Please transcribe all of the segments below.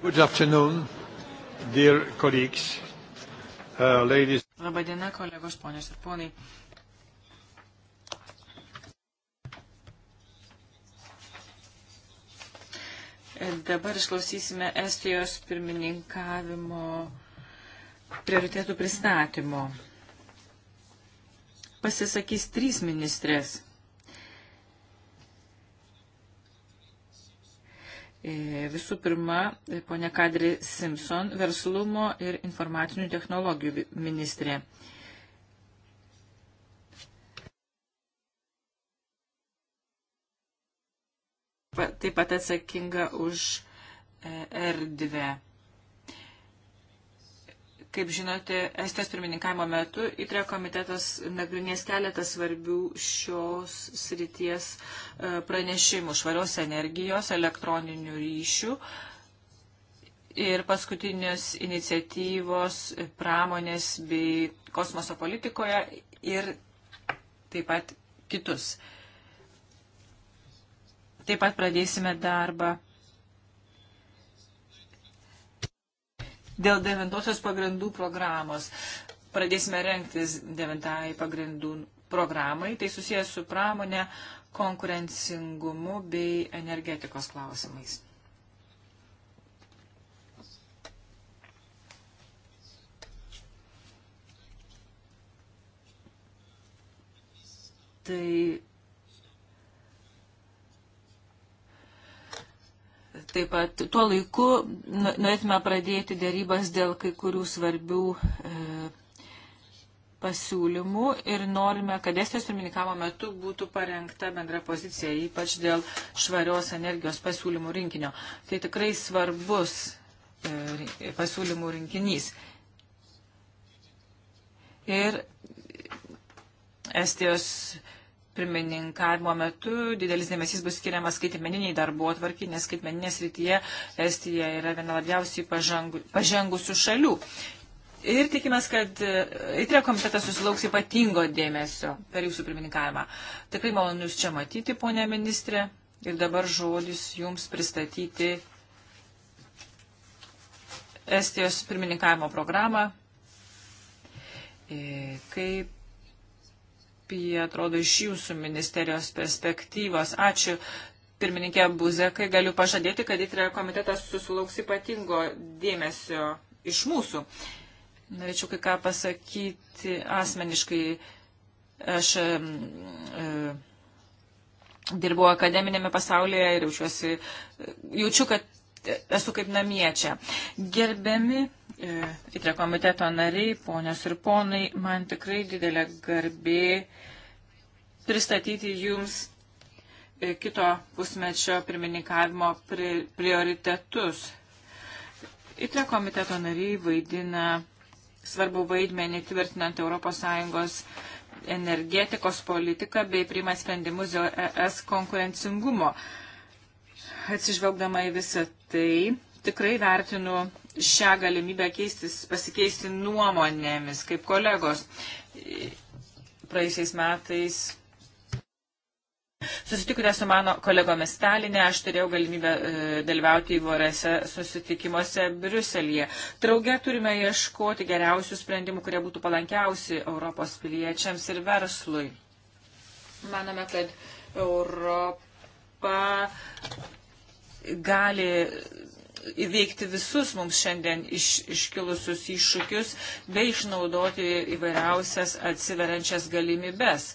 Good afternoon, dear colleagues, uh, ladies. Labadiena, kolegos, ponios ir ponai. Dabar išklausysime Estijos pirmininkavimo prioritėtų pristatymo. Pasisakys trys ministrės. E, visų pirma, e, ponia Kadri Simpson, verslumo ir informacinių technologijų ministrė. Taip pat atsakinga už e, erdvę. Kaip žinote, Estės pirmininkavimo metu įtrio komitetas nagrinės keletą svarbių šios srities e, pranešimų švarios energijos, elektroninių ryšių ir paskutinės iniciatyvos pramonės bei kosmoso politikoje ir taip pat kitus. Taip pat pradėsime darbą dėl devintosios pagrindų programos. Pradėsime renktis devintai pagrindų programai. Tai susijęs su pramonė, konkurencingumu bei energetikos klausimais. Tai Taip pat tuo laiku norėtume pradėti dėrybas dėl kai kurių svarbių e, pasiūlymų ir norime, kad Estijos pirmininkavo metu būtų parengta bendra pozicija, ypač dėl švarios energijos pasiūlymų rinkinio. Tai tikrai svarbus e, pasiūlymų rinkinys. Ir Estijos e, pirmininkavimo metu didelis dėmesys bus skiriamas skaitmeniniai darbo atvarkiai, nes skaitmeninės rytyje Estija yra viena labiausiai pažangu, pažengusių šalių. Ir tikimės, kad įtrio e, komitetas susilauks ypatingo dėmesio per jūsų pirmininkavimą. Tikrai malonu jūs čia matyti, ponė ministrė. Ir dabar žodis jums pristatyti Estijos pirmininkavimo programą. E, kaip terapija atrodo iš jūsų ministerijos perspektyvos. Ačiū. Pirmininkė Buzekai, galiu pažadėti, kad įtrė komitetas susilauks ypatingo dėmesio iš mūsų. Norėčiau kai ką pasakyti asmeniškai. Aš e, e, dirbu akademinėme pasaulyje ir jaučiuosi, e, jaučiu, kad esu kaip namie čia. Gerbiami įtre e, komiteto nariai, ponios ir ponai, man tikrai didelė garbė pristatyti jums e, kito pusmečio pirmininkavimo pri, prioritetus. ITRE komiteto nariai vaidina svarbu vaidmenį tvirtinant ES energetikos politiką bei priima sprendimus dėl ES konkurencingumo. Uh, atsižvelgdama į visą tai, tikrai vertinu šią galimybę keistis, pasikeisti nuomonėmis kaip kolegos. Praėjusiais metais Susitikite su mano kolegomis Stalinė, aš turėjau galimybę e, dalyvauti įvorėse susitikimuose Briuselėje. Trauge turime ieškoti geriausių sprendimų, kurie būtų palankiausi Europos piliečiams ir verslui. Manome, kad Europa gali įveikti visus mums šiandien iš, iškilusius iššūkius bei išnaudoti įvairiausias atsiveriančias galimybes.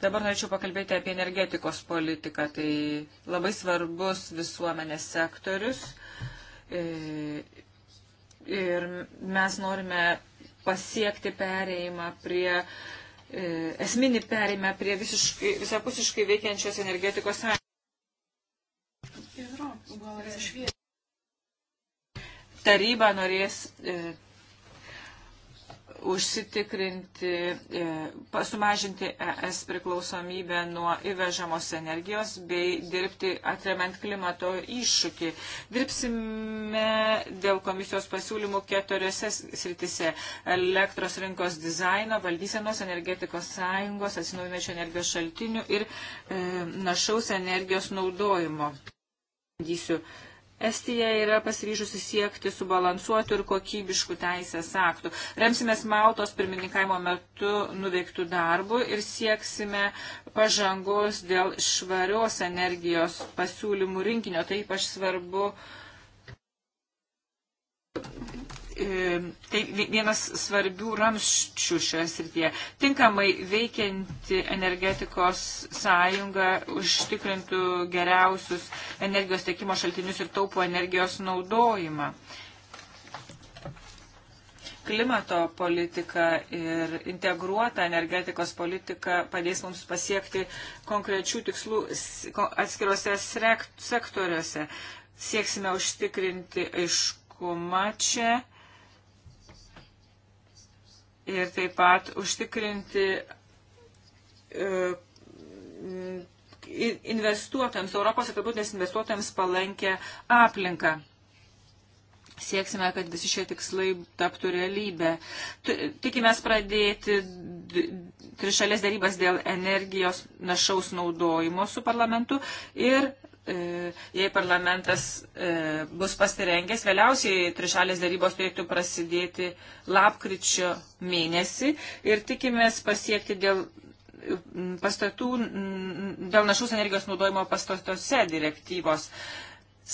Dabar norėčiau pakalbėti apie energetikos politiką. Tai labai svarbus visuomenės sektorius. E, ir mes norime pasiekti pereimą prie e, esminį pereimą prie visiškai, visapusiškai veikiančios energetikos sąjungos. Taryba norės e, užsitikrinti, e, sumažinti ES priklausomybę nuo įvežamos energijos bei dirbti atremiant klimato iššūkį. Dirbsime dėl komisijos pasiūlymų keturiose sritise - elektros rinkos dizaino, valdysenos, energetikos sąjungos, atsinaujinančių energijos šaltinių ir e, našaus energijos naudojimo. Bandysiu. Estija yra pasiryžusi siekti subalansuotų ir kokybiškų teisės aktų. Remsimės Maltos pirmininkavimo metu nuveiktų darbų ir sieksime pažangos dėl švarios energijos pasiūlymų rinkinio. Tai ypač svarbu uh, E, tai vienas svarbių ramščių šioje srityje. Tinkamai veikianti energetikos sąjunga užtikrintų geriausius energijos tiekimo šaltinius ir taupų energijos naudojimą. Klimato politika ir integruota energetikos politika padės mums pasiekti konkrečių tikslų atskiruose sektoriuose. Sieksime užtikrinti aiškumą čia ir taip pat užtikrinti e, investuotojams, Europos ir tarptautinės investuotojams palankę aplinką. Sieksime, kad visi šie tikslai taptų realybę. Tikimės pradėti trišalės darybas dėl energijos našaus naudojimo su parlamentu ir E, jei parlamentas e, bus pasirengęs, vėliausiai trišalės darybos turėtų prasidėti lapkričio mėnesį ir tikimės pasiekti dėl pastatų, dėl našus energijos naudojimo pastatuose direktyvos.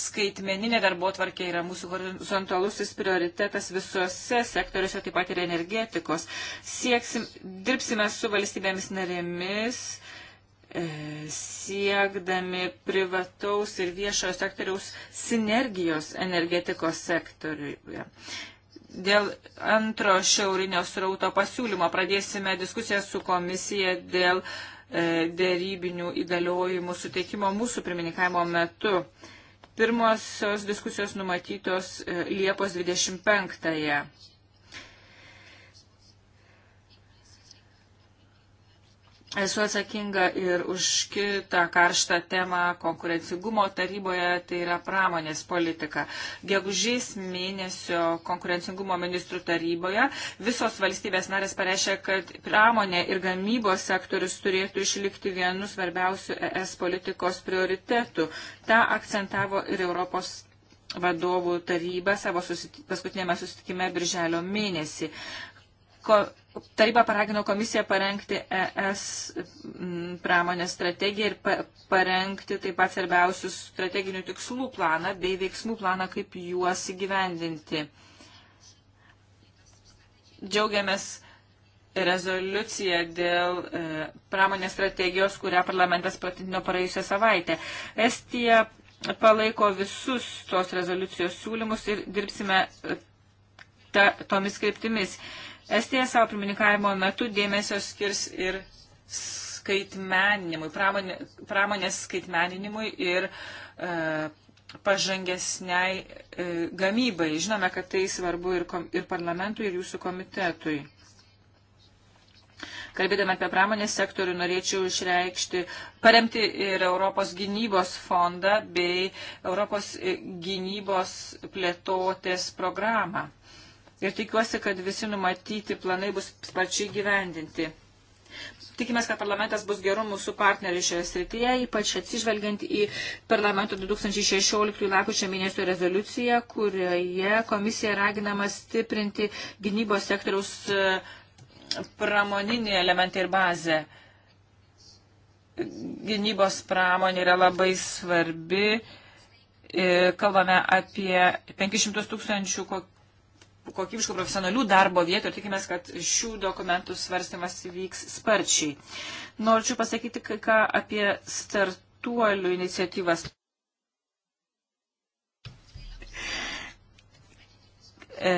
Skaitmeninė darbo tvarkė yra mūsų horizontalusis prioritetas visuose sektoriuose, taip pat ir energetikos. Sieksim, dirbsime su valstybėmis narėmis, uh, E, siekdami privataus ir viešojo sektoriaus sinergijos energetikos sektoriuje. Dėl antro šiaurinio srauto pasiūlymo pradėsime diskusiją su komisija dėl e, dėrybinių įgaliojimų suteikimo mūsų pirmininkavimo metu. Pirmosios diskusijos numatytos e, Liepos 25. -ąją. Esu atsakinga ir už kitą karštą temą konkurencingumo taryboje, tai yra pramonės politika. Gegužės mėnesio konkurencingumo ministrų taryboje visos valstybės narės pareiškia, kad pramonė ir gamybos sektorius turėtų išlikti vienu svarbiausių ES politikos prioritetų. Ta akcentavo ir Europos vadovų taryba savo susit paskutinėme susitikime birželio mėnesį. Ko, taryba paragino komisiją parengti ES pramonės strategiją ir pa, parengti taip pat svarbiausius strateginių tikslų planą bei veiksmų planą, kaip juos įgyvendinti. Džiaugiamės rezoliuciją dėl e, pramonės strategijos, kurią parlamentas pratino praėjusią savaitę. Estija palaiko visus tos rezoliucijos siūlymus ir dirbsime e, ta, tomis kryptimis. E, Estija savo pirmininkavimo metu dėmesio skirs ir skaitmeninimui, pramonė, pramonės skaitmeninimui ir e, pažangesniai e, gamybai. Žinome, kad tai svarbu ir, kom, ir parlamentui, ir jūsų komitetui. Kalbėdama apie pramonės sektorių, norėčiau išreikšti, paremti ir Europos gynybos fondą bei Europos e, gynybos plėtotės programą ir tikiuosi, kad visi numatyti planai bus sparčiai gyvendinti. Tikimės, kad parlamentas bus geru mūsų partneriu šioje srityje, ypač atsižvelgiant į parlamento 2016 lakučio mėnesio rezoliuciją, kurioje komisija raginama stiprinti gynybos sektoriaus e, pramoninį elementą ir bazę. Gynybos pramonė yra labai svarbi. E, kalbame apie 500 tūkstančių kokybiškų profesionalių darbo vietų ir tikimės, kad šių dokumentų svarstymas vyks sparčiai. Norčiau pasakyti ką apie startuolių iniciatyvas. E,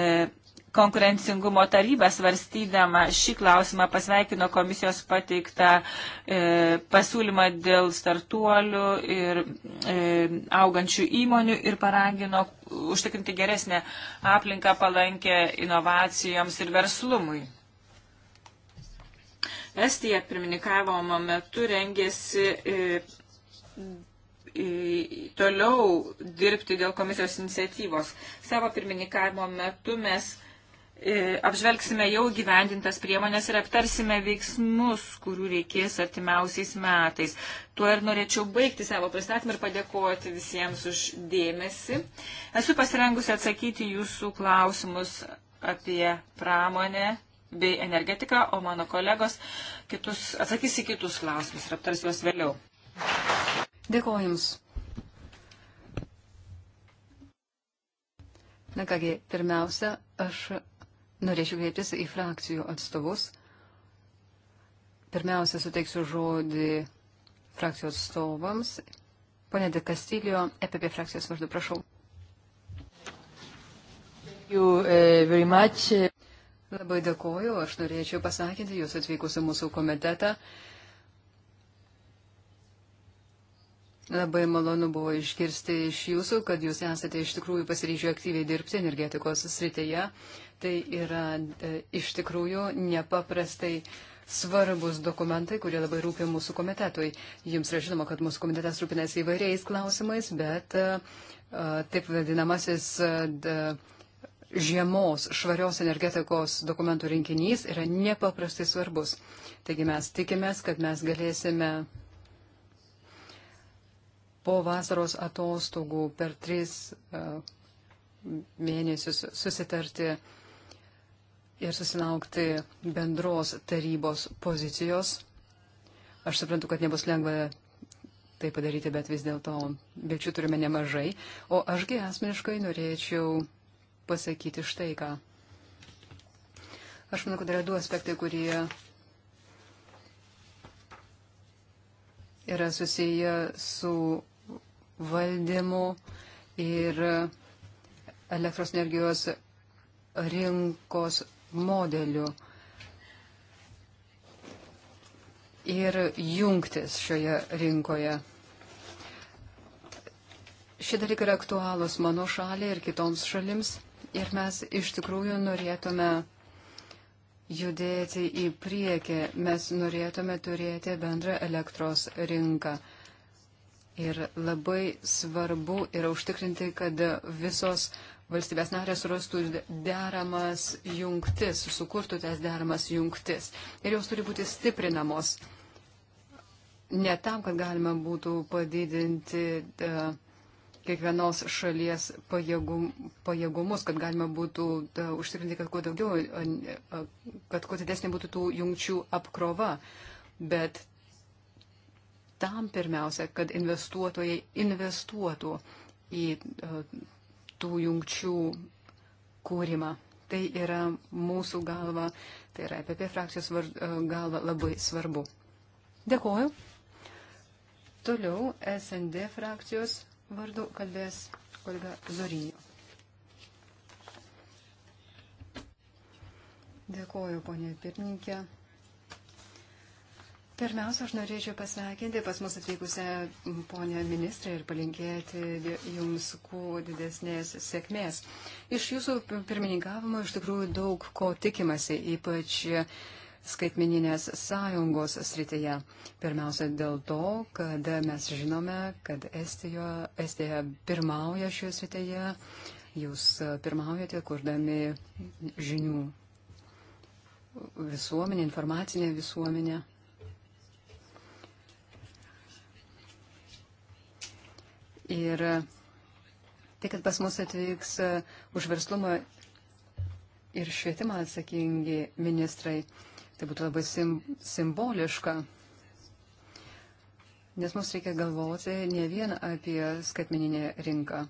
konkurencingumo taryba svarstydama šį klausimą pasveikino komisijos pateiktą e, pasiūlymą dėl startuolių ir e, augančių įmonių ir paragino užtikrinti geresnę aplinką palankę inovacijoms ir verslumui. Estija pirmininkavimo metu rengėsi e, toliau dirbti dėl komisijos iniciatyvos. Savo pirmininkavimo metu mes E, apžvelgsime jau gyvendintas priemonės ir aptarsime veiksmus, kurių reikės artimiausiais metais. Tuo ir norėčiau baigti savo pristatymą ir padėkoti visiems už dėmesį. Esu pasirengusi atsakyti jūsų klausimus apie pramonę bei energetiką, o mano kolegos kitus, atsakys į kitus klausimus ir aptars juos vėliau. Dėkuoju Jums. Na kągi, pirmiausia, aš Norėčiau kreiptis į frakcijų atstovus. Pirmiausia, suteiksiu žodį frakcijos atstovams. Pone De Castillo, EPP frakcijos vardu, prašau. Eh, Labai dėkoju, aš norėčiau pasakyti jūs atvykus į mūsų komitetą. Labai malonu buvo išgirsti iš jūsų, kad jūs esate iš tikrųjų pasiryžę aktyviai dirbti energetikos srityje. Tai yra e, iš tikrųjų nepaprastai svarbus dokumentai, kurie labai rūpia mūsų komitetui. Jums yra žinoma, kad mūsų komitetas rūpinasi įvairiais klausimais, bet e, e, taip vadinamasis žiemos švarios energetikos dokumentų rinkinys yra nepaprastai svarbus. Taigi mes tikimės, kad mes galėsime po vasaros atostogų per tris mėnesius susitarti uh, ir susilaukti bendros tarybos pozicijos. Aš suprantu, kad nebus lengva tai padaryti, bet vis dėlto vilčių turime nemažai. O ašgi asmeniškai norėčiau pasakyti štai ką. Aš manau, kad yra du aspektai, kurie yra susiję su valdymu ir elektros energijos rinkos modeliu ir jungtis šioje rinkoje. Šie dalykai yra aktualūs mano šaliai ir kitoms šalims ir mes iš tikrųjų norėtume judėti į priekį. Mes norėtume turėti bendrą elektros rinką. Ir labai svarbu yra užtikrinti, kad visos valstybės narės rastų deramas jungtis, sukurtų tas deramas jungtis. Ir jos turi būti stiprinamos. Ne tam, kad galima būtų padidinti. Uh, kiekvienos šalies pajėgum, pajėgumus, kad galima būtų da, e, užtikrinti, kad kuo daugiau, e, kad kuo didesnė būtų tų jungčių apkrova. Bet tam pirmiausia, kad investuotojai investuotų į tų jungčių kūrimą. Tai yra mūsų galva, tai yra EPP frakcijos e, galva labai svarbu. Dėkoju. Toliau SND frakcijos vardu kalbės kolega Zorinio. Dėkoju, ponė pirmininkė. Pirmiausia, aš norėčiau pasveikinti pas mus atvykusią ponę ministrę ir palinkėti jums kuo didesnės sėkmės. Iš jūsų pirmininkavimo iš tikrųjų daug ko tikimasi, ypač skaitmeninės sąjungos srityje. Pirmiausia dėl to, kad mes žinome, kad Estijo, Estija pirmauja šioje srityje, jūs pirmaujate, kurdami žinių visuomenė, informacinė visuomenė. Ir tai, kad pas mus atvyks e, už verslumą ir švietimą atsakingi ministrai, tai būtų labai sim simboliška. Nes mums reikia galvoti ne vien apie skaitmeninę rinką.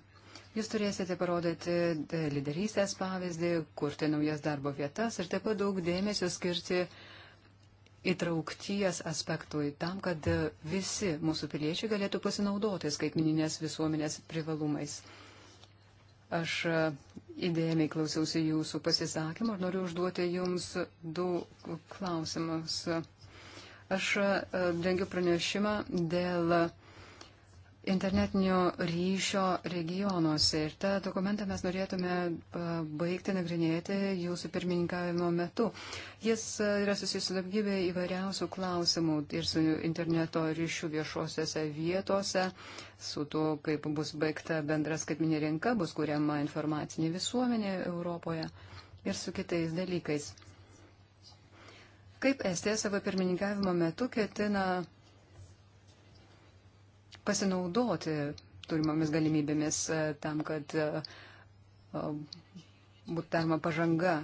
Jūs turėsite parodyti e, lyderystės pavyzdį, kurti naujas darbo vietas ir taip pat daug dėmesio skirti uh, įtraukties aspektui, tam, kad visi mūsų piliečiai galėtų pasinaudoti skaitmininės visuomenės privalumais. Aš įdėmiai klausiausi jūsų pasisakymą ir noriu užduoti jums du klausimus. Aš e, rengiu pranešimą dėl internetinio ryšio regionuose. Ir tą dokumentą mes norėtume baigti nagrinėti jūsų pirmininkavimo metu. Jis yra susijęs su daugybė įvairiausių klausimų ir su interneto ryšių viešuosiuose vietose, su to, kaip bus baigta bendra skaitminė rinka, bus kuriama informacinė visuomenė Europoje ir su kitais dalykais. Kaip Estija savo pirmininkavimo metu ketina pasinaudoti turimomis galimybėmis e, tam, kad e, e, būtų daroma pažanga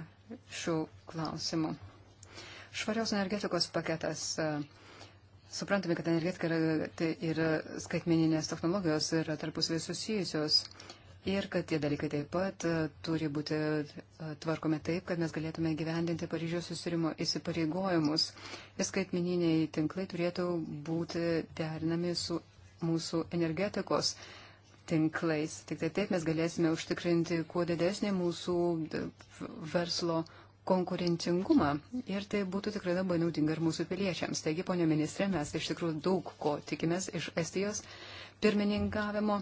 šių klausimų. Švarios energetikos paketas. Suprantame, kad energetika yra, tai ir skaitmeninės technologijos yra tarpusavį susijusios ir kad tie dalykai taip pat turi būti tvarkomi taip, kad mes galėtume gyvendinti Paryžiaus susirimo įsipareigojimus. Ir skaitmeniniai tinklai turėtų būti derinami su mūsų energetikos tinklais. Tik tai taip mes galėsime užtikrinti kuo didesnį mūsų verslo konkurencingumą ir tai būtų tikrai labai naudinga ir mūsų piliečiams. Taigi, ponio ministrė, mes iš tikrųjų daug ko tikimės iš Estijos pirmininkavimo.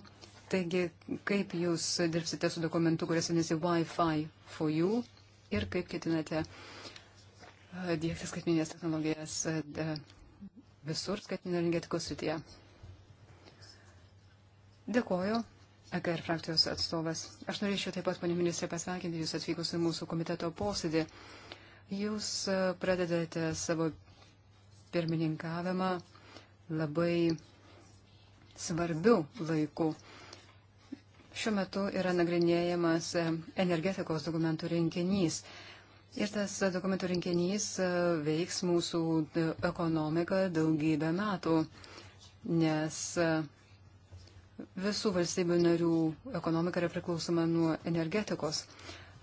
Taigi, kaip jūs dirbsite su dokumentu, kuris vadinasi Wi-Fi for you ir kaip ketinate uh, dėkti skaitminės technologijas uh, visur skaitminio energetikos srityje? Dėkoju. EKR frakcijos atstovas. Aš norėčiau taip pat, panė ministrė, pasveikinti Jūs atvykus į mūsų komiteto posėdį. Jūs e, pradedate savo pirmininkavimą labai svarbių laikų. Šiuo metu yra nagrinėjamas e, energetikos dokumentų rinkinys. Ir tas dokumentų rinkinys e, veiks mūsų ekonomiką daugybę metų, nes visų valstybių narių ekonomika yra priklausoma nuo energetikos.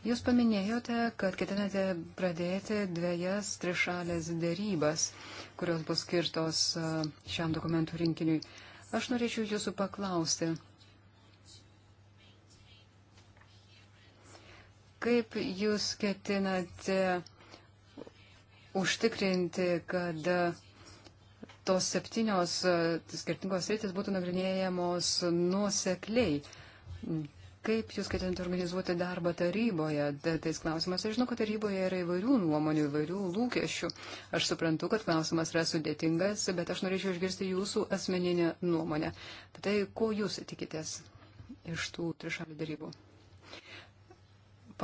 Jūs paminėjote, kad ketinate pradėti dviejas trišalės dėrybas, kurios bus skirtos šiam dokumentų rinkiniui. Aš norėčiau jūsų paklausti, kaip jūs ketinate užtikrinti, kad tos septynios e, skirtingos rytis būtų nagrinėjamos nuosekliai. Kaip jūs ketinate organizuoti darbą taryboje? Tais klausimas, aš žinau, kad taryboje yra įvairių nuomonių, įvairių lūkesčių. Aš suprantu, kad klausimas yra sudėtingas, bet aš norėčiau išgirsti jūsų asmeninę nuomonę. Tai ko jūs tikitės iš tų trišalių darybų?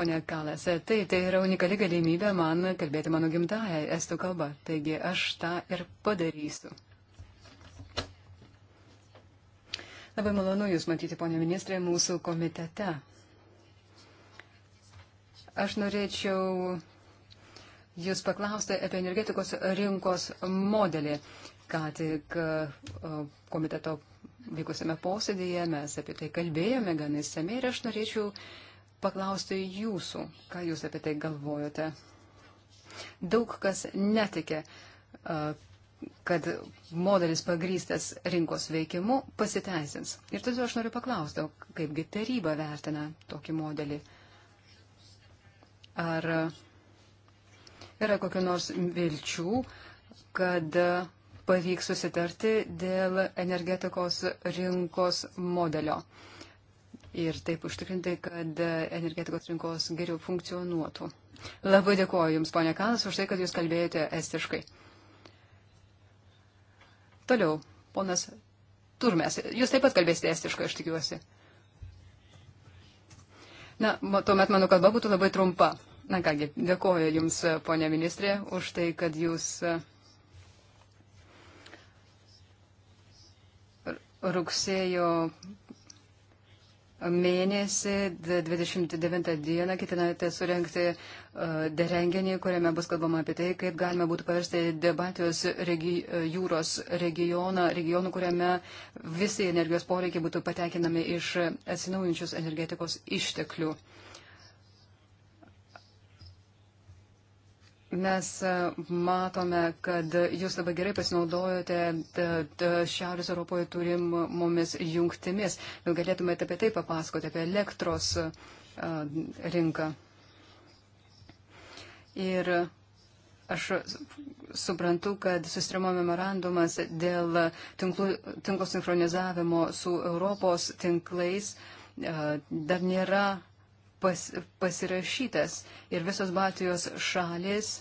ponia Kalas. Taip, tai yra unikali galimybė man kalbėti mano gimtają estų kalbą. Taigi aš tą ir padarysiu. Labai malonu Jūs matyti, ponia ministrė, mūsų komitete. Aš norėčiau Jūs paklausti apie energetikos rinkos modelį. Ką tik komiteto vykusiame posėdėje mes apie tai kalbėjome gan įsamei ir aš norėčiau uh, paklausti jūsų, ką jūs apie tai galvojate. Daug kas netikė, kad modelis pagrystas rinkos veikimu pasiteisins. Ir todėl aš noriu paklausti, kaipgi taryba vertina tokį modelį. Ar yra kokiu nors vilčių, kad pavyks susitarti dėl energetikos rinkos modelio? Uh, ir taip užtikrinti, kad energetikos rinkos geriau funkcionuotų. Labai dėkuoju Jums, ponė Kalas, už tai, kad Jūs kalbėjote estiškai. Toliau, ponas Turmes, Jūs taip pat kalbėsite estiškai, aš tikiuosi. Na, tuomet mano kalba būtų labai trumpa. Na kągi, dėkuoju Jums, ponė ministrė, už tai, kad Jūs rugsėjo mėnesį, 29 dieną, ketinate surenkti e, derenginį, kuriame bus kalbama apie tai, kaip galima būtų paversti debatijos regi, e, jūros regioną, regionų, kuriame visi energijos poreikiai būtų patekinami iš e, atsinaujančius energetikos išteklių. Uh, Mes e, matome, kad jūs labai gerai pasinaudojote e, e, Šiaurės Europoje turimomis jungtimis. Gal galėtumėte apie tai papasakoti, apie elektros rinką. Ir aš suprantu, kad sustrimo memorandumas dėl tinklų, tinklo sinchronizavimo su Europos tinklais dar nėra pas, pasirašytas ir visos Baltijos šalis e,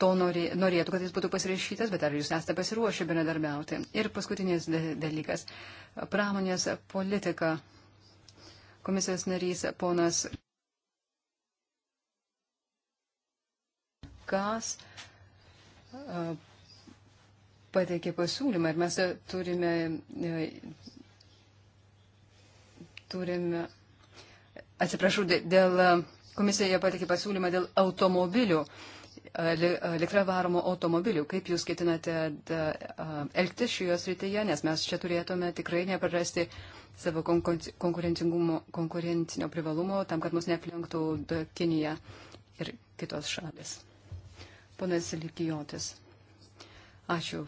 to norė, norėtų, kad jis būtų pasirašytas, bet ar jūs esate pasiruošę bendradarbiauti? Ir paskutinis dalykas - pramonės politika. Komisijos narys ponas Kas e, pateikė pasiūlymą ir mes turime, e, turime atsiprašau, dėl e, komisijoje patikė pasiūlymą dėl automobilių, elektra varomų automobilių. Kaip jūs ketinate e, elgtis šioje srityje, nes mes čia turėtume tikrai neprarasti savo konkurencinio privalumo tam, kad mus neaplenktų Kinija ir kitos šalis. Ponas Likijotis. Ačiū.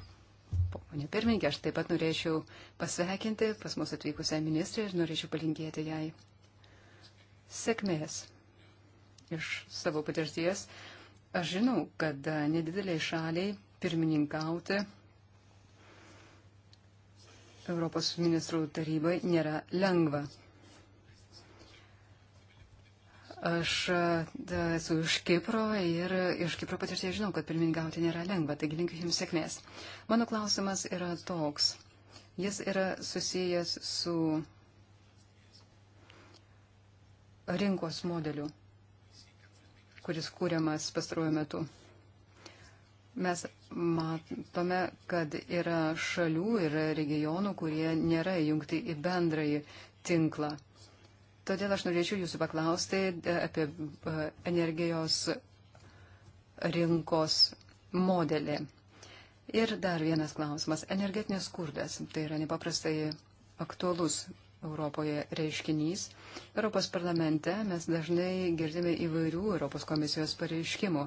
Pone pirmininkė, aš taip pat norėčiau pasveikinti pas mus atvykusią ministrę ir norėčiau palinkėti jai sėkmės. Iš savo patirties aš žinau, kad nedideliai šaliai pirmininkauti Europos ministrų tarybai nėra lengva. Aš e, da, esu iš Kipro ir iš Kipro patirties žinau, kad pirmininkauti nėra lengva, taigi linkiu Jums sėkmės. Mano klausimas yra toks. Jis yra susijęs su rinkos modeliu, kuris kūriamas pastaruoju metu. Mes matome, kad yra šalių, yra regionų, kurie nėra jungti į bendrąjį tinklą. Todėl aš norėčiau jūsų paklausti e, apie e, energijos rinkos modelį. Ir dar vienas klausimas. Energetinės skurdas. Tai yra nepaprastai aktuolus Europoje reiškinys. Europos parlamente mes dažnai girdime įvairių Europos komisijos pareiškimų,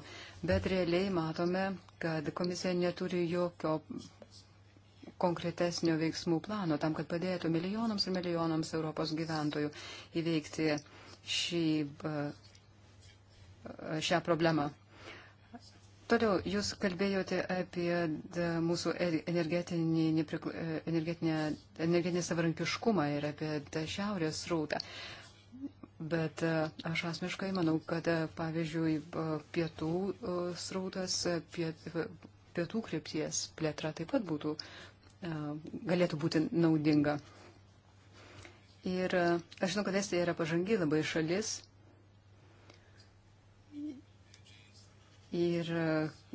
bet realiai matome, kad komisija neturi jokio konkretesnio veiksmų plano tam, kad padėtų milijonams ir milijonams Europos gyventojų įveikti šį, e, šią problemą. Toliau, jūs kalbėjote apie mūsų er, energetinį, e, energetinį savarankiškumą ir apie šiaurės rūtą. Bet e, aš asmeniškai manau, kad e, pavyzdžiui pietų srautas, piet, pietų krypties plėtra taip pat būtų, galėtų būti naudinga. Ir aš žinau, kad Estija yra pažangi labai šalis Ir e,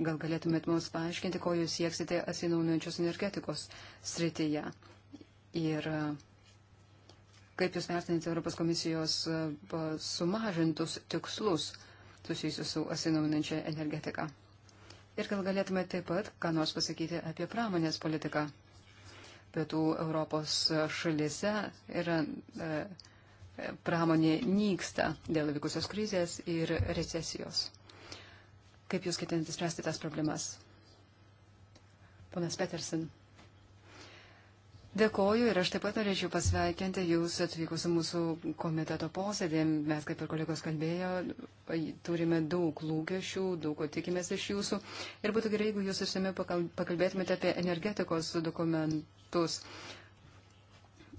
gal galėtumėt mums paaiškinti, ko jūs sieksite atsinaujančios energetikos srityje. Ir e, kaip jūs vertinate Europos komisijos e, sumažintus tikslus susijusius su atsinaujančia energetika. Ir gal galėtumėt taip pat, ką nors pasakyti apie pramonės politiką. Pietų Europos šalise yra e, pramonė nyksta dėl vykusios krizės ir recesijos. Kaip jūs ketinate spręsti tas problemas? Ponas Petersen. Dėkoju ir aš taip pat norėčiau pasveikinti Jūs atvykus į mūsų komiteto posėdį. Mes, kaip ir kolegos kalbėjo, turime daug lūkesčių, daug ko tikimės iš Jūsų. Ir būtų gerai, jeigu Jūs išsame pakalbėtumėte apie energetikos dokumentus.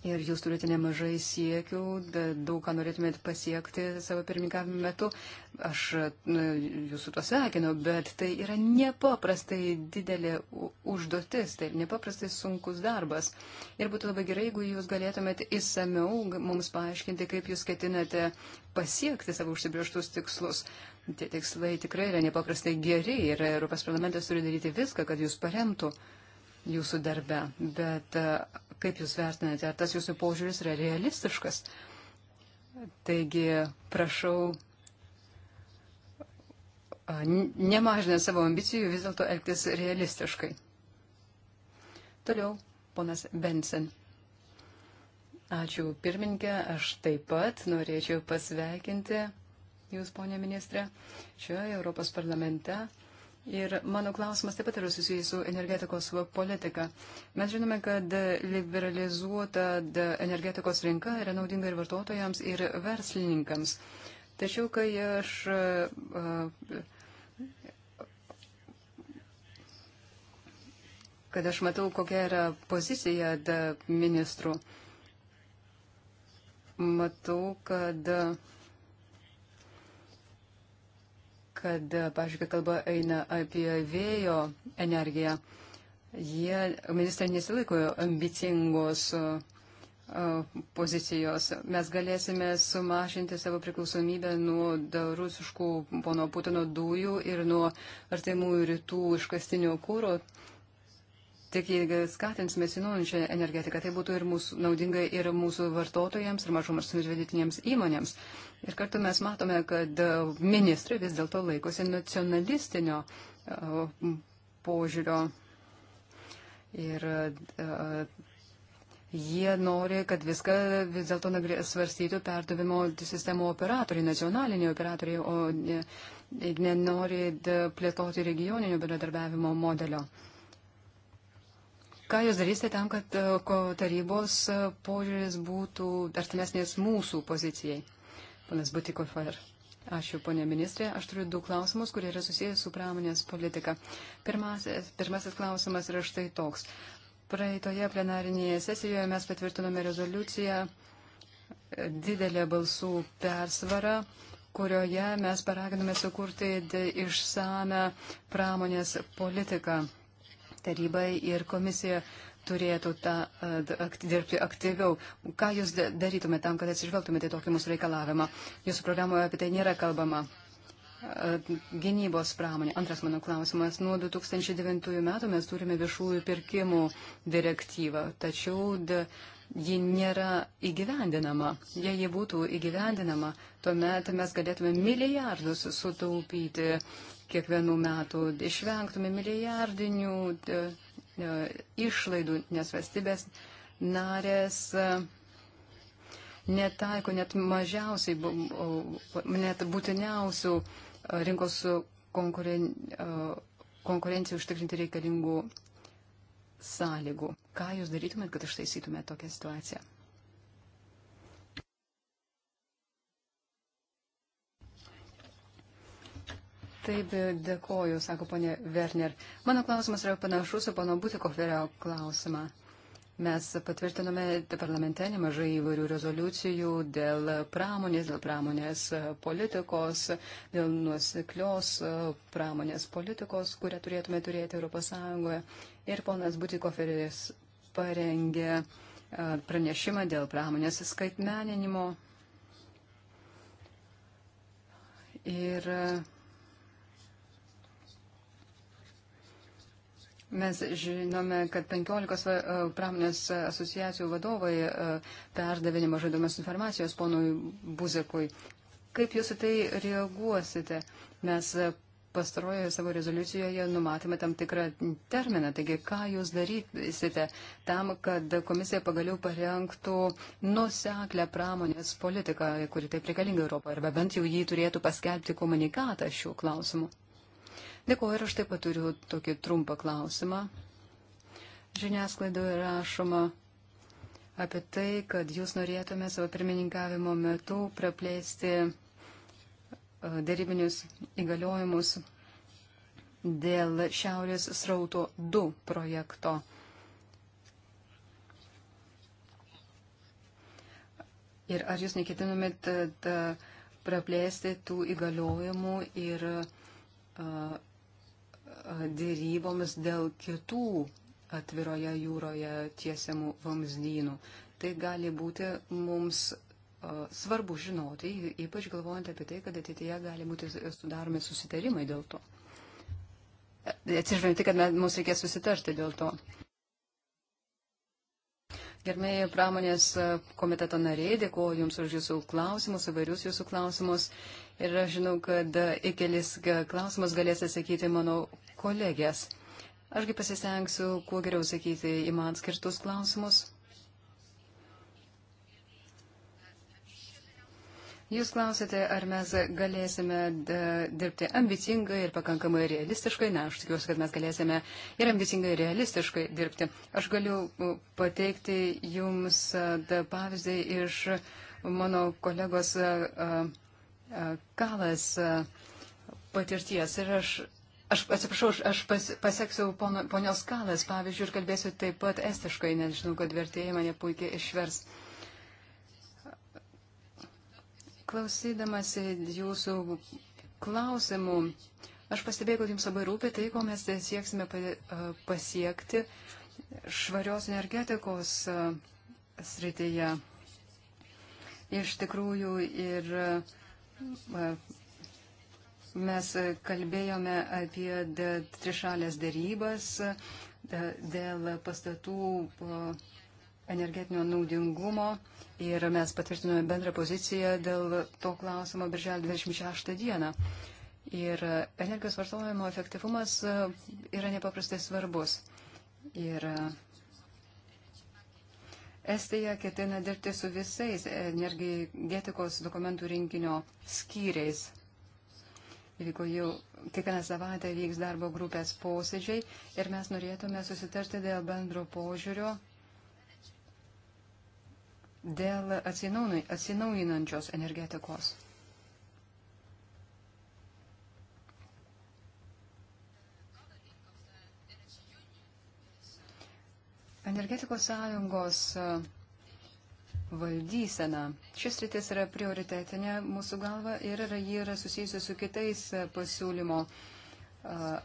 Ir jūs turite nemažai siekių, daug ką norėtumėt pasiekti savo pirmininkavimo metu. Aš jūsų to sveikinu, bet tai yra nepaprastai didelė užduotis, tai nepaprastai sunkus darbas. Ir būtų labai gerai, jeigu jūs galėtumėt įsameu mums paaiškinti, kaip jūs ketinate pasiekti savo užsibrieštus tikslus. Tie tikslai tikrai yra nepaprastai geri ir Europos parlamentas turi daryti viską, kad jūs paremtų jūsų darbe. Bet Kaip Jūs vertinate, ar tas Jūsų požiūris yra realistiškas? Taigi, prašau, nemažinę savo ambicijų, vis dėlto elgtis realistiškai. Toliau, ponas Benson. Ačiū pirmininkė, aš taip pat norėčiau pasveikinti Jūs, ponė ministrė, čia Europos parlamente. Ir mano klausimas taip pat yra susijęs su energetikos politika. Mes žinome, kad liberalizuota energetikos rinka yra naudinga ir vartotojams, ir verslininkams. Tačiau, kai aš. kad aš matau, kokia yra pozicija ministrų. Matau, kad uh, kad, pažiūrėk, kai kalba eina apie vėjo energiją, jie, ministrai nesilaiko ambicingos pozicijos. Mes galėsime sumažinti savo priklausomybę nuo rusiškų pono Putino dujų ir nuo artimųjų rytų iškastinio kūro. Tik jeigu skatinsime sinūnčią energetiką, tai būtų ir mūsų, naudinga ir mūsų vartotojams, ir mažoms ir vidutinėms įmonėms. Ir kartu mes matome, kad uh, ministrai vis dėlto laikosi nacionalistinio uh, požiūrio. Ir uh, jie nori, kad viską vis dėlto svarstytų perdavimo sistemų operatoriai, nacionaliniai operatoriai, o nenori uh, plėtoti regioninio bendradarbiavimo modelio. Ką jūs darysite tam, kad e, tarybos e, požiūris būtų artimesnės mūsų pozicijai? Panas Butikofer. Ačiū, ponė ministrė. Aš turiu du klausimus, kurie yra susijęs su pramonės politika. Pirmasis, pirmasis klausimas yra štai toks. Praeitoje plenarinėje sesijoje mes patvirtinome rezoliuciją e, didelę balsų persvarą kurioje mes paraginome sukurti išsame pramonės politiką taryba ir komisija turėtų tą, e, akti, dirbti aktyviau. Ką jūs darytumėte tam, kad atsižvelgtumėte į tokį mūsų reikalavimą? Jūsų programoje apie tai nėra kalbama e, gynybos pramonė. Antras mano klausimas. Nuo 2009 metų mes turime viešųjų pirkimų direktyvą, tačiau ji nėra įgyvendinama. Jei ji būtų įgyvendinama, tuomet mes galėtume milijardus sutaupyti kiekvienų metų, išvengtume milijardinių e, e, išlaidų, nes valstybės narės e, netaiko net mažiausiai, net būtiniausių rinkos konkuren, konkurencijų užtikrinti reikalingų sąlygų. Ką jūs darytumėt, kad ištaisytumėt tokią situaciją? Taip, dėkoju, sako ponė Werner. Mano klausimas yra panašus į pono Butikoferio klausimą. Mes patvirtinome parlamente nemažai įvairių rezoliucijų dėl pramonės, dėl pramonės politikos, dėl nuoseklios pramonės politikos, kurią turėtume turėti ES. Ir ponas Butikoferis parengė pranešimą dėl pramonės skaitmeninimo. Ir uh, Mes žinome, kad 15 e, pramonės asociacijų vadovai e, perdavė nemažai įdomios informacijos ponui Buzekui. Kaip jūs į tai reaguosite? Mes e, pastarojoje savo rezoliucijoje numatėme tam tikrą terminą. Taigi, ką jūs darysite tam, kad komisija pagaliau parengtų nuseklę pramonės politiką, kuri taip reikalinga Europoje, arba bent jau jį turėtų paskelbti komunikatą šiuo klausimu? Dėkuoju ir aš taip pat turiu tokį trumpą klausimą. Žiniasklaidoje rašoma apie tai, kad jūs norėtume savo pirmininkavimo metu praplėsti e, darybinius įgaliojimus dėl Šiaurės srauto 2 projekto. Ir ar jūs neketinumėt e, praplėsti tų įgaliojimų ir uh, dėrybomis dėl kitų atviroje jūroje tiesiamų vamzdynų. Tai gali būti mums svarbu žinoti, ypač galvojant apie tai, kad ateityje gali būti sudaromi susitarimai dėl to. Atsižvelgiant, tai, kad mums reikės susitarti dėl to. Gerbėjai pramonės komiteto nariai, dėkuoju Jums už Jūsų klausimus, įvairius Jūsų klausimus. Ir aš žinau, kad į kelis klausimus galės atsakyti mano kolegės. Ašgi pasistengsiu kuo geriau sakyti į man skirtus klausimus. Jūs klausėte, ar mes galėsime e, dirbti ambicingai ir pakankamai realistiškai. Na, aš tikiuosi, kad mes galėsime ir ambicingai, ir realistiškai dirbti. Aš galiu e, pateikti Jums e, pavyzdį iš mano kolegos Kalas patirties. Ir aš Aš atsiprašau, aš pas, paseksiu pono, ponios kalas, pavyzdžiui, ir kalbėsiu taip pat estiškai, nes žinau, kad vertėjai mane puikiai išvers. Klausydamasi jūsų klausimų, aš pastebėjau, kad jums labai rūpi tai, ko mes sieksime pasiekti švarios energetikos srityje. Iš tikrųjų ir mes kalbėjome apie trišalės darybas e, dėl pastatų energetinio naudingumo ir mes patvirtinome bendrą poziciją dėl to klausimo birželio 26 dieną. Ir energijos vartojimo efektyvumas e, yra nepaprastai svarbus. Ir e, Estija ketina dirbti su visais energetikos dokumentų rinkinio skyriais vyko jau kiekvieną savaitę vyks darbo grupės posėdžiai ir mes norėtume susitarti dėl bendro požiūrio dėl atsinaujinančios energetikos. Energetikos sąjungos uh, valdyseną. Šis rytis yra prioritetinė mūsų galva ir yra, ji yra susijusi su kitais e, pasiūlymo e,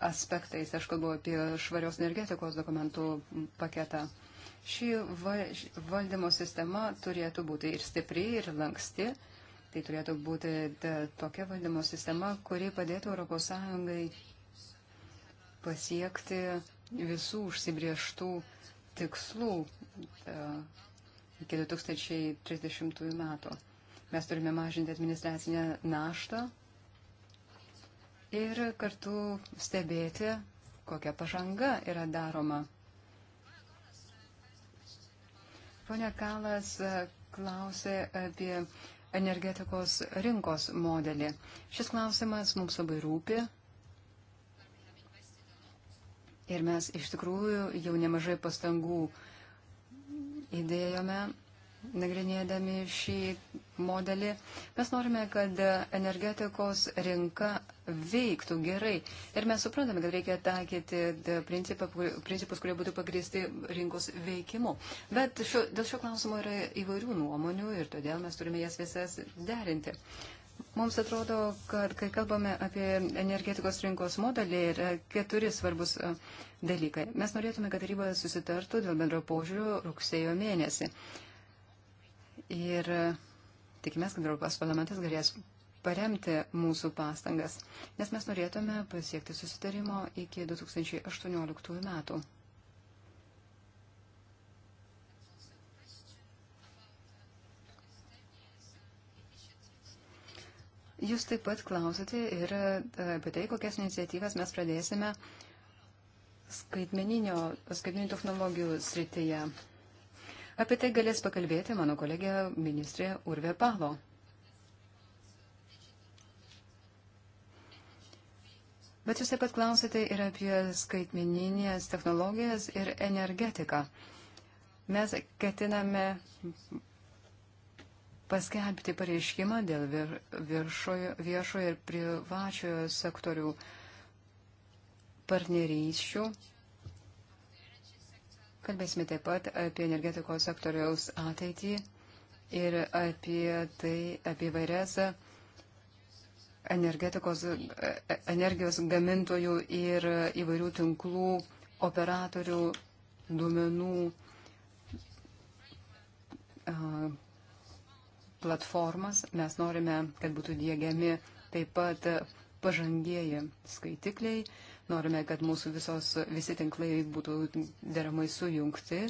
aspektais. Aš kalbu apie švarios energetikos dokumentų paketą. Ši valdymo sistema turėtų būti ir stipri, ir lanksti. Tai turėtų būti e, tokia valdymo sistema, kuri padėtų ES pasiekti visų užsibrieštų tikslų iki 2030 metų. Mes turime mažinti administracinę naštą ir kartu stebėti, kokia pažanga yra daroma. Pone Kalas e, klausė apie energetikos rinkos modelį. Šis klausimas mums labai rūpi. Ir mes iš tikrųjų jau nemažai pastangų uh, įdėjome, nagrinėdami šį modelį. Mes norime, kad energetikos rinka veiktų gerai. Ir mes suprantame, kad reikia taikyti principus, kurie būtų pagristi rinkos veikimu. Bet šio, dėl šio klausimo yra įvairių nuomonių ir todėl mes turime jas visas derinti. Mums atrodo, kad kai kalbame apie energetikos rinkos modelį, yra keturi svarbus e, dalykai. Mes norėtume, kad taryba susitartų dėl bendro požiūrio rugsėjo mėnesį. Ir e, tikimės, kad Europos parlamentas galės paremti mūsų pastangas, nes mes norėtume pasiekti susitarimo iki 2018 metų. Jūs taip pat klausote ir e, apie tai, kokias iniciatyvas mes pradėsime skaitmeninių technologijų srityje. Apie tai galės pakalbėti mano kolegė ministrė Urve Palo. Bet jūs taip pat klausėte ir apie skaitmeninės technologijas ir energetiką. Mes ketiname paskelbti pareiškimą dėl viešojo, viešojo ir privačiojo sektorių partnerysčių. Kalbėsime taip pat apie energetikos sektoriaus ateitį ir apie tai, apie vairias energetikos, energijos gamintojų ir įvairių tinklų operatorių duomenų platformas. Mes norime, kad būtų dėgiami taip pat pažangieji skaitikliai. Norime, kad mūsų visos, visi tinklai būtų deramai sujungti,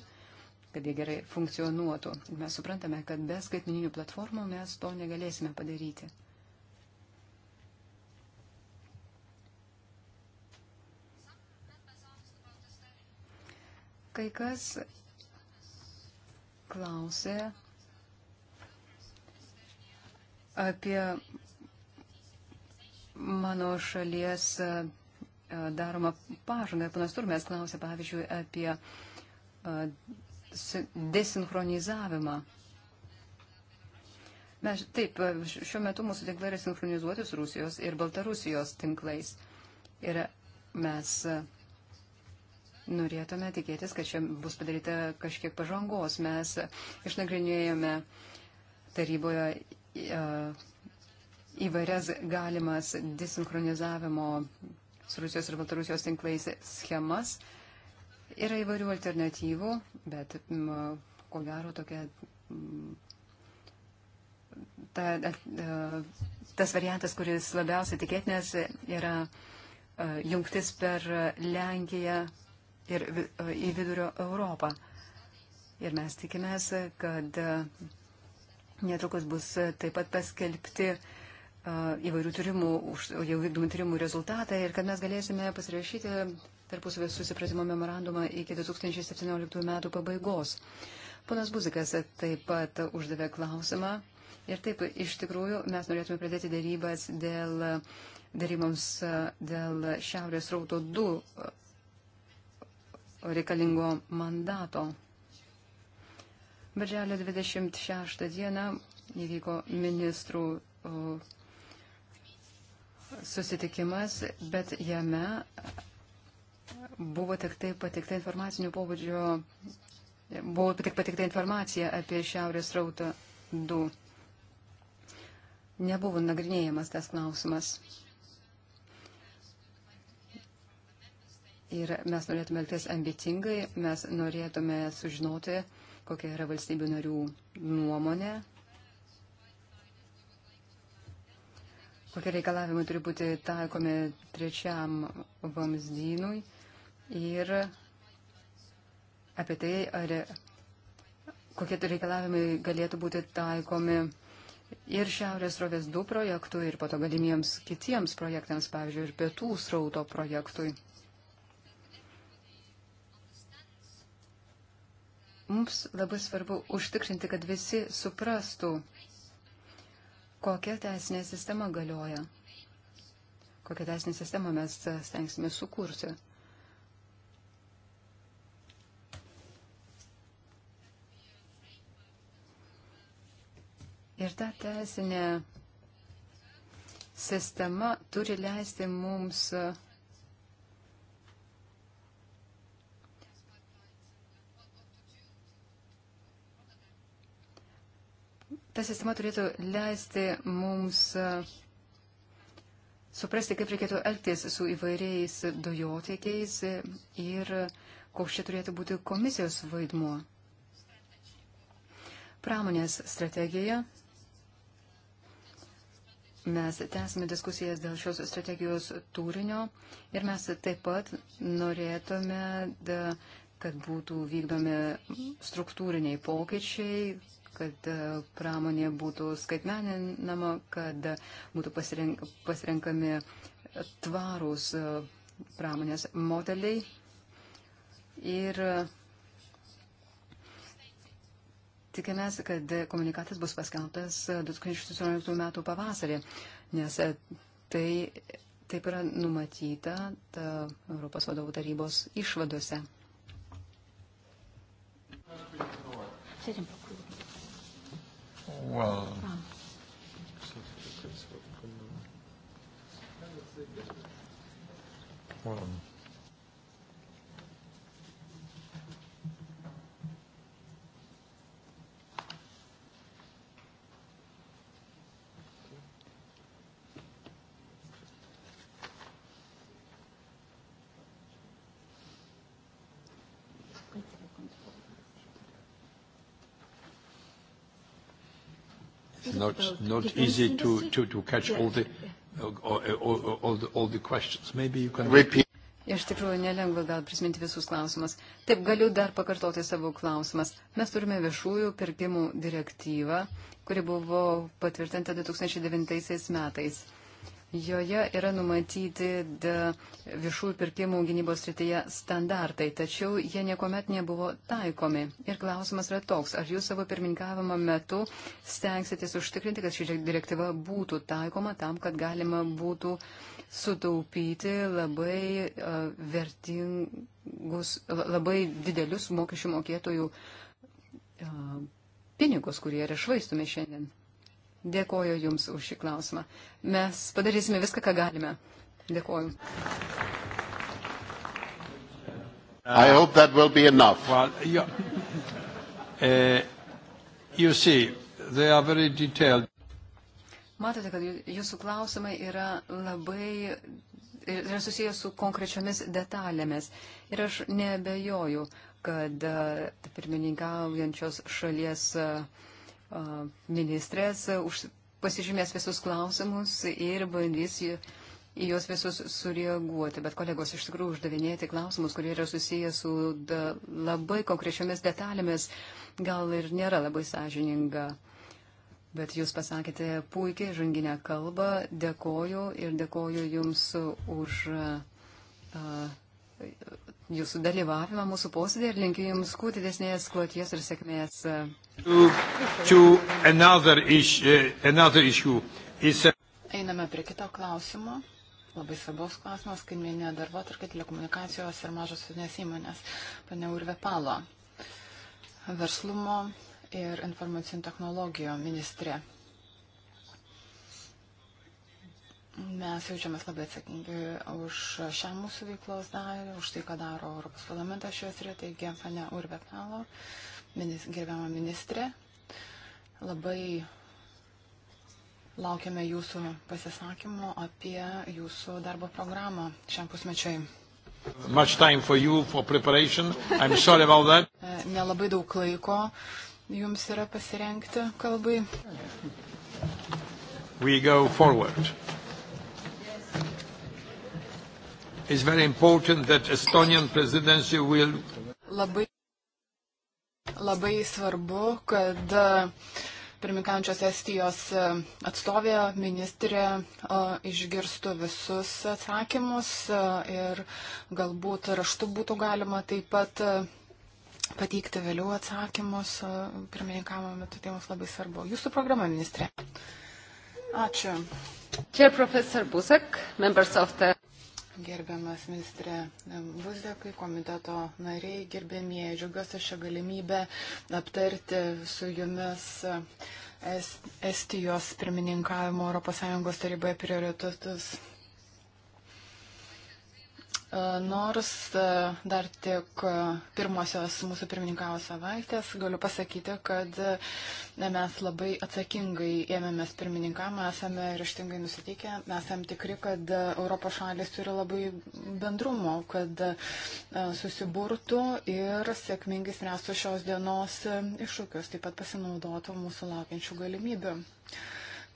kad jie gerai funkcionuotų. Mes suprantame, kad be skaitmininių platformų mes to negalėsime padaryti. Kai kas klausė, apie mano šalies e, daroma pažanga. Panas Turmės klausė, pavyzdžiui, apie e, desinchronizavimą. Mes taip, e, šiuo metu mūsų tinklai yra sinchronizuoti su Rusijos ir Baltarusijos tinklais. Ir mes norėtume tikėtis, kad čia bus padaryta kažkiek pažangos. Mes išnagrinėjome taryboje E, įvairias galimas disinchronizavimo su Rusijos ir Baltarusijos tinklais schemas. Yra įvairių alternatyvų, bet ko gero tokia. Ta, e, tas variantas, kuris labiausiai tikėtinės, yra e, jungtis per Lenkiją ir į vidurio Europą. Ir mes tikimės, kad Netrukus bus e, taip pat paskelbti e, įvairių tyrimų, jau vykdomų tyrimų rezultatai ir kad mes galėsime pasirašyti tarpusavės susipratimo memorandumą iki 2017 metų pabaigos. Ponas Buzikas taip pat uždavė klausimą ir taip iš tikrųjų mes norėtume pradėti dėrybas dėl dėryboms e, dėl Šiaurės rauto 2 reikalingo mandato. Birželio 26 dieną įvyko ministrų susitikimas, bet jame buvo tik tai patikta informacinių pobūdžio, buvo tik patikta informacija apie Šiaurės rautą 2. Nebuvo nagrinėjamas tas klausimas. Ir mes norėtume elgtis ambicingai, mes norėtume sužinoti, kokia yra valstybių narių nuomonė, kokie reikalavimai turi būti taikomi trečiam vamzdynui ir apie tai, ar kokie tai reikalavimai galėtų būti taikomi ir Šiaurės rovės 2 projektui, ir po to galimiems kitiems projektams, pavyzdžiui, ir pietų srauto projektui. Mums labai svarbu užtikrinti, kad visi suprastų, kokia teisinė sistema galioja, kokią teisinę sistemą mes stengsime sukurti. Ir ta teisinė sistema turi leisti mums uh, ta sistema turėtų leisti mums e, suprasti, kaip reikėtų elgtis su įvairiais dujotiekiais ir koks čia turėtų būti komisijos vaidmuo. Pramonės strategija. Mes tęsime diskusijas dėl šios strategijos turinio ir mes taip pat norėtume, kad būtų vykdomi struktūriniai pokyčiai, kad e, pramonė būtų skaitmeninama, kad būtų pasirenk, pasirenkami tvarūs e, pramonės modeliai. Ir e, tikimės, kad komunikatas bus paskelbtas 2018 m. pavasarį, nes tai taip yra numatyta ta Europos vadovų tarybos išvadose. Sėdim. Well. Ah. Well. not not easy to to to catch all the uh, uh, all, all, uh, all the all the questions. Maybe you can repeat. Iš tikrųjų, nelengva gal prisiminti visus klausimus. Taip, galiu dar pakartoti savo klausimas. Mes turime viešųjų pirkimų direktyvą, kuri buvo patvirtinta 2009 metais. Joje yra numatyti viešųjų pirkimų gynybos srityje standartai, tačiau jie niekuomet nebuvo taikomi. Ir klausimas yra toks, ar jūs savo pirmininkavimo metu stengsitės užtikrinti, kad ši direktyva būtų taikoma tam, kad galima būtų sutaupyti labai uh, vertingus, labai didelius mokesčių mokėtojų uh, pinigus, kurie yra švaistomi šiandien. Dėkoju Jums už šį klausimą. Mes padarysime viską, ką galime. Dėkoju. I hope that will be enough. Well, you, uh, eh, you see, they are very detailed. Matote, kad jūsų klausimai yra labai yra susijęs su konkrečiomis detalėmis. Ir aš nebejoju, kad eh, pirmininkaujančios šalies uh, ministrės pasižymės visus klausimus ir bandys į juos visus sureaguoti. Bet kolegos iš tikrųjų uždavinėti klausimus, kurie yra susiję su da, labai konkrečiomis detalėmis, gal ir nėra labai sąžininga. Bet jūs pasakėte puikiai žanginę kalbą, dėkoju ir dėkoju jums už uh, jūsų dalyvavimą mūsų posėdį ir linkiu jums kuo didesnės kloties ir sėkmės. To, to another issue, uh, another issue is... Uh, Einame prie kito klausimo. Labai svarbus klausimas, kaimynė darbo tarp telekomunikacijos ir mažos vidinės įmonės. Pane Urve Palo, verslumo ir informacinių technologijų ministrė. Mes jaučiamės labai atsakingi už šią mūsų veiklos dalį, už tai, ką daro Europos parlamentas šioje srityje, taigi pane Urbe Pelo, minis, gerbiama ministrė, labai laukiame jūsų pasisakymų apie jūsų darbo programą šiam pusmečiai. For you, for e, Nelabai daug laiko jums yra pasirenkti kalbai. We go forward. Will... Labai, labai svarbu, kad e, pirmininkančios Estijos e, atstovė, ministrė e, išgirstų visus atsakymus ir galbūt raštu būtų galima taip pat pateikti vėliau atsakymus pirmininkavimo metu, tai mums labai svarbu. Jūsų programa, ministrė. Ačiū. Chair Professor Busek, members of the gerbiamas ministrė Buzdekai, komiteto nariai, gerbėmieji, džiugiuosi šią galimybę aptarti su jumis Estijos pirmininkavimo ES taryboje prioritetus E, nors e, dar tik e, pirmosios mūsų pirmininkavo savaitės, galiu pasakyti, kad mes labai atsakingai ėmėmės pirmininkamą, esame ryštingai nusiteikę, esame tikri, kad Europos šalis turi labai bendrumo, kad susiburtų ir sėkmingai spręstų šios dienos iššūkius, taip pat pasinaudotų mūsų laukiančių galimybių.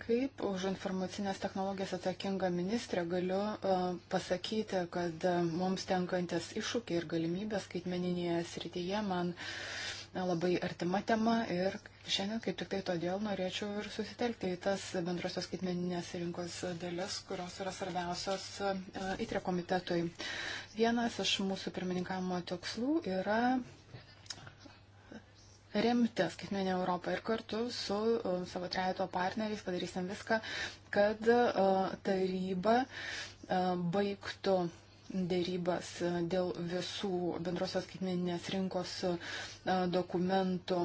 Kaip už informacinės technologijas atsakinga ministrė galiu e, pasakyti, kad e, mums tenkantis iššūkiai ir galimybės skaitmeninėje srityje man e, labai artima tema ir šiandien kaip tik tai todėl norėčiau ir susitelkti į tas bendrosios skaitmeninės rinkos dalis, kurios yra svarbiausios įtrė komitetui. Vienas iš mūsų pirmininkavimo tikslų yra remti skaitmenę Europą ir kartu su e, savo trejato partneriais padarysim viską, kad e, taryba e, baigtų dėrybas dėl visų bendrosios skaitmeninės rinkos dokumentų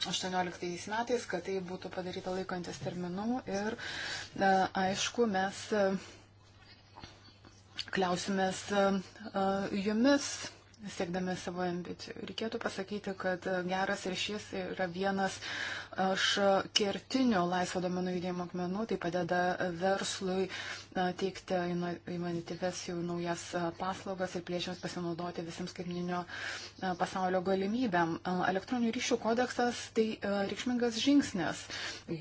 2018 metais, kad tai būtų padaryta laikantis terminų ir aišku, mes kliausimės jumis siekdami savo ambicijų. Reikėtų pasakyti, kad geras ryšys yra vienas iš kertinių laisvo domenų judėjimo akmenų, tai padeda verslui teikti inovatyves jau naujas paslaugas ir plėšiams pasinaudoti visiems skaitminio pasaulio galimybėm. Elektroninių ryšių kodeksas tai reikšmingas žingsnis,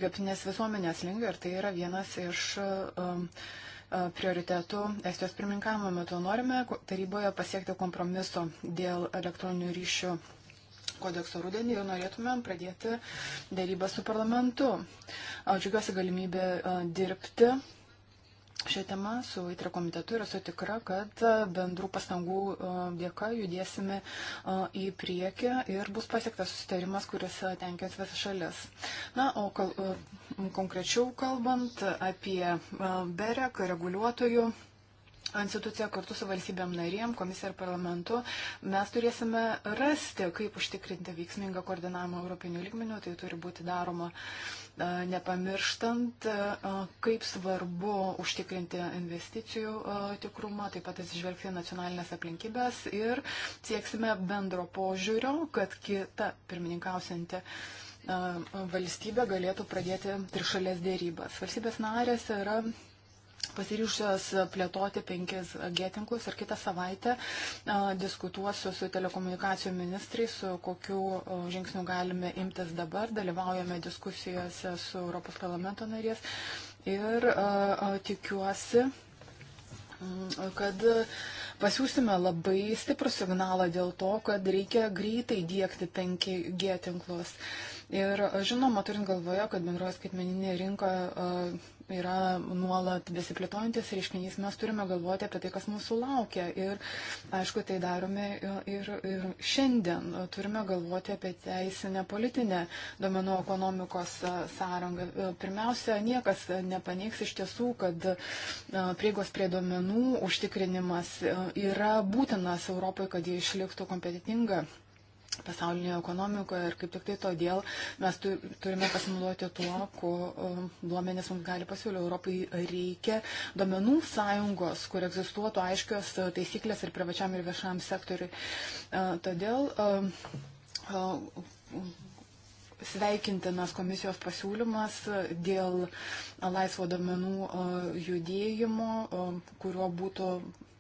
kaip nes visuomenės link ir tai yra vienas iš uh, E, prioritetų Estijos pirmininkavimo metu. Norime taryboje pasiekti kompromiso dėl elektroninių ryšių kodekso rudenį ir norėtumėm pradėti dėrybą su parlamentu. Džiugiuosi galimybę e, dirbti šią temą su įtra komitetu ir esu tikra, kad e, bendrų pastangų e, dėka judėsime e, į priekį ir bus pasiektas susitarimas, kuris tenkins visas šalis. Na, o kal konkrečiau kalbant apie BEREK reguliuotojų institucija kartu su valstybėm narėm, komisija ir parlamentu, mes turėsime rasti, kaip užtikrinti veiksmingą koordinavimą europinių lygmenių, tai turi būti daroma uh, nepamirštant, kaip svarbu užtikrinti investicijų tikrumą, taip pat atsižvelgti nacionalinės aplinkybės ir sieksime bendro požiūrio, kad kita pirmininkausianti valstybė galėtų pradėti trišalės dėrybas. Valstybės narės yra pasiryžusios plėtoti 5G tinklus ir kitą savaitę diskutuosiu su telekomunikacijų ministrais, su kokiu žingsniu galime imtis dabar. Dalyvaujame diskusijose su Europos parlamento narės ir tikiuosi, kad pasiūsime labai stiprų signalą dėl to, kad reikia greitai dėkti 5G tinklus. Ir žinoma, turint galvoje, kad bendroja skaitmeninė rinka yra nuolat besiplėtojantis reiškinys, mes turime galvoti apie tai, kas mūsų laukia. Ir, aišku, tai darome ir, ir šiandien. Turime galvoti apie teisinę politinę domenų ekonomikos e, sąrangą. E, pirmiausia, niekas nepaneiks iš tiesų, kad e, prieigos prie domenų užtikrinimas yra būtinas Europai, kad jie išliktų kompetitinga pasaulinėje ekonomikoje ir kaip tik tai todėl mes tu, turime pasinaudoti tuo, ko duomenės mums gali pasiūlyti. Europai reikia duomenų sąjungos, kur egzistuotų aiškios e, taisyklės ir privačiam ir viešam sektoriui. E, todėl e, sveikintinas komisijos pasiūlymas dėl laisvo domenų judėjimo, kuriuo būtų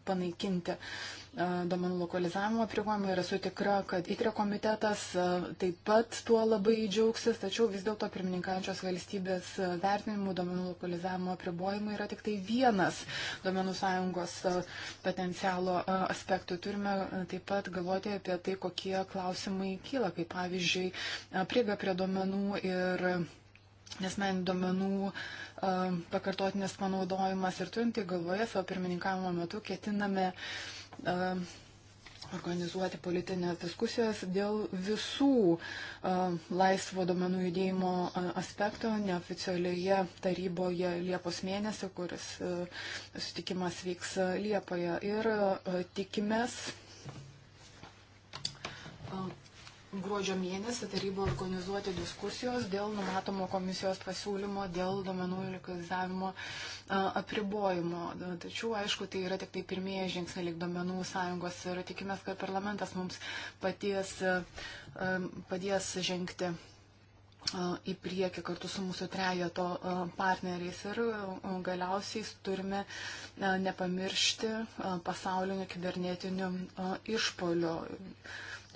panaikinti e, domenų lokalizavimo apribojimą ir esu tikra, kad ITRE komitetas e, taip pat tuo labai džiaugsis, tačiau vis dėlto pirmininkančios valstybės e, vertinimų domenų lokalizavimo apribojimai yra tik tai vienas domenų sąjungos potencialo aspektų. Turime taip pat galvoti apie tai, kokie klausimai kyla, kaip pavyzdžiui, prieiga prie domenų ir nesmenių domenų uh, pakartotinės panaudojimas ir turint tai galvoje savo pirmininkavimo metu ketiname organizuoti politinės diskusijas dėl visų uh, laisvo domenų judėjimo aspekto neoficialioje taryboje Liepos mėnesį, kuris uh, sutikimas vyks Liepoje. Ir uh, tikimės gruodžio mėnesį taryboje organizuoti diskusijos dėl numatomo komisijos pasiūlymo dėl domenų likvidavimo apribojimo. Tačiau, aišku, tai yra tik tai pirmieji žingsniai lik domenų sąjungos ir tikimės, kad parlamentas mums paties, padės žengti į priekį kartu su mūsų trejato partneriais ir galiausiai turime nepamiršti pasaulinio kibernetinių išpolių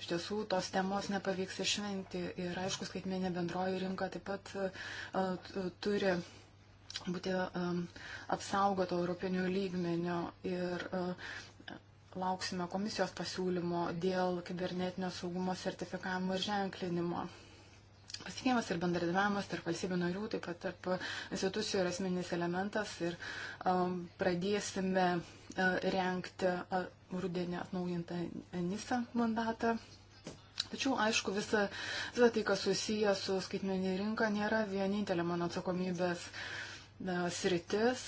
iš tiesų tos temos nepavyks išvengti. Ir aišku, skaitmenė bendroji rinka taip pat uh, turi būti um, apsaugoto europinio lygmenio ir uh, lauksime komisijos pasiūlymo dėl kibernetinio saugumo sertifikavimo ir ženklinimo. Pasitikėjimas ir bendradavimas tarp valstybių narių, taip pat tarp institucijų yra asmeninis elementas ir um, pradėsime uh, renkti uh, rudenį atnaujintą NISA mandatą. Tačiau, aišku, visa, visa tai, kas susiję su skaitmeninė rinka, nėra vienintelė mano atsakomybės sritis.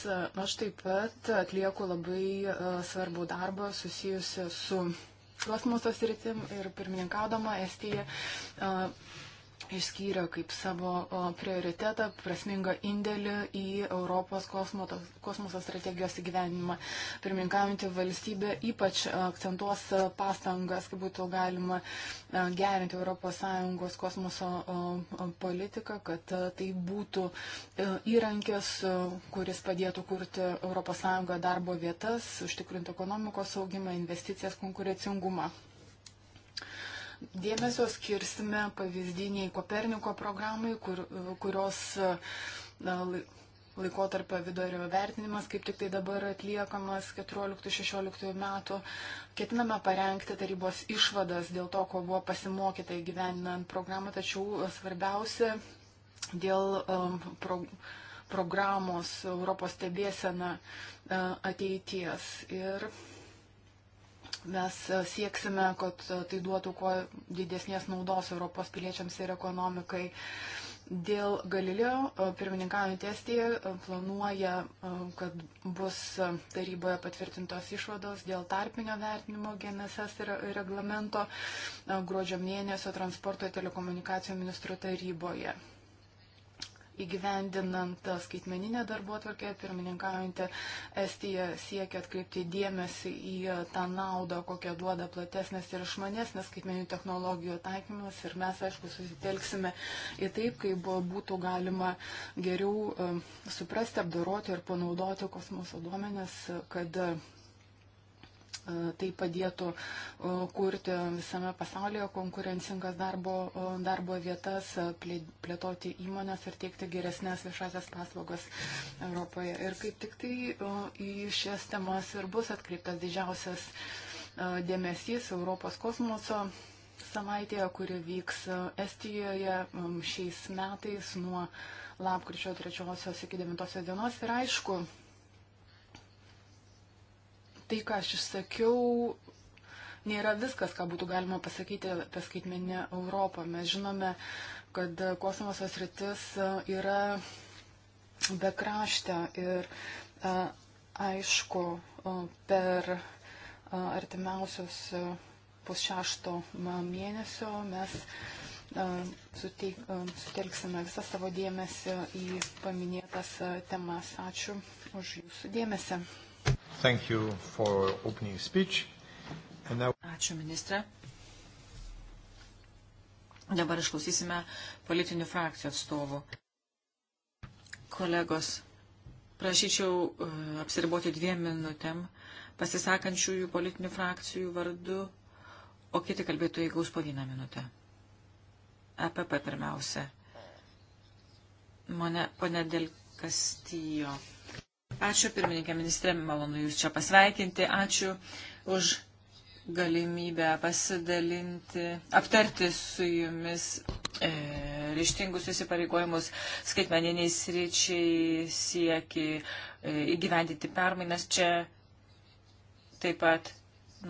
Aš taip pat atlieku labai e, svarbų darbą susijusią su kosmoso sritim ir pirmininkaudama Estija e, išskyrė kaip savo prioritetą prasmingą indėlį į Europos kosmoto, kosmoso strategijos įgyvenimą. Pirmininkaujantį valstybę ypač akcentuos pastangas, kaip būtų galima e, gerinti ES kosmoso politiką, kad e, tai būtų e, įrankis, kuris padėtų kurti ES darbo vietas, užtikrinti ekonomikos augimą, investicijas, konkurencingumą dėmesio skirsime pavyzdiniai Koperniko programai, kur, kurios e, na, laikotarpio vidurio vertinimas, kaip tik tai dabar atliekamas 14-16 metų. Ketiname parengti tarybos išvadas dėl to, ko buvo pasimokyta įgyveninant programą, tačiau svarbiausia dėl um, pro, programos Europos stebėsena uh, ateities. Ir Mes e, sieksime, kad e, tai duotų kuo didesnės naudos Europos piliečiams ir ekonomikai. Dėl Galileo e, pirmininkaujant Estija planuoja, kad bus taryboje patvirtintos išvados dėl tarpinio vertinimo GNSS reglamento gruodžio mėnesio transporto ir telekomunikacijų ministrų taryboje įgyvendinant skaitmeninę darbo atvarkę, pirmininkaujantį Estiją siekia atkreipti dėmesį į tą naudą, kokią duoda platesnės ir išmanesnės skaitmeninių technologijų taikymas. Ir mes, aišku, susitelksime į taip, kaip būtų galima geriau um, suprasti, apdoroti ir panaudoti kosmoso duomenis, kad E, tai padėtų e, kurti visame pasaulyje konkurencingas darbo, e, darbo vietas, plėtoti įmonės ir teikti geresnės viešasias paslaugas Europoje. Ir kaip tik tai į šias temas ir bus atkreiptas didžiausias dėmesys Europos kosmoso savaitėje, kuri vyks Estijoje šiais metais nuo lapkričio 3 iki 9 dienos. Ir aišku, tai, ką aš išsakiau, nėra viskas, ką būtų galima pasakyti apie skaitmeninę Europą. Mes žinome, kad kosmoso sritis e, yra be kraštę ir e, aišku, e, per artimiausius pusšešto mėnesio mes suteik, sutelksime visą savo dėmesį į paminėtas temas. Ačiū už jūsų dėmesį. Now... Ačiū, ministrė. Dabar išklausysime politinių frakcijų atstovų. Kolegos, prašyčiau e, apsiriboti dviem minutėm pasisakančiųjų politinių frakcijų vardu, o kiti kalbėtojai gaus po vieną minutę. EPP pirmiausia. Mone, pone Del Kastijo. Ačiū, pirmininkė ministrė, malonu Jūs čia pasveikinti. Ačiū už galimybę pasidalinti, aptarti su Jumis e, ryštingus įsipareigojimus skaitmeniniai sričiai sieki e, įgyvendinti permainas. Čia taip pat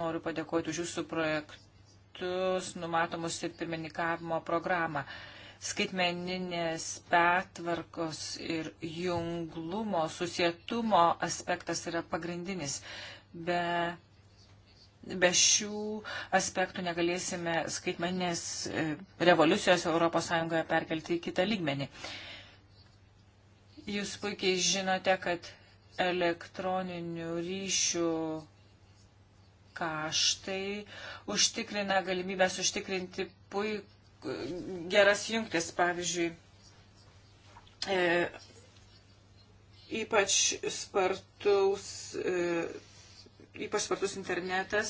noriu padėkoti už Jūsų projektus, numatomus ir pirmininkavimo programą. E, skaitmeninės pertvarkos ir junglumo, susietumo aspektas yra pagrindinis. Be, be šių aspektų negalėsime skaitmeninės e, revoliucijos ES perkelti į kitą lygmenį. Jūs puikiai žinote, kad elektroninių ryšių kaštai užtikrina galimybės užtikrinti puikų geras jungtis, pavyzdžiui, e, ypač spartus, e, ypač spartus internetas.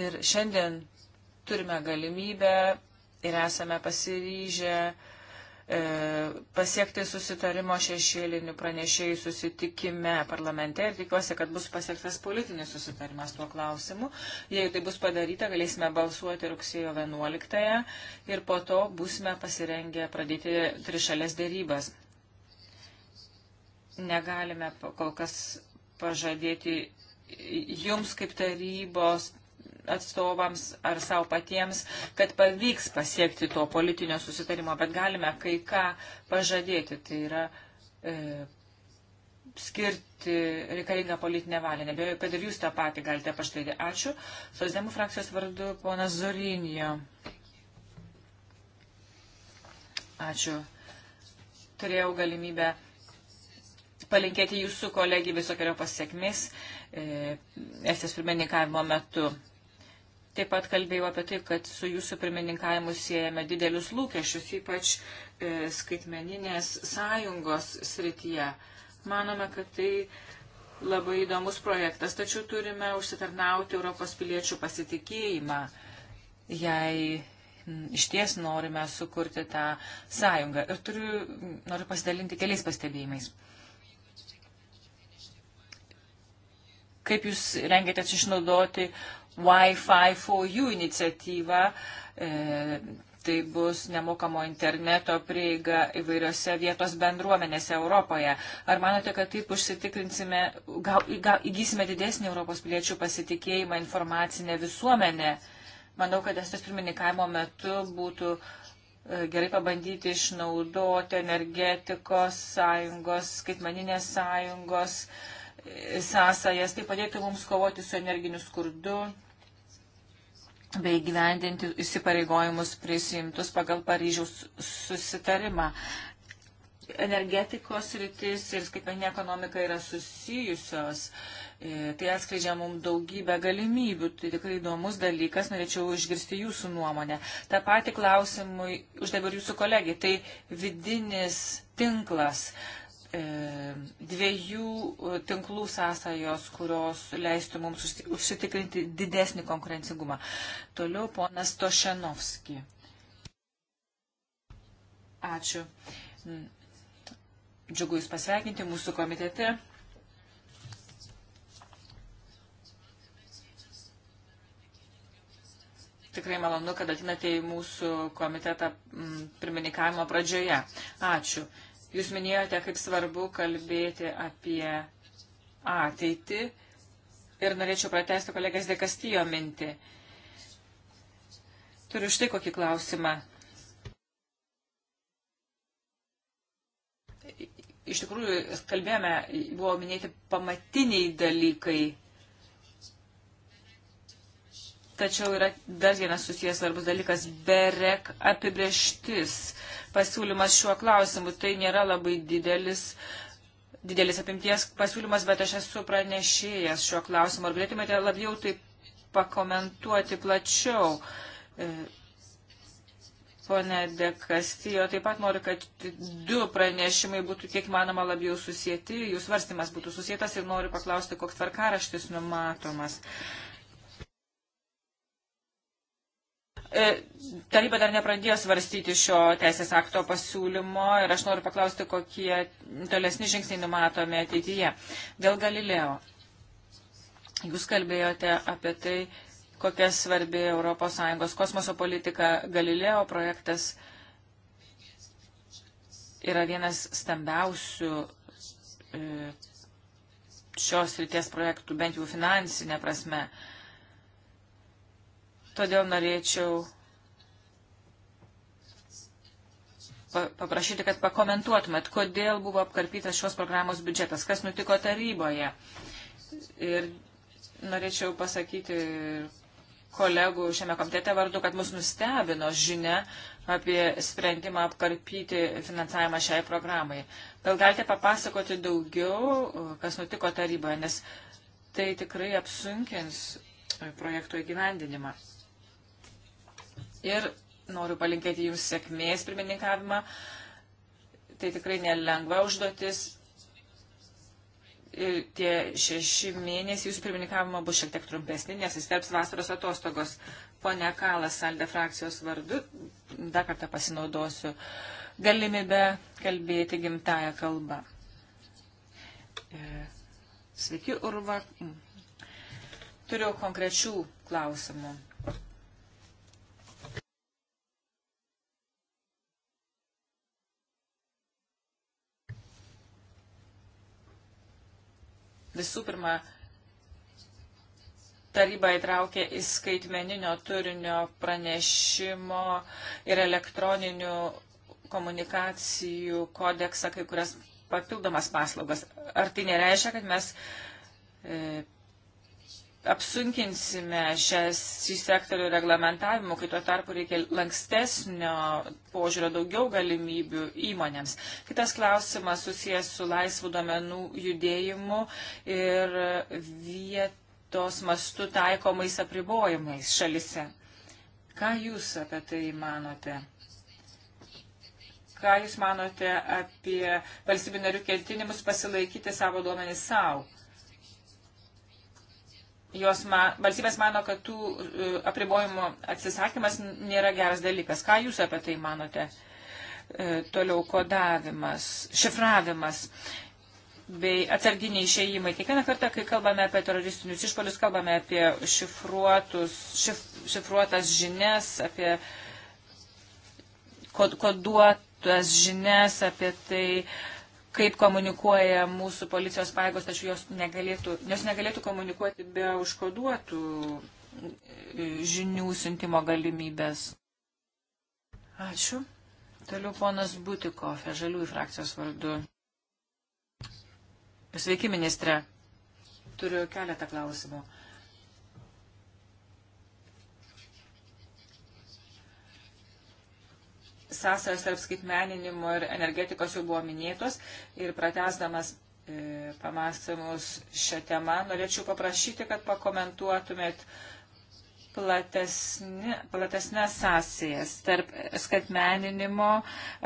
Ir šiandien turime galimybę ir esame pasiryžę e, E, pasiekti susitarimo šešėlinių pranešėjų susitikime parlamente ir tikiuosi, kad bus pasiektas politinis susitarimas tuo klausimu. Jei tai bus padaryta, galėsime balsuoti rugsėjo 11-ąją ir po to būsime pasirengę pradėti trišalės dėrybas. Negalime kol kas pažadėti jums kaip tarybos atstovams ar savo patiems, kad pavyks pasiekti to politinio susitarimo, bet galime kai ką pažadėti. Tai yra e, skirti reikalingą politinę valią. Nebejoju, kad ir jūs tą patį galite paštėti. Ačiū. Sosdemų frakcijos vardu ponas Zorinio. Ačiū. Turėjau galimybę palinkėti jūsų kolegijai visokiojo pasiekmės e, Estės pirmininkavimo metu. Taip pat kalbėjau apie tai, kad su jūsų pirmininkavimu siejame didelius lūkesčius, ypač e, skaitmeninės sąjungos srityje. Manome, kad tai labai įdomus projektas, tačiau turime užsitarnauti Europos piliečių pasitikėjimą, jei iš ties norime sukurti tą sąjungą. Ir turiu, noriu pasidalinti keliais pastebėjimais. Kaip jūs rengėtės išnaudoti Wi-Fi for You iniciatyvą. E, tai bus nemokamo interneto prieiga įvairiose vietos bendruomenėse Europoje. Ar manote, kad taip užsitikrinsime, gal, gal įgysime didesnį Europos piliečių pasitikėjimą informacinę visuomenę? Manau, kad estos pirmininkavimo metu būtų e, gerai pabandyti išnaudoti energetikos sąjungos, skaitmaninės sąjungos, uh, sąsajas, tai padėtų mums kovoti su energiniu skurdu bei gyvendinti įsipareigojimus prisimtus pagal Paryžiaus susitarimą. Energetikos rytis ir skaitmeninė ekonomika yra susijusios. E, tai atskleidžia mums daugybę galimybių. Tai tikrai įdomus dalykas, norėčiau išgirsti jūsų nuomonę. Ta pati klausimui uždabar jūsų kolegė. Tai vidinis tinklas. Uh, E, dviejų e, tinklų sąsajos, kurios leistų mums užsitikrinti didesnį konkurencingumą. Toliau ponas Tošenovski. Ačiū. Džiugu Jūs pasveikinti mūsų komitete. Tikrai malonu, kad atinate į mūsų komitetą pirmininkavimo pradžioje. Ačiū. Jūs minėjote, kaip svarbu kalbėti apie ateitį ir norėčiau pratesti kolegės Dekastijo mintį. Turiu štai kokį klausimą. Iš tikrųjų, kalbėjome, buvo minėti pamatiniai dalykai Tačiau yra dar vienas susijęs svarbus dalykas - berek apibrieštis. Pasiūlymas šiuo klausimu tai nėra labai didelis. Didelis apimties pasiūlymas, bet aš esu pranešėjęs šiuo klausimu. Ar galėtumėte labiau tai pakomentuoti plačiau? E, pone Dekastijo, taip pat noriu, kad du pranešimai būtų kiek manoma labiau susijęti, jų svarstymas būtų susijęs ir noriu paklausti, koks tvarkaraštis numatomas. Uh, E, taryba dar nepradėjo svarstyti šio teisės akto pasiūlymo ir aš noriu paklausti, kokie tolesni žingsniai numatomi ateityje. Dėl Galileo. Jūs kalbėjote apie tai, kokia svarbi ES kosmoso politika Galileo projektas yra vienas stambiausių e, šios ryties projektų, bent jau finansinė prasme. Todėl norėčiau paprašyti, kad pakomentuotumėt, kodėl buvo apkarpytas šios programos biudžetas, kas nutiko taryboje. Ir norėčiau pasakyti kolegų šiame komitete vardu, kad mus nustebino žinia apie sprendimą apkarpyti finansavimą šiai programai. Gal galite papasakoti daugiau, kas nutiko taryboje, nes tai tikrai apsunkins projekto įgyvendinimą ir noriu palinkėti Jums sėkmės pirmininkavimą. Tai tikrai nelengva užduotis. Ir tie šeši mėnesiai Jūsų pirmininkavimo bus šiek tiek trumpesni, nes įsterps vasaros atostogos. Pone Kalas, Saldė frakcijos vardu, dar kartą pasinaudosiu galimybę kalbėti gimtają kalbą. E, sveiki, Urva. Mm. Turiu konkrečių klausimų. Visų pirma, taryba įtraukė į skaitmeninio turinio pranešimo ir elektroninių komunikacijų kodeksą kai kurias papildomas paslaugas. Ar tai nereiškia, kad mes e, apsunkinsime šias, šį sektorių reglamentavimu, kai tuo tarpu reikia lankstesnio požiūrio, daugiau galimybių įmonėms. Kitas klausimas susijęs su laisvų domenų judėjimu ir vietos mastu taikomais apribojimais šalise. Ką Jūs apie tai manote? Ką Jūs manote apie valstybių narių ketinimus pasilaikyti savo duomenį savo? jos man, valstybės mano, kad tų e, apribojimų atsisakymas nėra geras dalykas. Ką jūs apie tai manote? E, toliau kodavimas, šifravimas bei atsarginiai išėjimai. Kiekvieną kartą, kai kalbame apie teroristinius išpolius, kalbame apie šifruotus, šif, šifruotas žinias, apie kod, koduotas žinias, apie tai, uh, kaip komunikuoja mūsų policijos paėgos, tačiau jos negalėtų, jos negalėtų komunikuoti be užkoduotų e, žinių siuntimo galimybės. Ačiū. Toliau ponas Butiko, Fežaliųjų frakcijos vardu. Sveiki, ministre. Turiu keletą klausimų. sąsajos tarp skaitmeninimo ir energetikos jau buvo minėtos ir pratesdamas e, pamastymus šią temą, norėčiau paprašyti, kad pakomentuotumėt platesni, platesnės sąsajas tarp skatmeninimo,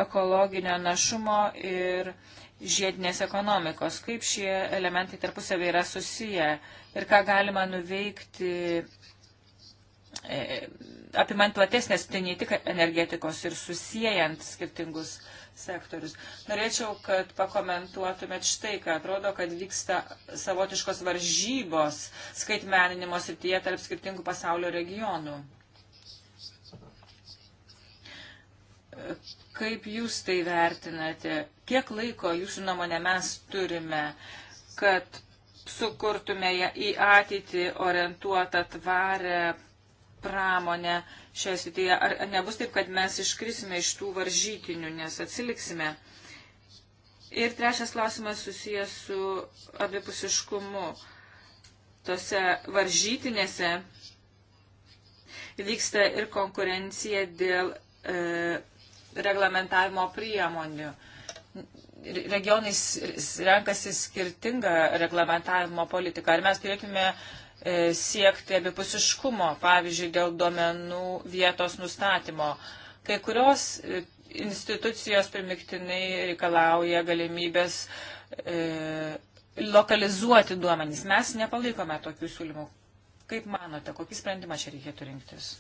ekologinio našumo ir žiedinės ekonomikos. Kaip šie elementai tarpusavį yra susiję ir ką galima nuveikti E, apimant platesnės, tai ne tik energetikos ir susijęjant skirtingus sektorius. Norėčiau, kad pakomentuotumėt štai, kad atrodo, kad vyksta savotiškos varžybos skaitmeninimo srityje tarp skirtingų pasaulio regionų. Kaip jūs tai vertinate? Kiek laiko jūsų nuomonė mes turime, kad sukurtume į ateitį orientuotą tvarę pramonę šioje srityje. Ar nebus taip, kad mes iškrisime iš tų varžytinių, nes atsiliksime? Ir trečias klausimas susijęs su abipusiškumu. Tose varžytinėse vyksta ir konkurencija dėl e, reglamentavimo priemonių. Regionais renkasi skirtingą reglamentavimo politiką. Ar mes turėtume E, siekti abipusiškumo, pavyzdžiui, dėl duomenų vietos nustatymo. Kai kurios e, institucijos primiktinai reikalauja galimybės e, lokalizuoti duomenys. Mes nepalaikome tokių siūlymų. Kaip manote, kokį sprendimą čia reikėtų rinktis?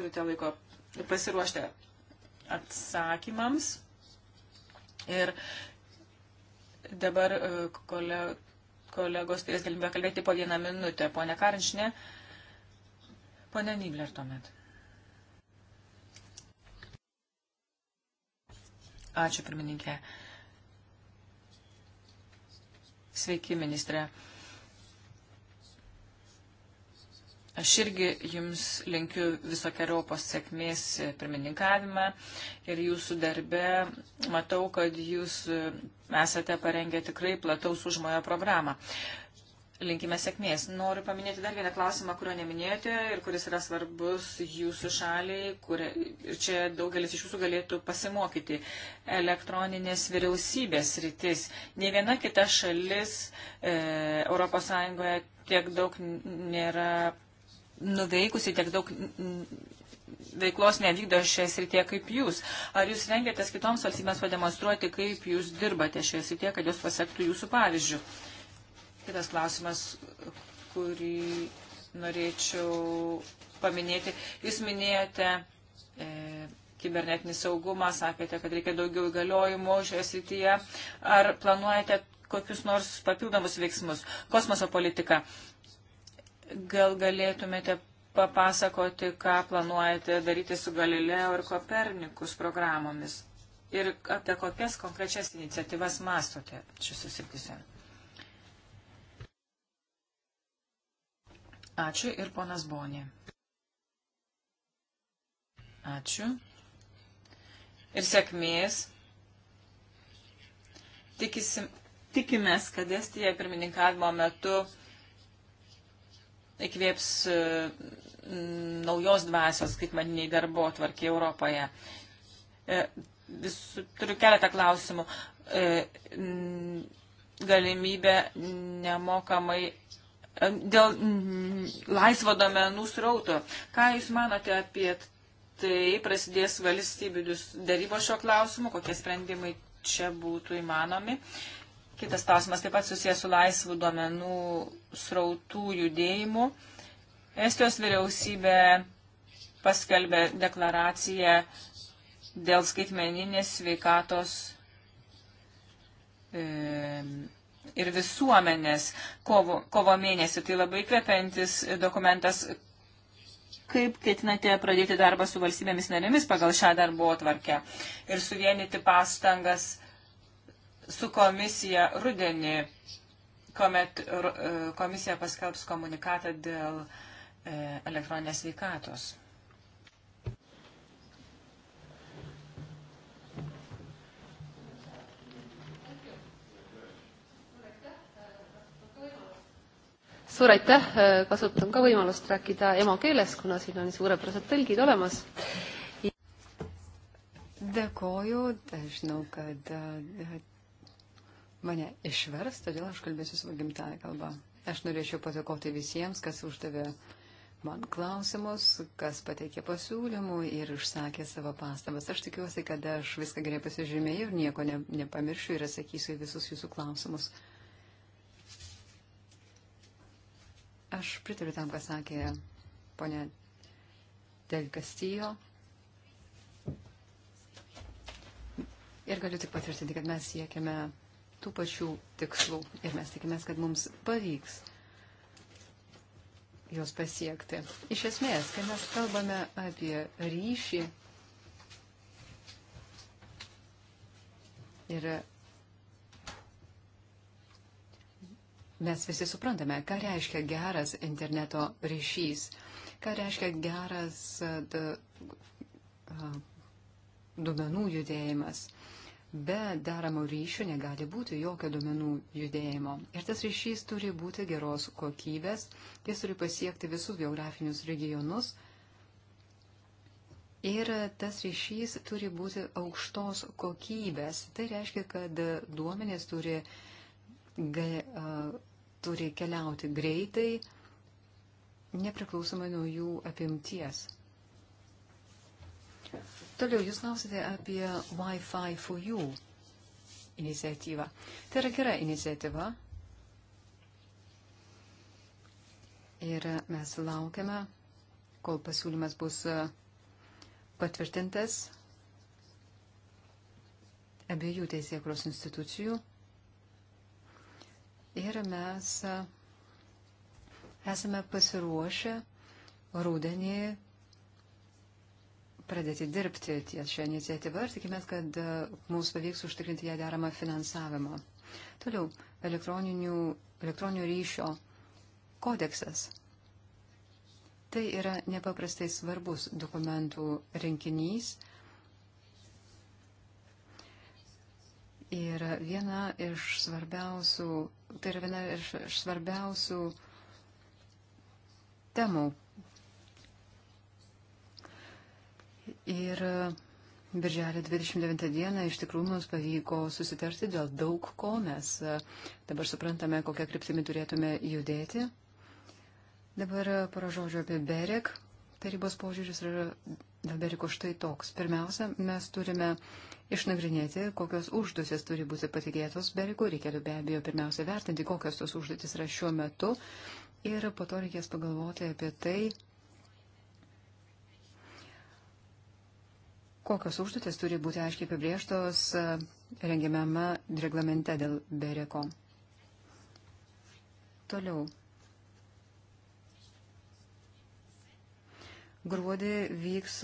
turite laiko pasiruošti atsakymams. Ir dabar e, kole, kolegos turės galimybę kalbėti po vieną minutę. Pone Karinšinė, pone Nibler tuomet. Ačiū, pirmininkė. Sveiki, ministrė. Aš irgi jums linkiu visokiojopos sėkmės e, pirmininkavimą ir jūsų darbe. Matau, kad jūs e, esate parengę tikrai plataus užmojo programą. Linkime sėkmės. Noriu paminėti dar vieną klausimą, kurio neminėjote ir kuris yra svarbus jūsų šaliai, kur ir čia daugelis iš jūsų galėtų pasimokyti. Elektroninės vyriausybės rytis. Ne viena kita šalis e, ES tiek daug nėra nuveikusi tiek daug veiklos nevykdo šioje srityje kaip jūs. Ar jūs rengiatės kitoms valstybėms pademonstruoti, kaip jūs dirbate šioje srityje, kad jos pasektų jūsų pavyzdžių? Kitas klausimas, kurį norėčiau paminėti. Jūs minėjote e, kibernetinį saugumą, sakėte, kad reikia daugiau įgaliojimų šioje srityje. Ar planuojate kokius nors papildomus veiksmus? Kosmoso politika. E, Gal galėtumėte papasakoti, ką planuojate daryti su Galileo ir Kopernikus programomis ir apie kokias konkrečias iniciatyvas mastote šiuose srityse. Ačiū ir ponas Bonė. Ačiū. Ir sėkmės. Tikisim, tikimės, kad Estija pirmininkavimo metu įkvėps e, naujos dvasios skaitmaniniai darbo tvarkiai Europoje. E, Visų, turiu keletą klausimų. E, galimybė nemokamai dėl laisvo domenų srauto. Ką Jūs manote apie tai? Prasidės valstybių darybos šio klausimu, kokie sprendimai čia būtų įmanomi. Uh, Kitas klausimas taip pat susijęs su laisvų duomenų srautų judėjimu. Estijos vyriausybė paskelbė deklaraciją dėl skaitmeninės sveikatos e, ir visuomenės kovo, kovo mėnesį. Tai labai kvepiantis dokumentas. Kaip ketinate pradėti darbą su valstybėmis narėmis pagal šią darbo atvarkę ir suvienyti pastangas su komisija rudenį, kuomet e, komisija paskelbs komunikatą dėl e, elektroninės veikatos. suur aitäh, e, kasutan ka võimalust rääkida emakeeles, kuna siin on suurepärased tõlgid olemas. Dėkoju, žinau, kad mane išvers, todėl aš kalbėsiu savo gimtąją kalbą. Aš norėčiau patikoti visiems, kas uždavė man klausimus, kas pateikė pasiūlymų ir išsakė savo pastabas. Aš tikiuosi, kad aš viską gerai pasižymėjau ir nieko ne, nepamiršiu ir atsakysiu į visus jūsų klausimus. Aš pritariu tam, ką sakė ponė Del Castillo. Ir galiu tik patvirtinti, kad mes siekiame tų pačių tikslų ir mes tikimės, kad mums pavyks juos pasiekti. Iš esmės, kai mes kalbame apie ryšį ir mes visi suprantame, ką reiškia geras interneto ryšys, ką reiškia geras duomenų judėjimas. Uh, Be daramo ryšio negali būti jokio duomenų judėjimo. Ir tas ryšys turi būti geros kokybės, jis turi pasiekti visus geografinius regionus. Ir tas ryšys turi būti aukštos kokybės. Tai reiškia, kad duomenės turi, gai, uh, turi keliauti greitai, nepriklausomai nuo jų apimties. Toliau jūs klausite apie Wi-Fi for You iniciatyvą. Tai yra gera iniciatyva. Ir mes laukiame, kol pasiūlymas bus e, patvirtintas abiejų teisėkros institucijų. Ir mes e, esame pasiruošę rūdienį pradėti dirbti ties šią iniciatyvą ir tikimės, kad e, mums pavyks užtikrinti ją deramą finansavimą. Toliau, elektroninio ryšio kodeksas. Tai yra nepaprastai svarbus dokumentų rinkinys. Ir viena iš svarbiausių, tai yra viena iš svarbiausių temų, Ir e, Birželio 29 dieną iš tikrųjų mums pavyko susitarti dėl daug ko, mes e, dabar suprantame, kokią kryptimį turėtume judėti. Dabar e, pora žodžių apie Berek. Tarybos požiūris yra dėl Beriko štai toks. Pirmiausia, mes turime išnagrinėti, kokios užduotis turi būti patikėtos Beriko. Reikėtų be abejo pirmiausia vertinti, kokios tos užduotis yra šiuo metu. Ir po to reikės pagalvoti apie tai, kokios užduotis turi būti aiškiai apibrieštos e, rengiamame reglamente dėl bereko. Toliau. Gruodį vyks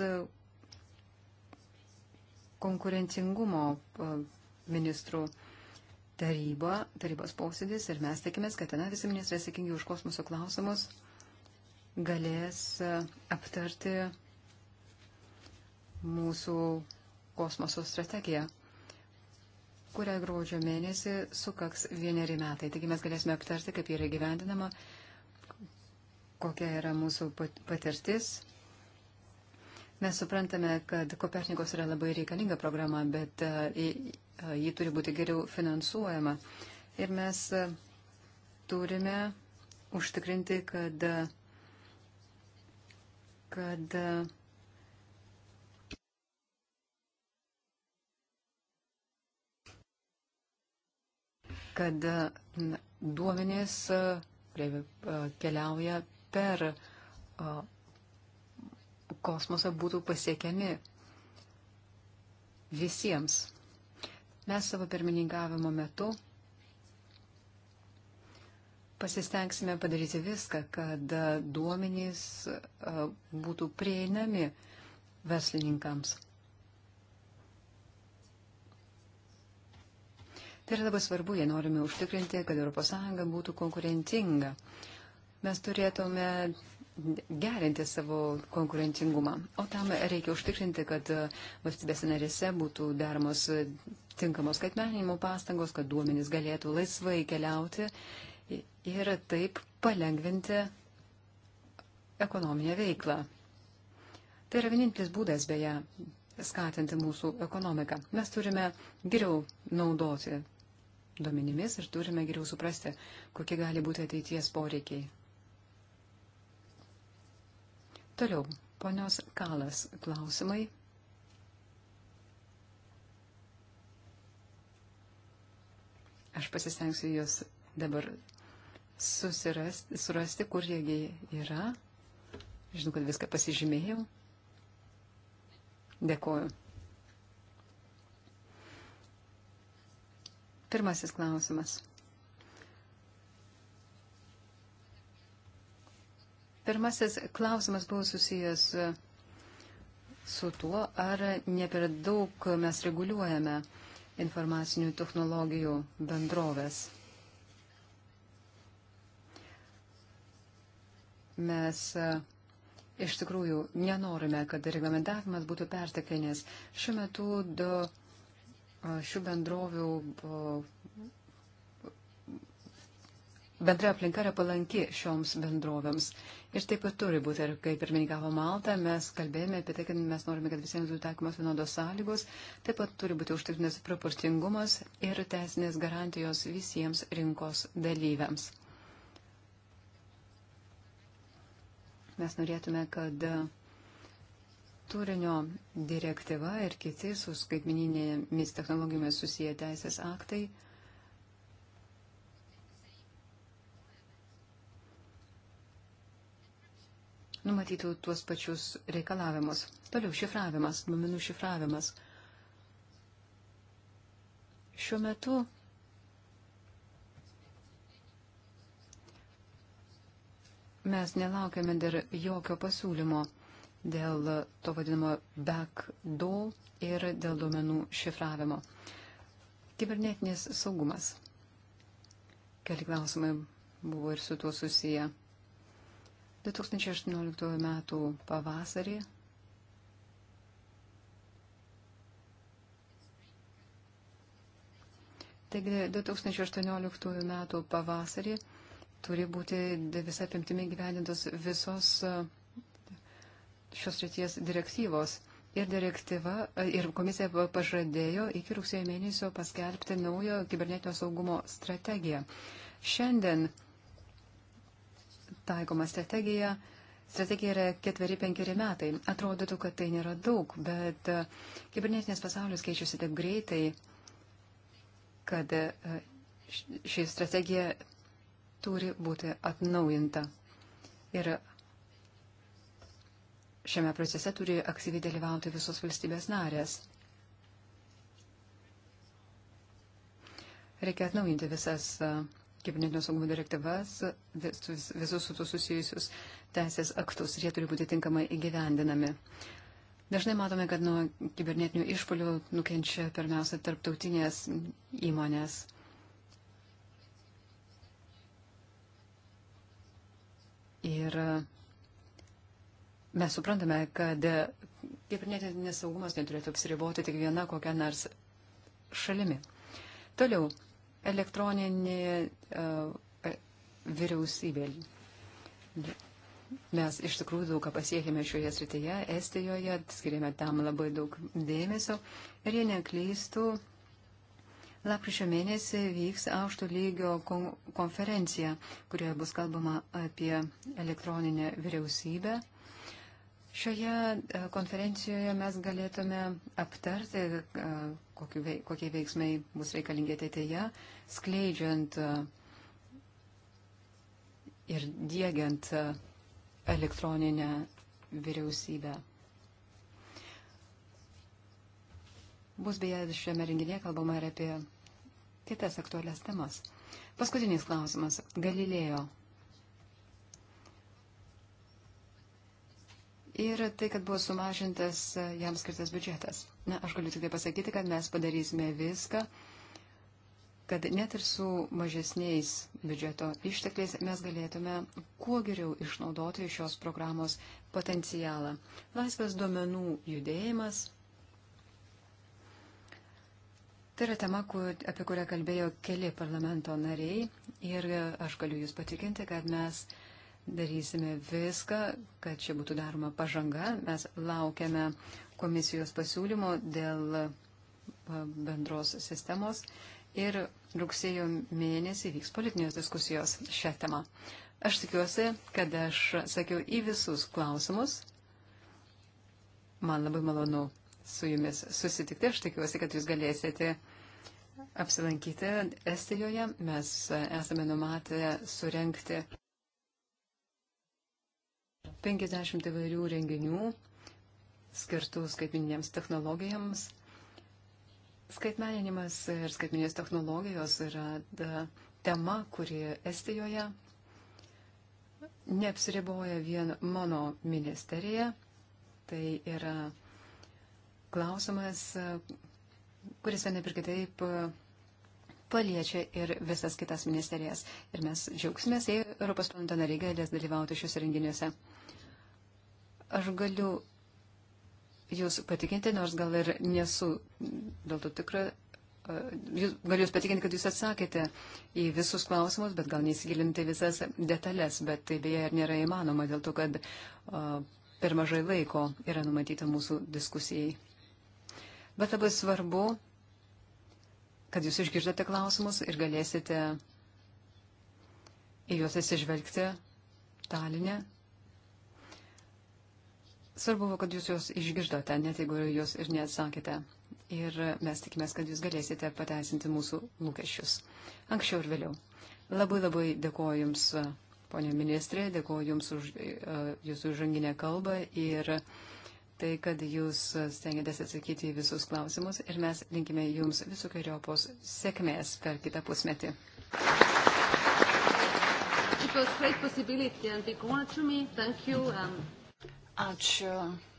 konkurencingumo e, ministrų taryba, tarybos posėdis ir mes tikimės, kad ten visi ministrai atsakingi už kosmoso klausimus galės e, aptarti mūsų kosmoso strategiją, kurią gruodžio mėnesį sukaks vieneri metai. Taigi mes galėsime aptarti, kaip yra gyvendinama, kokia yra mūsų patirtis. Mes suprantame, kad Kopernikos yra labai reikalinga programa, bet e, e, ji turi būti geriau finansuojama. Ir mes e, turime užtikrinti, kad, kad kad duomenės e, e, keliauja per e, kosmosą būtų pasiekiami visiems. Mes savo pirmininkavimo metu pasistengsime padaryti viską, kad duomenys būtų prieinami verslininkams. Tai yra labai svarbu, jei norime užtikrinti, kad ES būtų konkurencinga. Mes turėtume gerinti savo konkurencingumą, o tam reikia užtikrinti, kad valstybės narėse būtų daromos tinkamos skaitmeninimo pastangos, kad duomenys galėtų laisvai keliauti ir taip palengvinti ekonominę veiklą. Tai yra vienintelis būdas beje skatinti mūsų ekonomiką. Mes turime geriau naudoti duomenimis ir turime geriau suprasti, kokie gali būti ateities poreikiai. Toliau, ponios Kalas klausimai. Aš pasistengsiu juos dabar susirasti, surasti, kur jiegi yra. Žinau, kad viską pasižymėjau. Dėkuoju. Pirmasis klausimas. Pirmasis klausimas buvo susijęs su tuo, ar ne per daug mes reguliuojame informacinių technologijų bendrovės. Mes e, iš tikrųjų nenorime, kad reglamentavimas būtų perteklinis. Šiuo metu du. Do šių bendrovių bendra aplinka yra palanki šioms bendrovėms. Ir taip ir turi būti. Ir kai pirmininkavo Malta, mes kalbėjome apie tai, kad mes norime, kad visiems būtų taikomos vienodos sąlygos. Taip pat turi būti užtikrintas proporcingumas ir teisinės garantijos visiems rinkos dalyviams. Mes norėtume, kad turinio direktyva ir kiti su skaitmininėmis technologijomis susiję teisės aktai numatytų tuos pačius reikalavimus. Toliau šifravimas, duomenų šifravimas. Šiuo metu mes nelaukiame dar jokio pasiūlymo dėl to vadinamo backdoor ir dėl duomenų šifravimo. Kibernetinis saugumas. Keli klausimai buvo ir su tuo susiję. 2018 m. pavasarį Taigi 2018 m. pavasarį turi būti visą apimtimi gyvendintos visos uh, šios ryties direktyvos. Ir, e, ir komisija pažadėjo iki rugsėjo mėnesio paskelbti naują kibernetinio saugumo strategiją. Šiandien taikoma strategija. Strategija yra ketveri, penkeri metai. Atrodytų, kad tai nėra daug, bet e, kibernetinės pasaulis keičiasi taip greitai, kad e, ši strategija turi būti atnaujinta. Ir Šiame procese turi aktyviai dalyvauti visos valstybės narės. Reikia atnaujinti visas kibernetinio saugumo direktyvas, visus, visus su to susijusius teisės aktus ir jie turi būti tinkamai įgyvendinami. Dažnai matome, kad nuo kibernetinių išpolių nukenčia pirmiausia tarptautinės įmonės. Ir Mes suprantame, kad kibernetinis nesaugumas neturėtų apsiriboti tik viena kokia nors šalimi. Toliau, elektroninė uh, vyriausybė. Mes iš tikrųjų daug ką pasiekėme šioje srityje, Estijoje, skiriame tam labai daug dėmesio ir jie neklystų. Lapkričio mėnesį vyks aukšto lygio konferencija, kurioje bus kalbama apie elektroninę vyriausybę. Šioje e, konferencijoje mes galėtume aptarti, e, kokie veiksmai bus reikalingi ateityje, skleidžiant e, ir dėgiant elektroninę vyriausybę. Bus beje šiame renginėje kalbama ir apie kitas aktualias temas. Paskutinis klausimas. Galilėjo ir tai, kad buvo sumažintas e, jam skirtas biudžetas. Na, aš galiu tik tai pasakyti, kad mes padarysime viską, kad net ir su mažesniais biudžeto ištekliais mes galėtume kuo geriau išnaudoti šios programos potencialą. Laisvas duomenų judėjimas. Tai yra tema, kur, apie kurią kalbėjo keli parlamento nariai ir aš galiu Jūs patikinti, kad mes uh, darysime viską, kad čia būtų daroma pažanga. Mes laukiame komisijos pasiūlymo dėl bendros sistemos ir rugsėjo mėnesį vyks politinės diskusijos šią temą. Aš tikiuosi, kad aš sakiau į visus klausimus. Man labai malonu su jumis susitikti. Aš tikiuosi, kad jūs galėsite apsilankyti Estijoje. Mes esame numatę surenkti. 50 įvairių renginių skirtų skaitminėms technologijams. Skaitmeninimas ir skaitminės technologijos yra da, tema, kuri Estijoje neapsiriboja vien mano ministerija. Tai yra klausimas, kuris vienaip ir kitaip paliečia ir visas kitas ministerijas. Ir mes džiaugsimės, jei Europos parlamento nariai galės dalyvauti šiuose renginiuose. Aš galiu jūs patikinti, nors gal ir nesu dėl to tikra. Jūs, galiu Jūs patikinti, kad Jūs atsakėte į visus klausimus, bet gal neįsigilinti visas detalės, bet tai beje ir nėra įmanoma dėl to, kad uh, per mažai laiko yra numatyta mūsų diskusijai. Bet labai svarbu, kad Jūs išgirdote klausimus ir galėsite į juos atsižvelgti talinę Svarbu buvo, kad jūs juos išgirdote, net jeigu jūs ir neatsakėte. Ir mes tikimės, kad jūs galėsite pateisinti mūsų lūkesčius. Anksčiau ir vėliau. Labai labai dėkoju Jums, ponė ministrė, dėkoju Jums už uh, Jūsų žanginę kalbą ir tai, kad Jūs stengiatės atsakyti į visus klausimus ir mes linkime Jums visokiojopos sėkmės per kitą pusmetį. It was great possibility and big honor to me. Thank you. Um... Ačiū.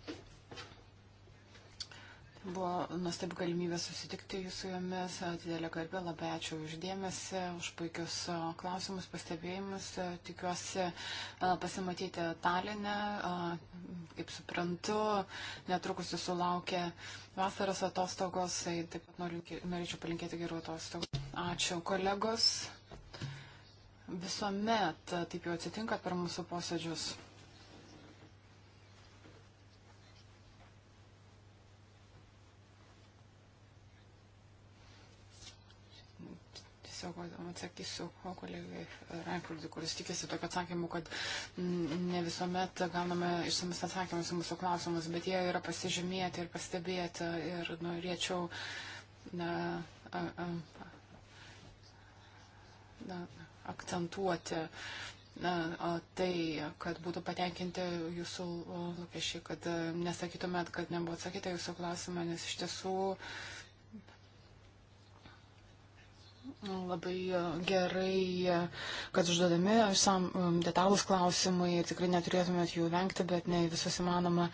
Tai buvo nuostabi galimybė susitikti su jumis, didelė garbė, labai ačiū uždėmesi, už puikius klausimus, pastebėjimus. Tikiuosi pasimatyti Talinę, kaip suprantu, netrukus jūsų laukia vasaros atostogos, tai taip pat noriu, norėčiau palinkėti gerų atostogų. Ačiū kolegos. Visuomet taip jau atsitinka per mūsų posėdžius. tiesiog atsakysiu kolegai Rankurdui, kuris tikėsi tokio atsakymu, kad ne visuomet gauname išsamus atsakymus į mūsų klausimus, bet jie yra pasižymėti ir pastebėti ir norėčiau. Na, a, a, na, akcentuoti na, tai, kad būtų patenkinti jūsų lūkesčiai, kad nesakytumėt, kad nebuvo atsakyta jūsų klausimą, nes iš tiesų uh, Labai e, gerai, e, kad užduodami visam e, detalus klausimai ir tikrai neturėtumėt jų vengti, bet ne visus įmanoma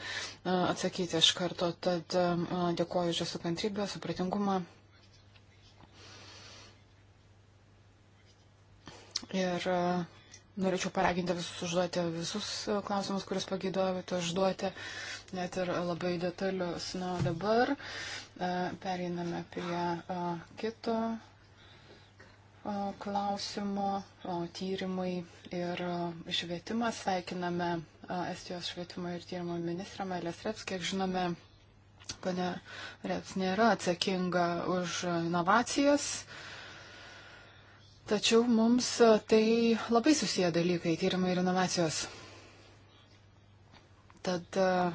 atsakyti iš karto. Tad dėkoju už jūsų kantrybę, supratingumą. Ir norėčiau paraginti visus užduoti visus klausimus, kuriuos pagėdojate užduoti, net ir labai detalius. Na, dabar pereiname prie kito klausimų, tyrimai ir švietimas. Sveikiname Estijos švietimo ir tyrimo ministrą Melės Reps, kiek žinome, pane Reps nėra atsakinga už inovacijas. Tačiau mums tai labai susiję dalykai - tyrimai ir inovacijos. Tad uh,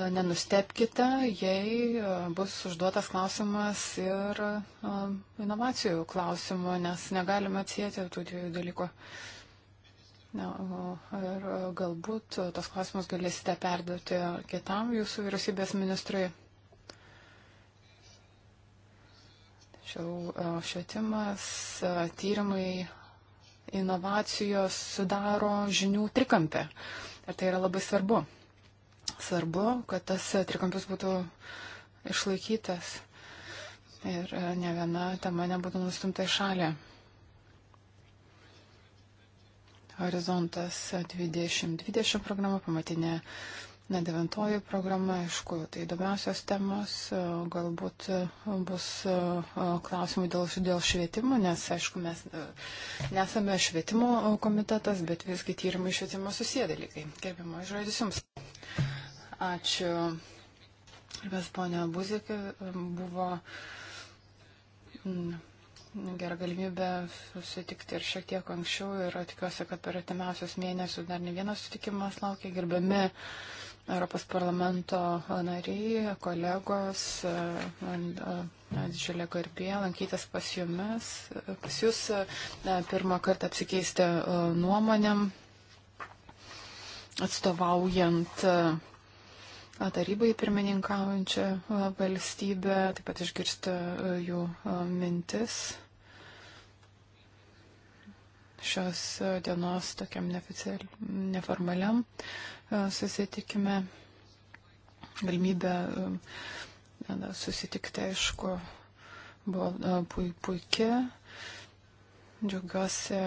nenustepkite, jei e, bus užduotas klausimas ir e, inovacijų klausimų, nes negalime atsijėti tų dviejų dalykų. Na, ir e, galbūt tos klausimus galėsite perduoti kitam jūsų vyriausybės ministrui. Tačiau švietimas, tyrimai, inovacijos sudaro žinių trikampę. Ir tai yra labai svarbu. Svarbu, kad tas trikampis būtų išlaikytas ir e, ne viena tema nebūtų nustumta į šalį. Horizontas 2020 programa, pamatinė na, devintoji programa, aišku, tai įdomiausios temos, e, galbūt e, bus klausimų dėl, dėl švietimo, nes, aišku, mes nesame švietimo komitetas, bet visgi tyrimai švietimo susiję dalykai. Gerbimo, žodis Jums. Ačiū. Gerbės ponia Buzikė buvo mm, gera galimybė susitikti ir šiek tiek anksčiau ir tikiuosi, kad per atimiausius mėnesius dar ne vienas sutikimas laukia. Gerbiami Europos parlamento nariai, kolegos, didžiulė garbė lankytis pas jumis, pas jūs pirmą kartą apsikeisti nuomonėm atstovaujant tarybai pirmininkaujančią valstybę, taip pat išgirsti jų mintis šios dienos tokiam neformaliam susitikime. Galimybė susitikti, aišku, buvo puikia. Džiaugiuosi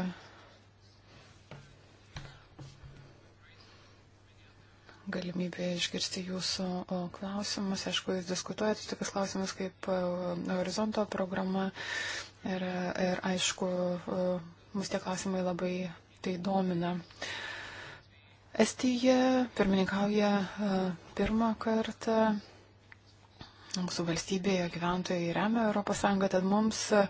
galimybė išgirsti jūsų klausimus. Aišku, jūs diskutuojate tokius klausimus kaip horizonto programa ir, ir aišku, mus tie klausimai labai tai domina. Estija pirmininkauja pirmą kartą. Mūsų valstybėje gyventojai remia ES, tad mums uh,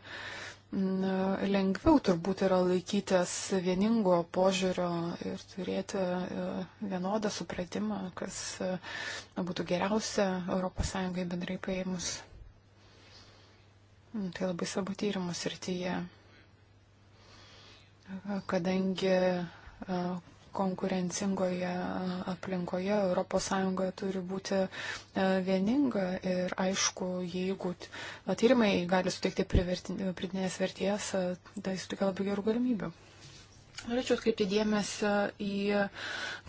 lengviau turbūt yra laikytis vieningo požiūrio ir turėti e, vienodą supratimą, kas e, būtų geriausia ES bendrai paėmus. Mm, tai labai savo tyrimų srityje, kadangi e, konkurencingoje aplinkoje ES turi būti e, vieninga ir aišku, jeigu tyrimai gali suteikti pridinės verties, tai suteikia labai gerų galimybių. Norėčiau atkreipti dėmesį į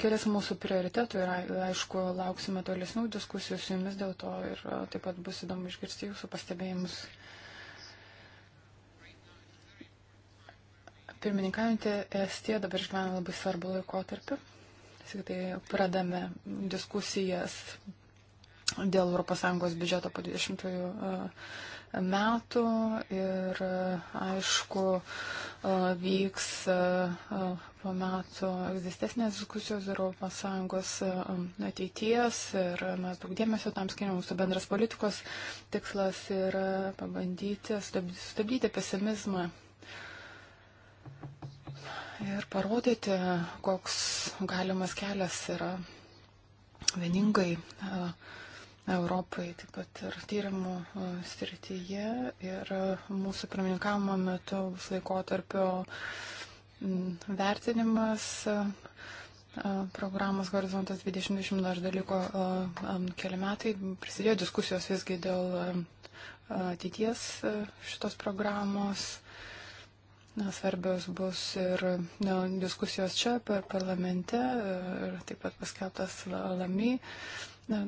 kelias mūsų prioritetų ir aišku, lauksime tolesnių diskusijų su jumis dėl to ir taip pat bus įdomu išgirsti jūsų pastebėjimus. Pirmininkaujantį Estiją dabar išgyvena labai svarbu laikotarpį. Tai pradame diskusijas dėl ES biudžeto po 20 e, metų ir e, aišku e, vyks po metų egzistencinės diskusijos ir ES ateities ir mes daug dėmesio tam skiriam mūsų bendras politikos tikslas yra pabandyti stabdyti pesimizmą ir parodyti, koks galimas kelias yra vieningai e, Europai, taip pat ir tyrimų e, srityje. Ir e, mūsų pirmininkavimo metu bus laikotarpio vertinimas programos Horizontas 2020 dar dalyko keli metai. Prisidėjo diskusijos visgi dėl ateities šitos programos na, svarbios bus ir na, diskusijos čia per parlamente ir taip pat paskeltas lami. Na,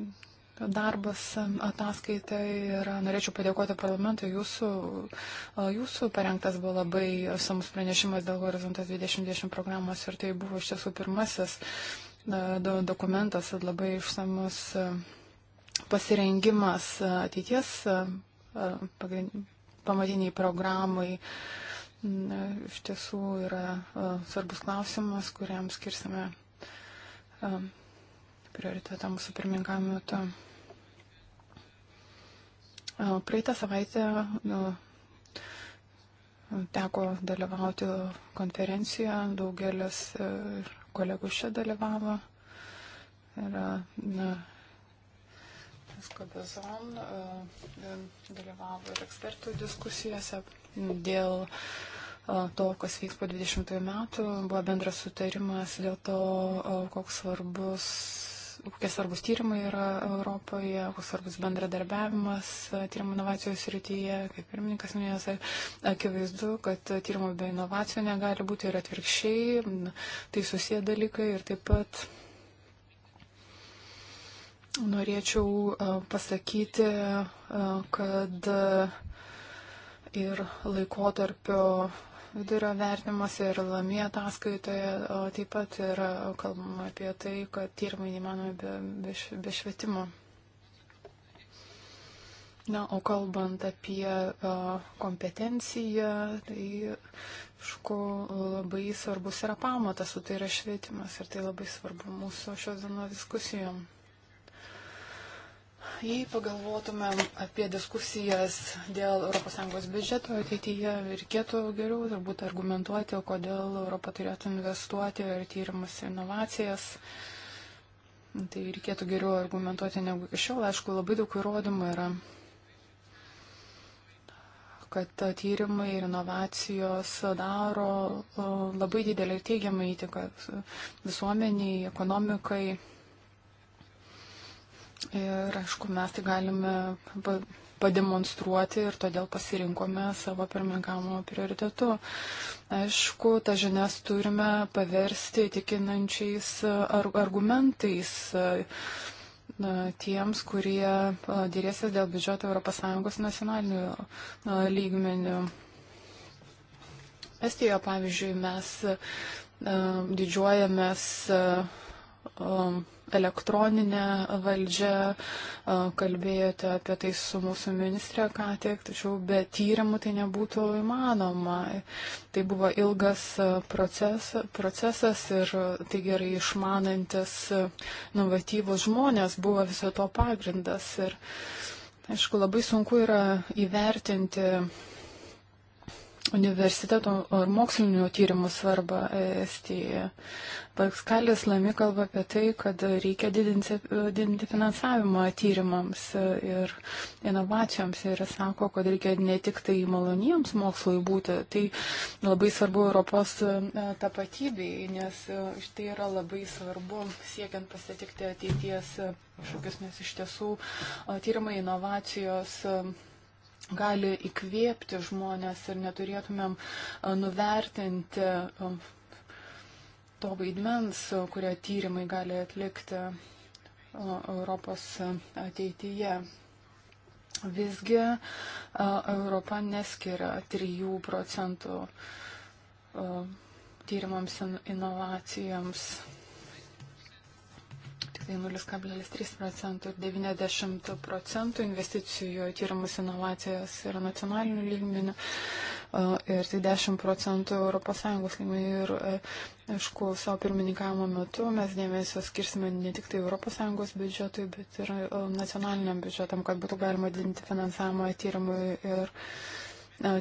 darbas ataskaitai ir norėčiau padėkoti parlamentui. Jūsų, jūsų parengtas buvo labai samus pranešimas dėl Horizontas 2020 programos ir tai buvo iš tiesų pirmasis do, dokumentas ir labai išsamus pasirengimas ateities pamatiniai programai Na, iš tiesų yra uh, svarbus klausimas, kuriam skirsime uh, prioritetą mūsų pirmininkavimo metu. Uh, praeitą savaitę uh, teko dalyvauti konferencijoje, daugelis uh, kolegų čia dalyvavo. Ir, uh, Skabezon uh, dalyvavo ir ekspertų diskusijose dėl to, kas vyks po 20 metų, buvo bendras sutarimas dėl to, koks svarbus kokie svarbus tyrimai yra Europoje, koks svarbus bendradarbiavimas tyrimų inovacijos rytyje, kaip pirmininkas minėjo, akivaizdu, kad tyrimų be inovacijų negali būti ir atvirkščiai, tai susiję dalykai ir taip pat norėčiau pasakyti, kad ir laikotarpio vidurio vertinimuose ir lamie ataskaitoje taip pat yra kalbama apie tai, kad tyrimai neįmanomi be, be, be švietimo. Na, o kalbant apie kompetenciją, tai, aišku, labai svarbus yra pamatas, o tai yra švietimas ir tai labai svarbu mūsų šios dienos diskusijom. Jei pagalvotumėm apie diskusijas dėl ES biudžeto ateityje, reikėtų geriau turbūt argumentuoti, kodėl Europa turėtų investuoti ir tyrimus inovacijas. Tai reikėtų geriau argumentuoti negu iki šiol. Aišku, labai daug įrodymų yra, kad tyrimai ir inovacijos daro uh, labai didelį ir teigiamą įtiką visuomeniai, ekonomikai Ir aišku, mes tai galime pademonstruoti ir todėl pasirinkome savo pirmininkavimo prioritetu. Aišku, tą žinias turime paversti įtikinančiais argumentais tiems, kurie dėrėsis dėl biudžeto ES nacionalinių lygmenių. Estijoje, pavyzdžiui, mes didžiuojamės elektroninė valdžia, kalbėjote apie tai su mūsų ministrė ką tik, tačiau be tyrimų tai nebūtų įmanoma. Tai buvo ilgas proces, procesas ir tai gerai išmanantis novatyvus žmonės buvo viso to pagrindas. Ir, aišku, labai sunku yra įvertinti universiteto ar mokslinio tyrimų svarbą Estijoje. Pakskalis Lami kalba apie tai, kad reikia didinti, didinti finansavimą tyrimams ir inovacijoms ir sako, kad reikia ne tik tai maloniems mokslui būti, tai labai svarbu Europos e, tapatybei, nes e, tai yra labai svarbu siekiant pasitikti ateities e, iššūkius, nes iš tiesų tyrimai inovacijos gali įkvėpti žmonės ir neturėtumėm nuvertinti to vaidmens, kurią tyrimai gali atlikti Europos ateityje. Visgi Europa neskiria 3 procentų tyrimams inovacijams. In tik tai 0,3 procentų ir 90 procentų investicijų tyrimus inovacijas yra nacionalinių lygmenių ir tai 10 procentų ES lygmenių. Ir e, aišku, savo pirmininkavimo metu mes dėmesio skirsime ne tik tai ES biudžetui, bet ir e, nacionaliniam biudžetam, kad būtų galima didinti finansavimą tyrimui ir. Uh,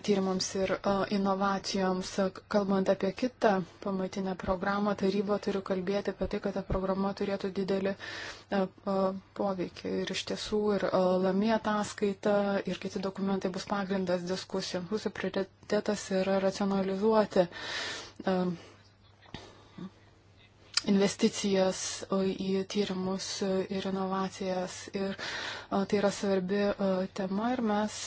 tyrimams ir inovacijoms. Kalbant apie kitą pamatinę programą, taryba turiu kalbėti apie tai, kad ta programa turėtų didelį poveikį. Ir iš tiesų ir lamė ataskaita ir kiti dokumentai bus pagrindas diskusijoms. Mūsų prioritetas yra racionalizuoti investicijas į tyrimus ir inovacijas. Ir tai yra svarbi tema ir mes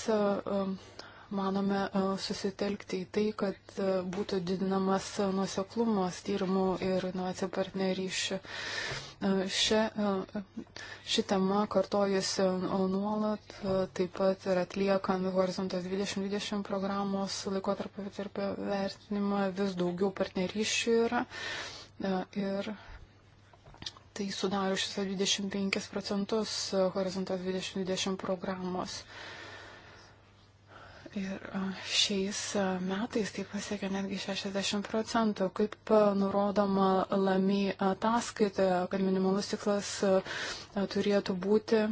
manome, e, susitelkti į tai, kad e, būtų didinamas nuseklumas tyrimų ir inovacijų partnerysčių. E, šia, ši tema kartojasi nuolat, taip pat ir atliekant Horizontas 2020 programos laikotarpio tarp vertinimą vis daugiau partnerysčių yra. Ir tai sudaro šis 25 procentus Horizontas 2020 programos. Uh, Ir šiais metais tai pasiekia netgi 60 procentų, kaip nurodoma lami ataskaitoje, kad minimalus tikslas turėtų būti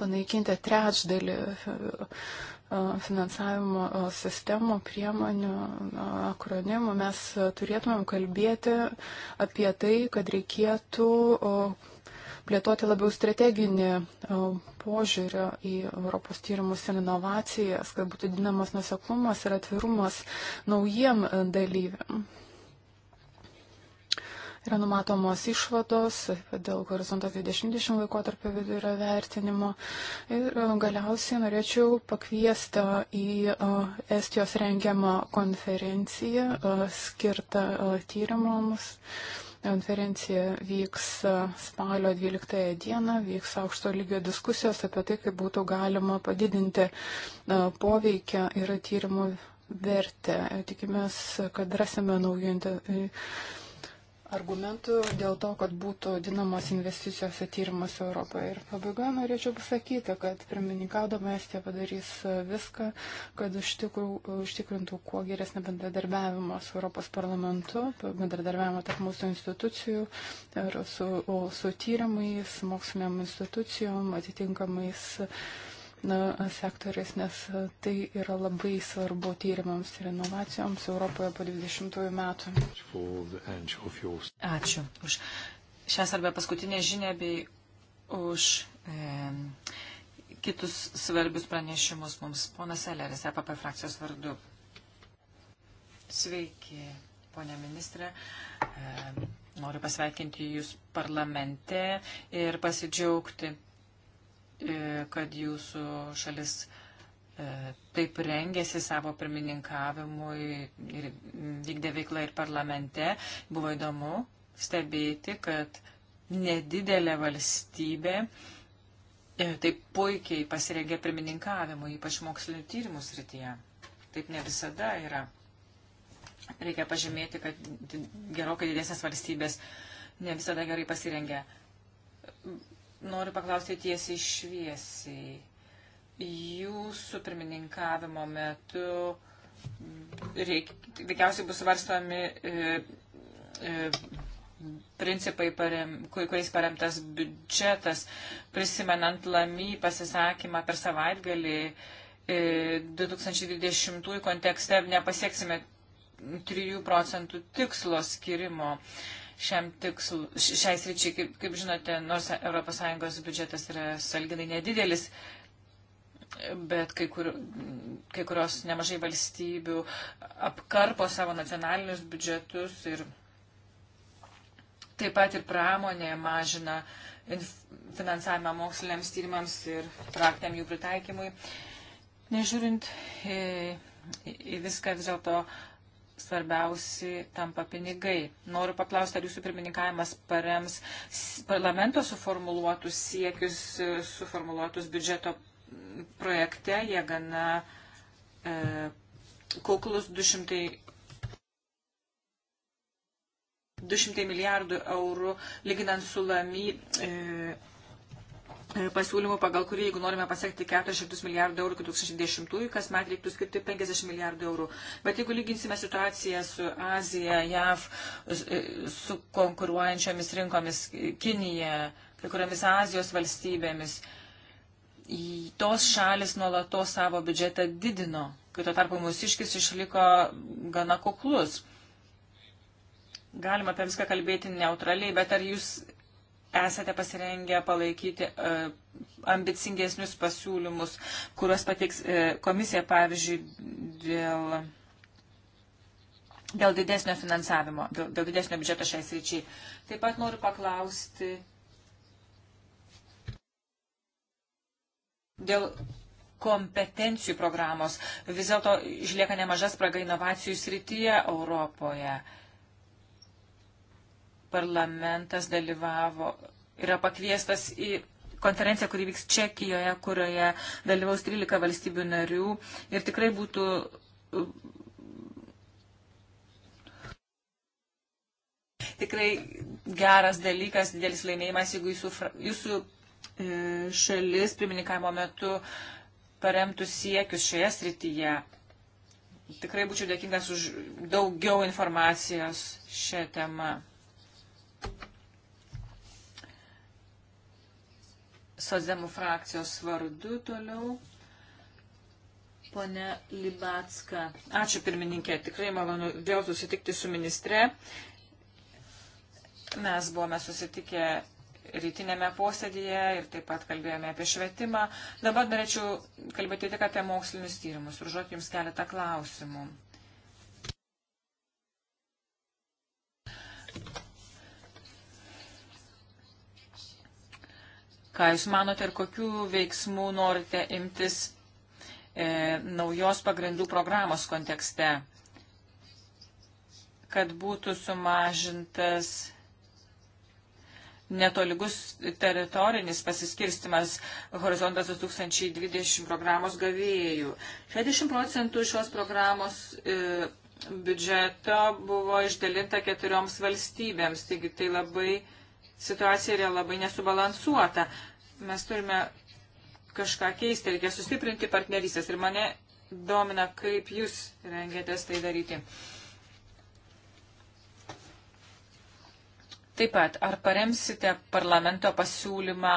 panaikinti trečdalį finansavimo sistemų, priemonių, akronimų. Mes turėtumėm kalbėti apie tai, kad reikėtų plėtoti labiau strateginį e, požiūrį į Europos tyrimus ir inovacijas, kad būtų dinamas nuseklumas ir atvirumas naujiem e, dalyviam. Yra numatomos išvados dėl horizonto 2020 laikotarpio vidurio vertinimo. Ir e, galiausiai norėčiau pakviesti į Estijos rengiamą konferenciją skirtą tyrimams Konferencija vyks e, spalio 12 dieną, vyks aukšto lygio diskusijos apie tai, kaip būtų galima padidinti e, poveikia yra tyrimų vertę. Tikimės, kad rasime naujų argumentų dėl to, kad būtų dinamos investicijos į tyrimus Europoje. Ir pabaigoje norėčiau pasakyti, kad pirmininkaudama Estija padarys viską, kad užtikru, užtikrintų kuo geresnį bendradarbiavimą su Europos parlamentu, bendradarbiavimą tarp mūsų institucijų ir su, su tyrimais, moksliniam institucijom, atitinkamais. Uh, sektoriais, nes e, tai yra labai svarbu tyrimams ir inovacijoms Europoje po 20 metų. Ačiū už šią svarbę paskutinę žinę bei už e, kitus svarbius pranešimus mums. Ponas Eleris, EPP frakcijos vardu. Sveiki, ponė ministrė. E, noriu pasveikinti Jūs parlamente ir pasidžiaugti E, kad jūsų šalis e, taip rengėsi savo pirmininkavimui ir vykdė veiklą ir parlamente. Buvo įdomu stebėti, kad nedidelė valstybė e, taip puikiai pasirengė pirmininkavimui, ypač mokslinio tyrimų srityje. Taip ne visada yra. Reikia pažymėti, kad gerokai didesnės valstybės ne visada gerai pasirengė noriu paklausti tiesiai šviesiai. Jūsų pirmininkavimo metu veikiausiai bus svarstomi e, e, principai, parem, kuriais paremtas biudžetas, prisimenant lamy pasisakymą per savaitgalį e, 2020 kontekste nepasieksime 3 procentų tikslo skirimo. E, šiam tikslu, šiai sričiai, kaip, kaip žinote, nors ES biudžetas yra salginai nedidelis, bet kai, kur, kai kurios nemažai valstybių apkarpo savo nacionalinius biudžetus ir taip pat ir pramonė mažina finansavimą moksliniams tyrimams ir praktiniam jų pritaikymui. Nežiūrint į, į viską vis dėlto svarbiausi tampa pinigai. Noriu paklausti, ar jūsų pirmininkavimas parems parlamento suformuluotus siekius, e, suformuluotus biudžeto projekte, jie gana e, kuklus 200. 200 milijardų eurų, lyginant su lami e, E, pasiūlymų, pagal kurį, jeigu norime pasiekti 400 milijardų eurų iki 2010-ųjų, kasmet reiktų skirti 50 milijardų eurų. Bet jeigu lyginsime situaciją su Azija, JAV, e, su konkuruojančiomis rinkomis Kinija, kai kuriomis Azijos valstybėmis, tos šalis nuolatos savo biudžetą didino, kai tuo tarpu mūsiškis išliko gana kuklus. Galima apie viską kalbėti neutraliai, bet ar jūs esate pasirengę palaikyti e, ambicingesnius pasiūlymus, kuriuos pateiks e, komisija, pavyzdžiui, dėl, dėl didesnio finansavimo, dėl, dėl didesnio biudžeto šiai sričiai. Taip pat noriu paklausti dėl kompetencijų programos. Vis dėlto išlieka nemažas praga inovacijų srityje Europoje. Uh, parlamentas dalyvavo, yra pakviestas į konferenciją, kuri vyks Čekijoje, kurioje dalyvaus 13 valstybių narių ir tikrai būtų. Tikrai geras dalykas, didelis laimėjimas, jeigu jūsų, jūsų e, šalis pirmininkavimo metu paremtų siekius šioje srityje. Tikrai būčiau dėkingas už daugiau informacijos šią temą. Sozemų frakcijos vardu toliau. Pone Libacka. Ačiū pirmininkė, tikrai malonu vėl susitikti su ministre. Mes buvome susitikę rytinėme posėdėje ir taip pat kalbėjome apie švietimą. Dabar norėčiau kalbėti tik apie mokslinius tyrimus ir žodžiu Jums keletą klausimų. Ką Jūs manote ir kokių veiksmų norite imtis e, naujos pagrindų programos kontekste, kad būtų sumažintas netoligus teritorinis pasiskirstimas Horizontas 2020 programos gavėjų. 60 procentų šios programos e, biudžeto buvo išdalinta keturioms valstybėms, taigi tai labai situacija yra labai nesubalansuota. Mes turime kažką keisti, reikia sustiprinti partnerystės ir mane domina, kaip jūs rengėtės tai daryti. Taip pat, ar paremsite parlamento pasiūlymą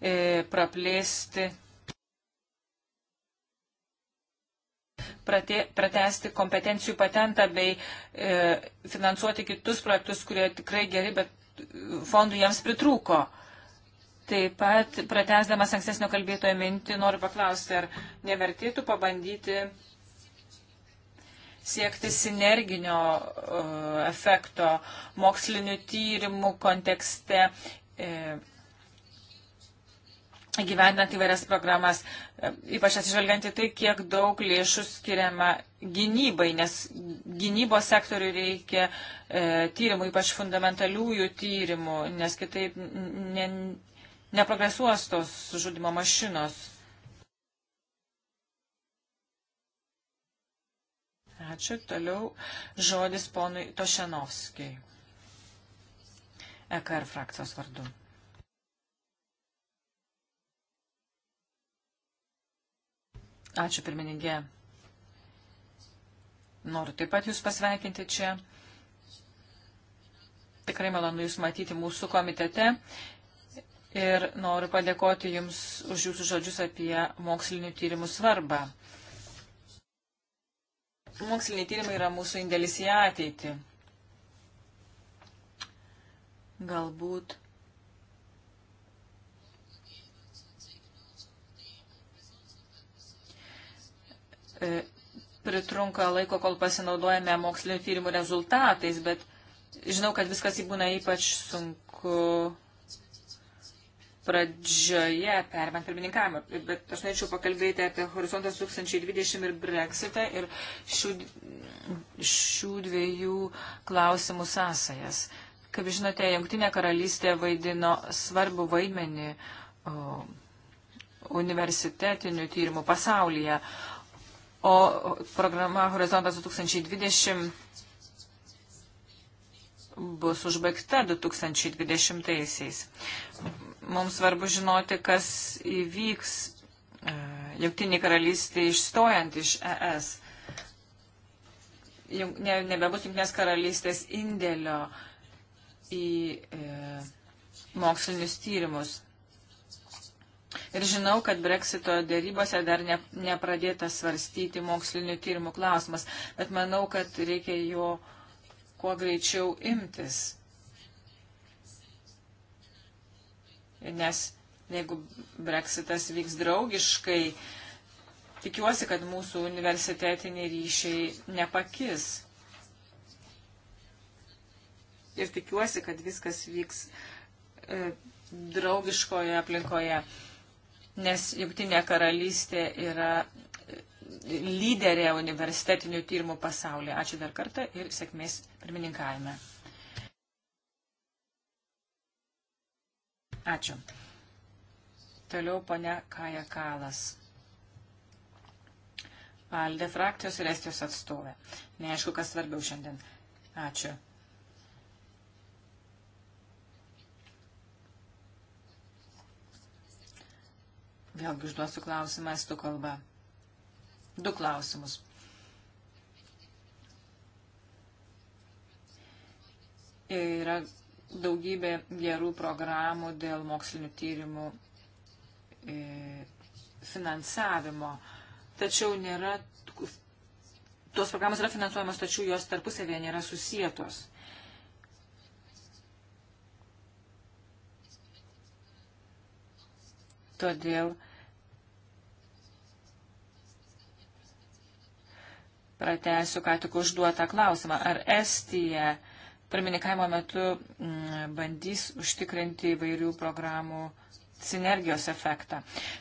e, praplėsti pratesti kompetencijų patentą bei e, finansuoti kitus projektus, kurie tikrai geri, bet fondų jiems pritrūko. Taip pat, pratesdamas ankstesnio kalbėtojo mintį, noriu paklausti, ar nevertėtų pabandyti siekti sinerginio uh, efekto mokslinių tyrimų kontekste, uh, gyvendant įvairias programas, e, ypač atsižvelgiant į tai, kiek daug lėšų skiriama gynybai, nes gynybos sektoriui reikia e, tyrimų, ypač fundamentaliųjų tyrimų, nes kitaip ne, neprogresuos tos žudimo mašinos. Ačiū. Toliau žodis ponui Tošenovskijai. EKR frakcijos vardu. Ačiū pirmininkė. Noriu taip pat Jūs pasveikinti čia. Tikrai malonu Jūs matyti mūsų komitete. Ir noriu padėkoti Jums už Jūsų žodžius apie mokslinių tyrimų svarbą. Moksliniai tyrimai yra mūsų indėlis į ateitį. Galbūt E, pritrunka laiko, kol pasinaudojame mokslinio tyrimų rezultatais, bet žinau, kad viskas įbūna ypač sunku pradžioje permant pirmininkavimą, bet aš norėčiau pakalbėti apie Horizontas 2020 ir Brexitą ir šių, šių dviejų klausimų sąsajas. Kaip žinote, Jungtinė karalystė vaidino svarbu vaidmenį o, universitetinių tyrimų pasaulyje o programa Horizontas 2020 bus užbaigta 2020-aisiais. Mums svarbu žinoti, kas įvyks e, Jungtiniai karalystė išstojant iš ES. Ne, nebebus Jungtinės karalystės indėlio į e, mokslinius tyrimus. Ir žinau, kad breksito dėrybose dar ne, nepradėtas svarstyti mokslinių tyrimų klausimas, bet manau, kad reikia jo kuo greičiau imtis. Nes jeigu breksitas vyks draugiškai, tikiuosi, kad mūsų universitetiniai ryšiai nepakis. Ir tikiuosi, kad viskas vyks e, draugiškoje aplinkoje nes Jungtinė karalystė yra e, lyderė universitetinių tyrimų pasaulyje. Ačiū dar kartą ir sėkmės pirmininkavime. Ačiū. Toliau ponia Kaja Kalas. Alde frakcijos ir Estijos atstovė. Neaišku, kas svarbiau šiandien. Ačiū. Vėlgi užduosiu klausimą estų kalba. Du klausimus. Yra daugybė gerų programų dėl mokslinių tyrimų e, finansavimo, tačiau nėra, tos programos yra finansuojamos, tačiau jos tarpusavėje nėra susijėtos. Todėl pratęsiu ką tik užduotą klausimą. Ar Estija pirmininkavimo metu mm, bandys užtikrinti įvairių programų sinergijos efektą?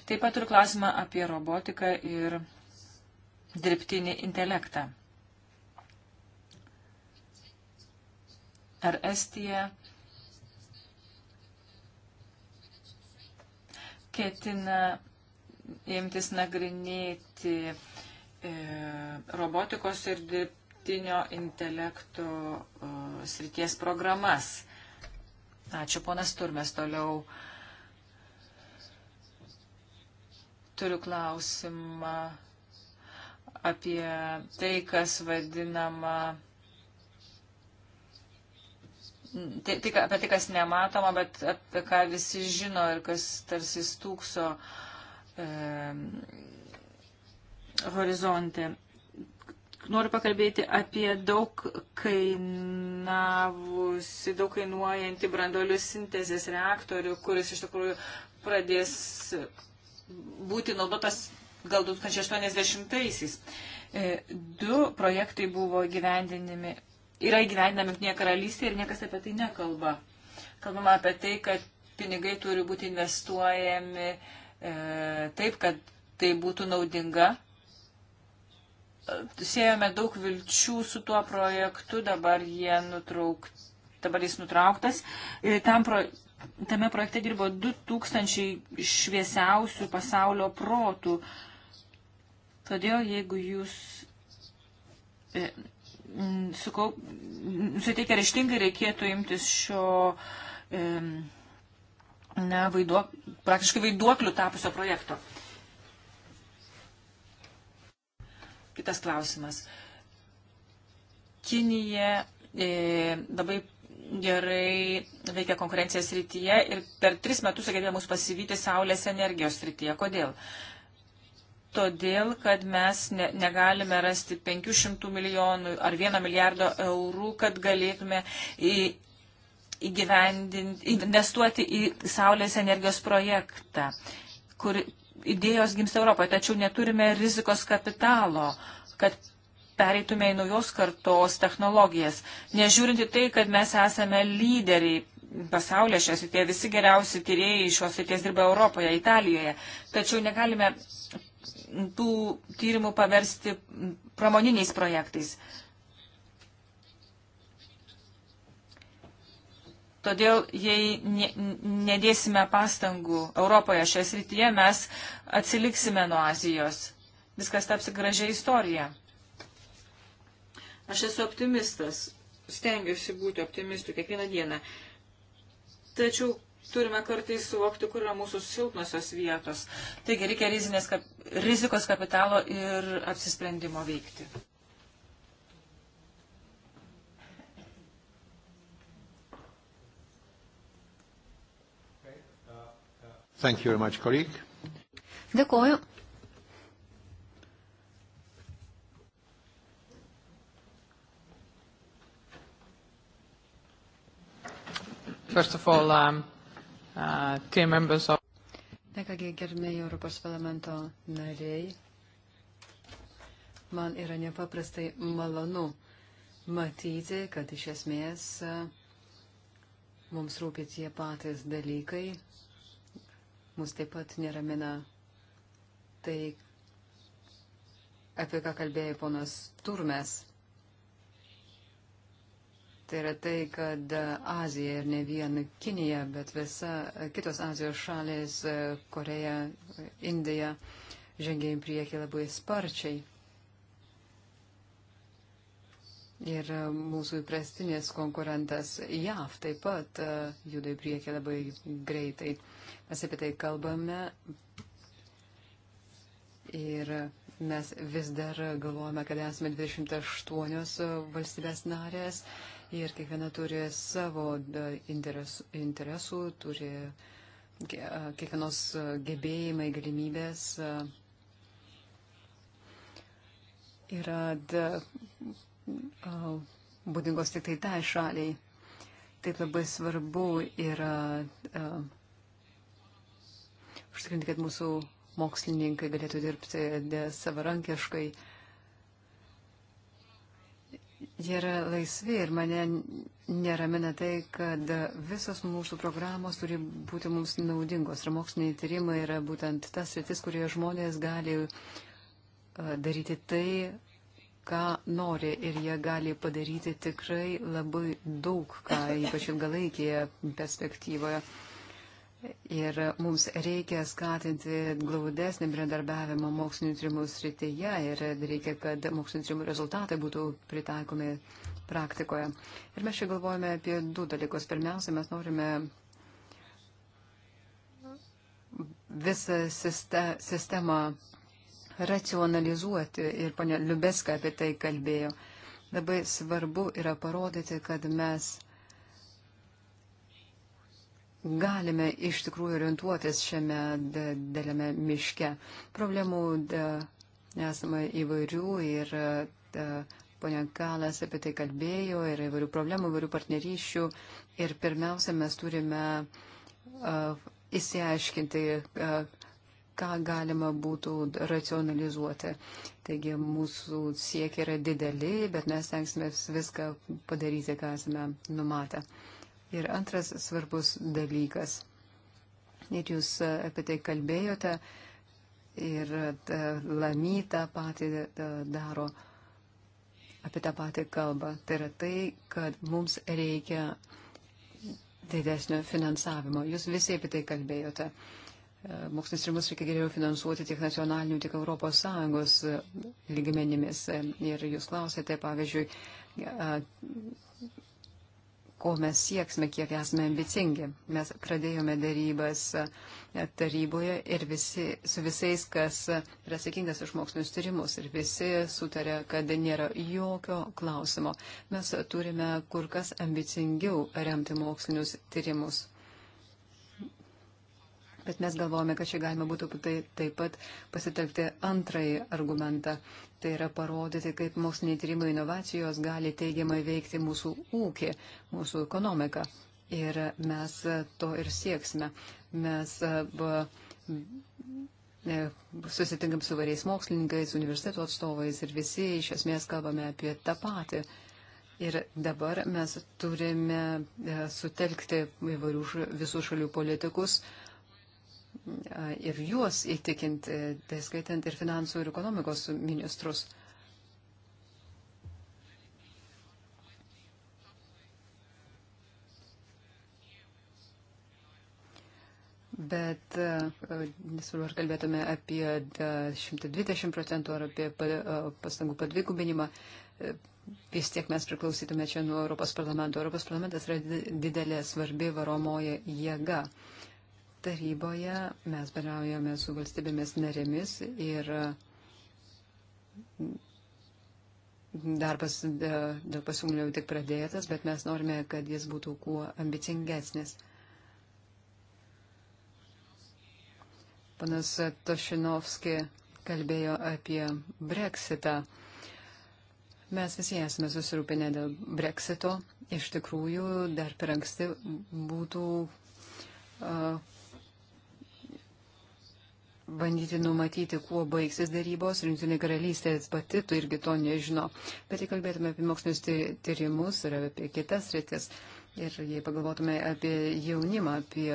Taip pat turiu klausimą apie robotiką ir dirbtinį intelektą. Ar Estija ketina imtis nagrinėti e, robotikos ir dirbtinio intelekto e, srities programas. Ačiū, ponas Turmes, toliau. Turiu klausimą apie tai, kas vadinama tai, tai, apie tai, kas nematoma, bet apie ką visi žino ir kas tarsi stūkso e, horizonte. Noriu pakalbėti apie daug kainavusi, daug kainuojantį brandolių sintezės reaktorių, kuris iš tikrųjų pradės būti naudotas gal 2080-aisiais. E, du projektai buvo gyvendinimi yra įgyvendinami Junktinėje karalystėje ir niekas apie tai nekalba. Kalbama apie tai, kad pinigai turi būti investuojami e, taip, kad tai būtų naudinga. E, Sėjome daug vilčių su tuo projektu, dabar, nutrauk, dabar jis nutrauktas. Ir e, tam pro, tame projekte dirbo 2000 šviesiausių pasaulio protų. Todėl, jeigu jūs e, sukaup, suteikia reištingai reikėtų imtis šio na, vaiduok, praktiškai vaiduoklių tapusio projekto. Kitas klausimas. Kinija e, labai gerai veikia konkurencijos srityje ir per tris metus sugebėjo mus pasivyti Saulės energijos srityje. Kodėl? E, todėl, kad mes ne, negalime rasti 500 milijonų ar 1 milijardo eurų, kad galėtume į, įgyvendinti, investuoti į Saulės energijos projektą, kur idėjos gimsta Europoje, tačiau neturime rizikos kapitalo, kad pereitume į naujos kartos technologijas. Nežiūrinti tai, kad mes esame lyderiai pasaulyje šios įtie, visi geriausi tyrėjai šios įties dirba Europoje, Italijoje, tačiau negalime tų tyrimų paversti pramoniniais projektais. Todėl, jei nedėsime pastangų Europoje šioje srityje, mes atsiliksime nuo Azijos. Viskas taps gražia istorija. Aš esu optimistas. Stengiuosi būti optimistu kiekvieną dieną. Tačiau turime kartais suvokti, kur yra mūsų silpnosios vietos. Taigi reikia rizinės, kap, rizikos kapitalo ir apsisprendimo veikti. Much, colleague. Dėkuoju. First of all, um, Uh, dear members of Na kągi, gerbėjai Europos parlamento nariai, man yra nepaprastai malonu matyti, kad iš esmės uh, mums rūpi tie patys dalykai. Mus taip pat neramina tai, apie ką kalbėjo ponas Turmes. Tai yra tai, kad Azija ir ne vien Kinija, bet visa kitos Azijos šalės, Koreja, Indija, žengia į priekį labai sparčiai. Ir mūsų įprastinės konkurentas JAV taip pat e, juda į priekį labai greitai. Mes apie tai kalbame ir mes vis dar galvojame, kad esame 28 valstybės narės ir kiekviena turi savo interesų, interesų turi kiekvienos gebėjimai, galimybės. Yra da, būdingos tik tai tai šaliai. Taip labai svarbu yra užtikrinti, kad mūsų mokslininkai galėtų dirbti savarankiškai. Uh, Jie yra laisvi ir mane neramina tai, kad visos mūsų programos turi būti mums naudingos. Ir moksliniai tyrimai yra būtent tas rytis, kurioje žmonės gali daryti tai, ką nori ir jie gali padaryti tikrai labai daug, ką ypač ilgalaikėje perspektyvoje. Ir mums reikia skatinti glaudesnį bendradarbiavimą mokslinio tyrimų srityje ir reikia, kad mokslinio tyrimų rezultatai būtų pritaikomi praktikoje. Ir mes čia galvojame apie du dalykus. Pirmiausia, mes norime visą sistemą racionalizuoti ir ponia Liubeska apie tai kalbėjo. Labai svarbu yra parodyti, kad mes galime iš tikrųjų orientuotis šiame dėlėme miške. Problemų esame įvairių ir ponia Kalas apie tai kalbėjo, yra įvairių problemų, įvairių partnerysčių. Ir pirmiausia, mes turime uh, įsiaiškinti, uh, ką galima būtų racionalizuoti. Taigi mūsų siekiai yra dideli, bet mes tenksime viską padaryti, ką esame numatę. Uh, Ir antras svarbus dalykas. Ir jūs e, apie tai kalbėjote ir e, lamy tą patį e, daro, apie tą patį kalbą. Tai yra tai, kad mums reikia didesnio finansavimo. Jūs visi apie tai kalbėjote. Mokslinis tyrimus reikia geriau finansuoti tiek nacionalinių, tiek ES lygmenimis. Ir jūs klausėte, pavyzdžiui, ko mes sieksime, kiek esame ambicingi. Mes pradėjome darybas e, taryboje ir visi, su visais, kas yra sakingas už mokslinius tyrimus ir visi sutarė, kad nėra jokio klausimo. Mes turime kur kas ambicingiau remti mokslinius tyrimus. Bet mes galvojame, kad čia galima būtų tai, taip pat pasitelkti antrąjį argumentą. Tai yra parodyti, kaip moksliniai tyrimai inovacijos gali teigiamai veikti mūsų ūkį, mūsų ekonomiką. Ir mes to ir sieksime. Mes e, e, susitinkam su variais mokslininkais, universiteto atstovais ir visi iš esmės kalbame apie tą patį. Ir dabar mes turime e, sutelkti įvairių visų šalių politikus ir juos įtikinti, e, tai skaitant ir finansų ir ekonomikos ministrus. Bet e, nesvarbu, ar kalbėtume apie 120 e, procentų ar apie pastangų padvigubinimą, vis tiek mes priklausytume čia nuo Europos parlamento. Europos parlamentas yra didelė svarbi varomoji jėga taryboje mes bendraujame su valstybėmis narėmis ir mm, darbas e, dėl pasiūlymo tik pradėtas, bet mes norime, kad jis būtų kuo ambicingesnis. Panas Tošinovski kalbėjo apie breksitą. Mes visi esame susirūpinę dėl breksito. Iš tikrųjų, dar per anksti būtų uh, bandyti numatyti, kuo baigsis darybos. Rinktinė karalystė pati tu irgi to nežino. Bet jei kalbėtume apie mokslinius tyrimus ir apie kitas rytis, ir jei pagalvotume apie jaunimą, apie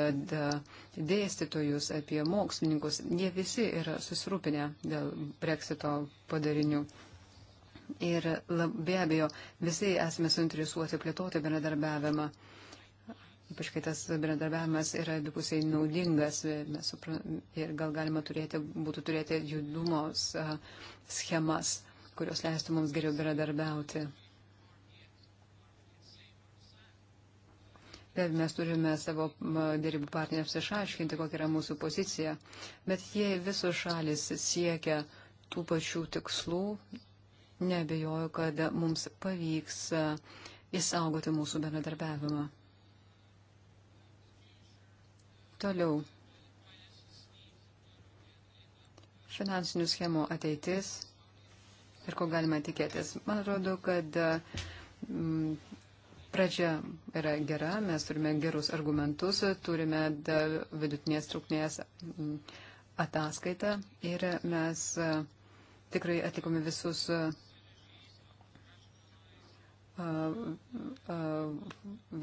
dėstytojus, apie mokslininkus, jie visi yra susirūpinę dėl breksito padarinių. Ir be abejo, visi esame suinteresuoti plėtoti bendradarbiavimą. Ypač kai tas bendradarbiavimas yra abipusiai naudingas supra, ir gal galima turėti, būtų turėti judumos schemas, kurios leistų mums geriau bendradarbiauti. Vėl mes turime savo dėrybų partneriams išaiškinti, kokia yra mūsų pozicija. Bet jei visos šalis siekia tų pačių tikslų, nebejoju, kad mums pavyks įsaugoti mūsų bendradarbiavimą. Toliau. Finansinių schemų ateitis ir ko galima tikėtis. Man atrodo, kad mm, pradžia yra gera, mes turime gerus argumentus, turime vidutinės trukmės mm, ataskaitą ir mes e, tikrai atlikome visus e, e,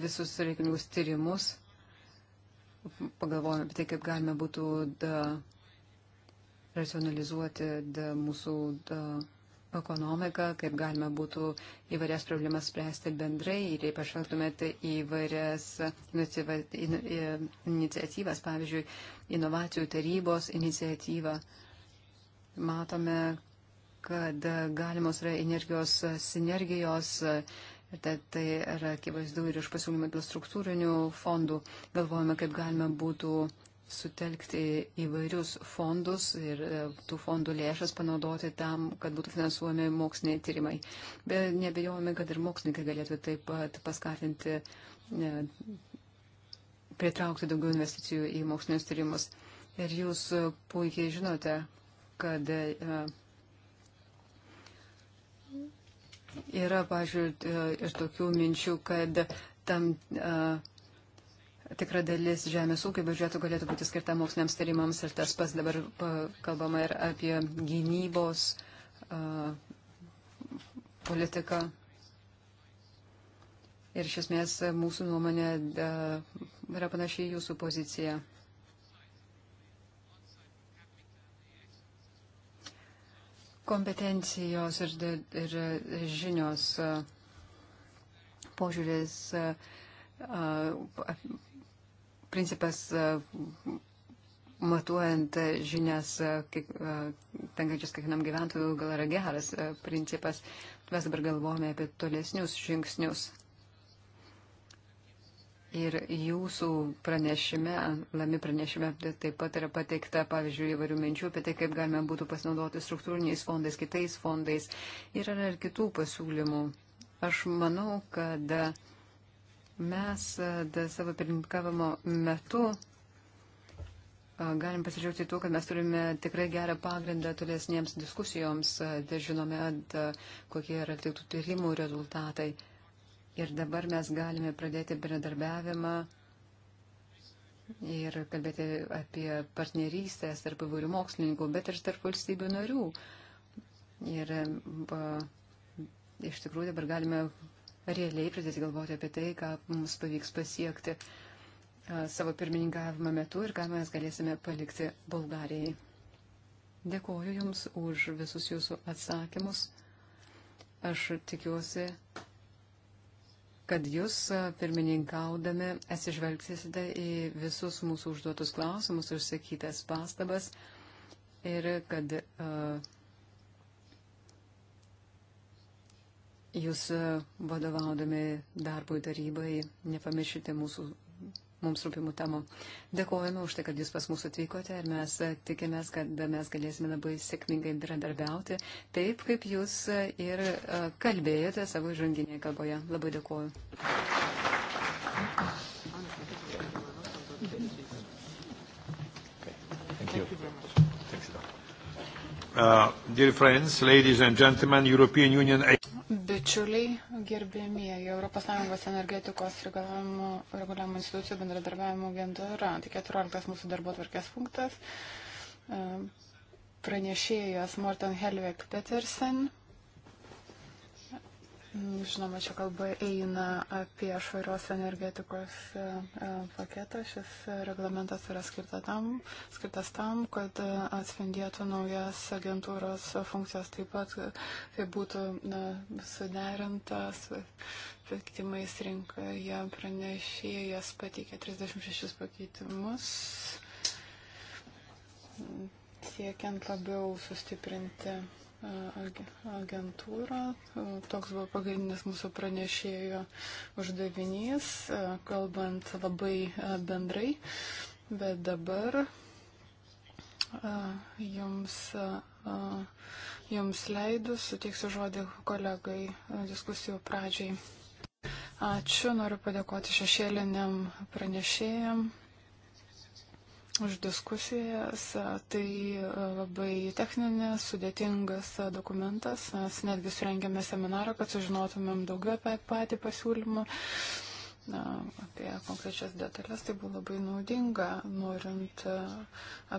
visus reikalingus tyrimus pagalvojame apie tai, kaip galime būtų da, racionalizuoti da, mūsų da, ekonomiką, kaip galima būtų įvairias problemas spręsti bendrai ir jei pašaltumėte įvairias iniciatyvas, pavyzdžiui, inovacijų tarybos iniciatyvą, matome, kad galimos yra energijos sinergijos, Ir tai, tai yra akivaizdu ir iš pasiūlymų dėl struktūrinių fondų. Galvojame, kaip galima būtų sutelkti įvairius fondus ir e, tų fondų lėšas panaudoti tam, kad būtų finansuojami moksliniai tyrimai. Bet nebejojame, kad ir mokslininkai galėtų taip pat paskatinti, ne, pritraukti daugiau investicijų į mokslinius tyrimus. Ir jūs puikiai žinote, kad ne, Yra, pažiūrėjau, e, ir tokių minčių, kad tam e, tikra dalis žemės ūkio biudžeto galėtų būti skirta moksliniams tyrimams ir tas pas dabar kalbama ir apie gynybos e, politiką. Ir iš esmės mūsų nuomonė da, yra panašiai jūsų pozicija. kompetencijos ir, ir e, žinios e, požiūris, e, principas matuojant žinias kiek, tenkančias kiekvienam gyventojui gal yra geras principas. Mes dabar galvojame apie tolesnius žingsnius. Ir jūsų pranešime, lami pranešime, taip pat yra pateikta, pavyzdžiui, įvairių minčių apie tai, kaip galime būtų pasinaudoti struktūriniais fondais, kitais fondais. Ir yra ir kitų pasiūlymų. Aš manau, kad mes savo pirmininkavimo metu galim pasižiūrėti tuo, kad mes turime tikrai gerą pagrindą tolesniems diskusijoms, žinome, kokie yra atliktų tyrimų rezultatai. Ir dabar mes galime pradėti bendradarbiavimą ir kalbėti apie partnerystės tarp įvairių mokslininkų, bet ir tarp valstybių narių. Ir ba, iš tikrųjų dabar galime realiai pradėti galvoti apie tai, ką mums pavyks pasiekti savo pirmininkavimo metu ir ką mes galėsime palikti Bulgarijai. Dėkoju Jums už visus Jūsų atsakymus. Aš tikiuosi, kad jūs pirmininkaudami atsižvelgsite į visus mūsų užduotus klausimus, užsakytas pastabas ir kad uh, jūs vadovaudami darbui tarybai nepamiršite mūsų mums rūpimų temų. Dėkojame nu, už tai, kad jūs pas mus atvykote ir mes e, tikimės, kad mes galėsime labai sėkmingai bendradarbiauti, taip kaip jūs e, ir e, kalbėjote savo žanginėje kalboje. Labai dėkoju. Thank you. Thanks, uh, dear friends, ladies and gentlemen, European Union. Bičiuliai, Gerbėmieji, ES energetikos reguliavimo institucijų bendradarbiavimo agentūra, tai 14 mūsų darbo tvarkės punktas, pranešėjas Morten Helvek Petersen Žinoma, čia kalba eina apie švarios energetikos e, e, paketą. Šis reglamentas yra skirta tam, skirtas tam, kad e, atspindėtų naujas agentūros funkcijas taip pat, tai būtų na, suderintas pakeitimais rinkoje pranešėjas pateikė 36 pakeitimus siekiant labiau sustiprinti agentūrą. Toks buvo pagrindinis mūsų pranešėjo uždavinys, kalbant labai bendrai. Bet dabar jums, jums leidus suteiksiu žodį kolegai diskusijų pradžiai. Ačiū, noriu padėkoti šešėliniam pranešėjam už diskusijas. Tai e, labai techninis, sudėtingas e, dokumentas. Mes netgi surengėme seminarą, kad sužinotumėm daugiau apie patį pasiūlymą. Na, apie konkrečias detalės tai buvo labai naudinga, norint e,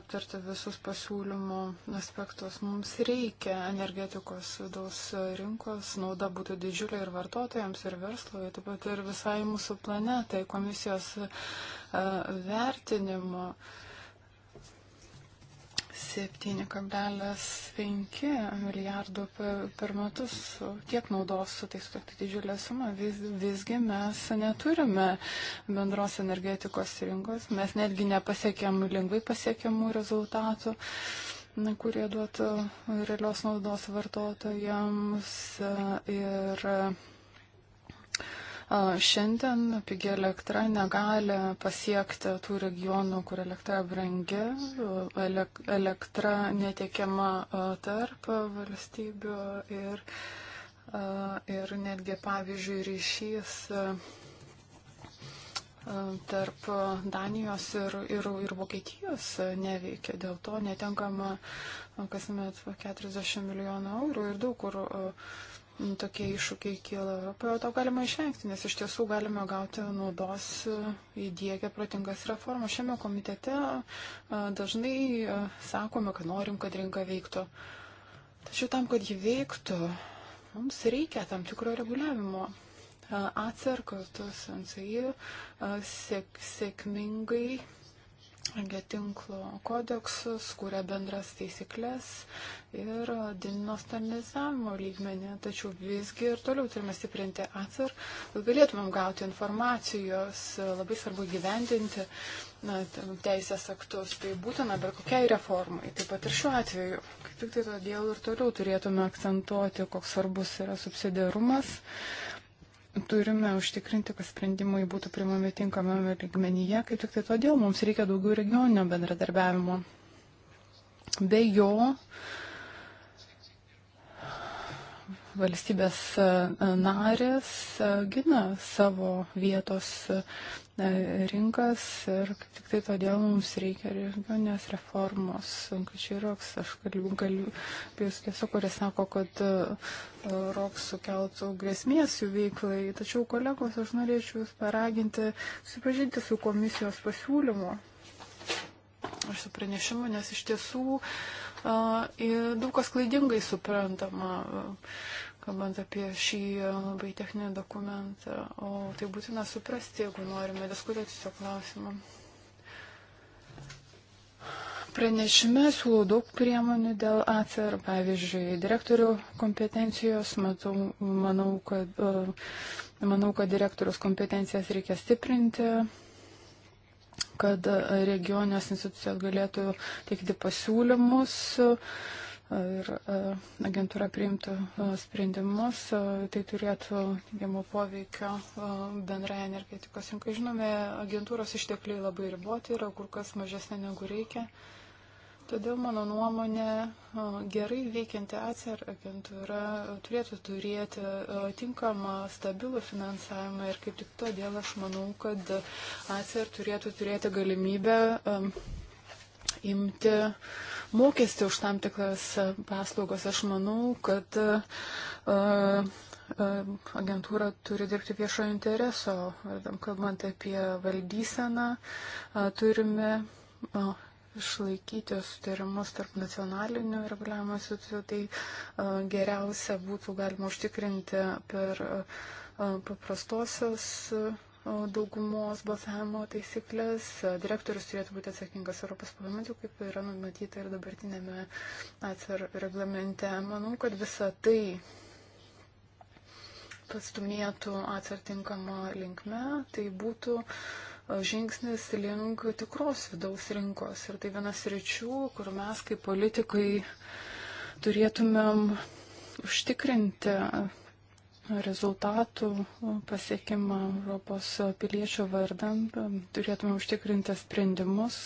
aptarti visus pasiūlymų aspektus. Mums reikia energetikos vidaus rinkos, nauda būtų didžiulė ir vartotojams, ir verslui, taip pat ir visai mūsų planetai, komisijos vertinimo. Uh, 7,5 milijardų per metus tiek naudos tai suteiks tokia didžiulė suma. Vis, visgi mes neturime bendros energetikos rinkos, mes netgi nepasiekėm lengvai pasiekiamų rezultatų kurie duotų realios naudos vartotojams ir Šiandien pigi elektra negali pasiekti tų regionų, kur elektra brangi, elektra netiekiama tarp valstybių ir, ir netgi, pavyzdžiui, ryšys tarp Danijos ir, ir, ir Vokietijos neveikia. Dėl to netenkama kasmet 40 milijonų eurų ir daug kur. Uh, tokie iššūkiai kyla Europoje, to galima išvengti, nes iš tiesų galime gauti naudos e, įdėkę protingas reformas. Šiame komitete e, dažnai e, sakome, kad norim, kad rinka veiktų. Tačiau tam, kad ji veiktų, mums reikia tam tikro reguliavimo. ACER kartu su NCI sėkmingai angetinklo kodeksus, kūrė bendras taisyklės ir didino standartizavimo lygmenį. Tačiau visgi ir toliau turime stiprinti atsar, kad galėtumėm gauti informacijos, labai svarbu gyvendinti na, teisės aktus. Tai būtina bet kokiai reformai. Taip pat ir šiuo atveju. Kaip tik tai todėl ir toliau turėtume akcentuoti, koks svarbus yra subsidiarumas, turime užtikrinti, kad sprendimai būtų primami tinkamame lygmenyje, kaip tik tai todėl mums reikia daugiau regioninio bendradarbiavimo. Be jo valstybės e, narės e, gina savo vietos e, rinkas ir kaip tik tai todėl mums reikia regioninės reformos. Kačiai Roks, aš galiu, galiu, jūs tiesiog, kuris sako, kad Roks sukeltų grėsmės jų veiklai, tačiau kolegos, aš norėčiau jūs paraginti susipažinti su komisijos pasiūlymu ir su pranešimu, nes iš tiesų uh, daug kas klaidingai suprantama. Uh, kalbant apie šį labai techninį dokumentą. O tai būtina suprasti, jeigu norime diskutuoti šio klausimu. Pranešime siūlau daug priemonių dėl ACR, pavyzdžiui, direktorių kompetencijos. Matau, manau, kad, manau, kad direktorius kompetencijas reikia stiprinti kad regionės institucijos galėtų teikti pasiūlymus uh, ir e, agentūra priimtų e, sprendimus, e, tai turėtų teigiamo poveikio bendrai energetikos rinkai. Žinome, agentūros ištekliai labai riboti yra kur kas mažesnė negu reikia. Todėl mano nuomonė gerai veikianti ACER agentūra turėtų turėti tinkamą stabilų finansavimą ir kaip tik todėl aš manau, kad ACER turėtų turėti galimybę imti mokestį už tam tikras paslaugas. Aš manau, kad e, e, agentūra turi dirbti viešojo intereso. Kalbant apie valdyseną, e, turime išlaikyti sutarimus tarp nacionalinių reguliavimo institucijų, tai geriausia būtų galima užtikrinti per paprastosios daugumos balsavimo taisyklės. Direktorius turėtų būti atsakingas Europos parlamentui, kaip yra numatyta ir dabartinėme atsar reglamente. Manau, kad visa tai pastumėtų atsartinkamą linkme, tai būtų žingsnis link tikros vidaus rinkos. Ir tai vienas ryčių, kur mes kaip politikai turėtumėm užtikrinti rezultatų pasiekimą Europos piliečių vardan, turėtume užtikrinti sprendimus,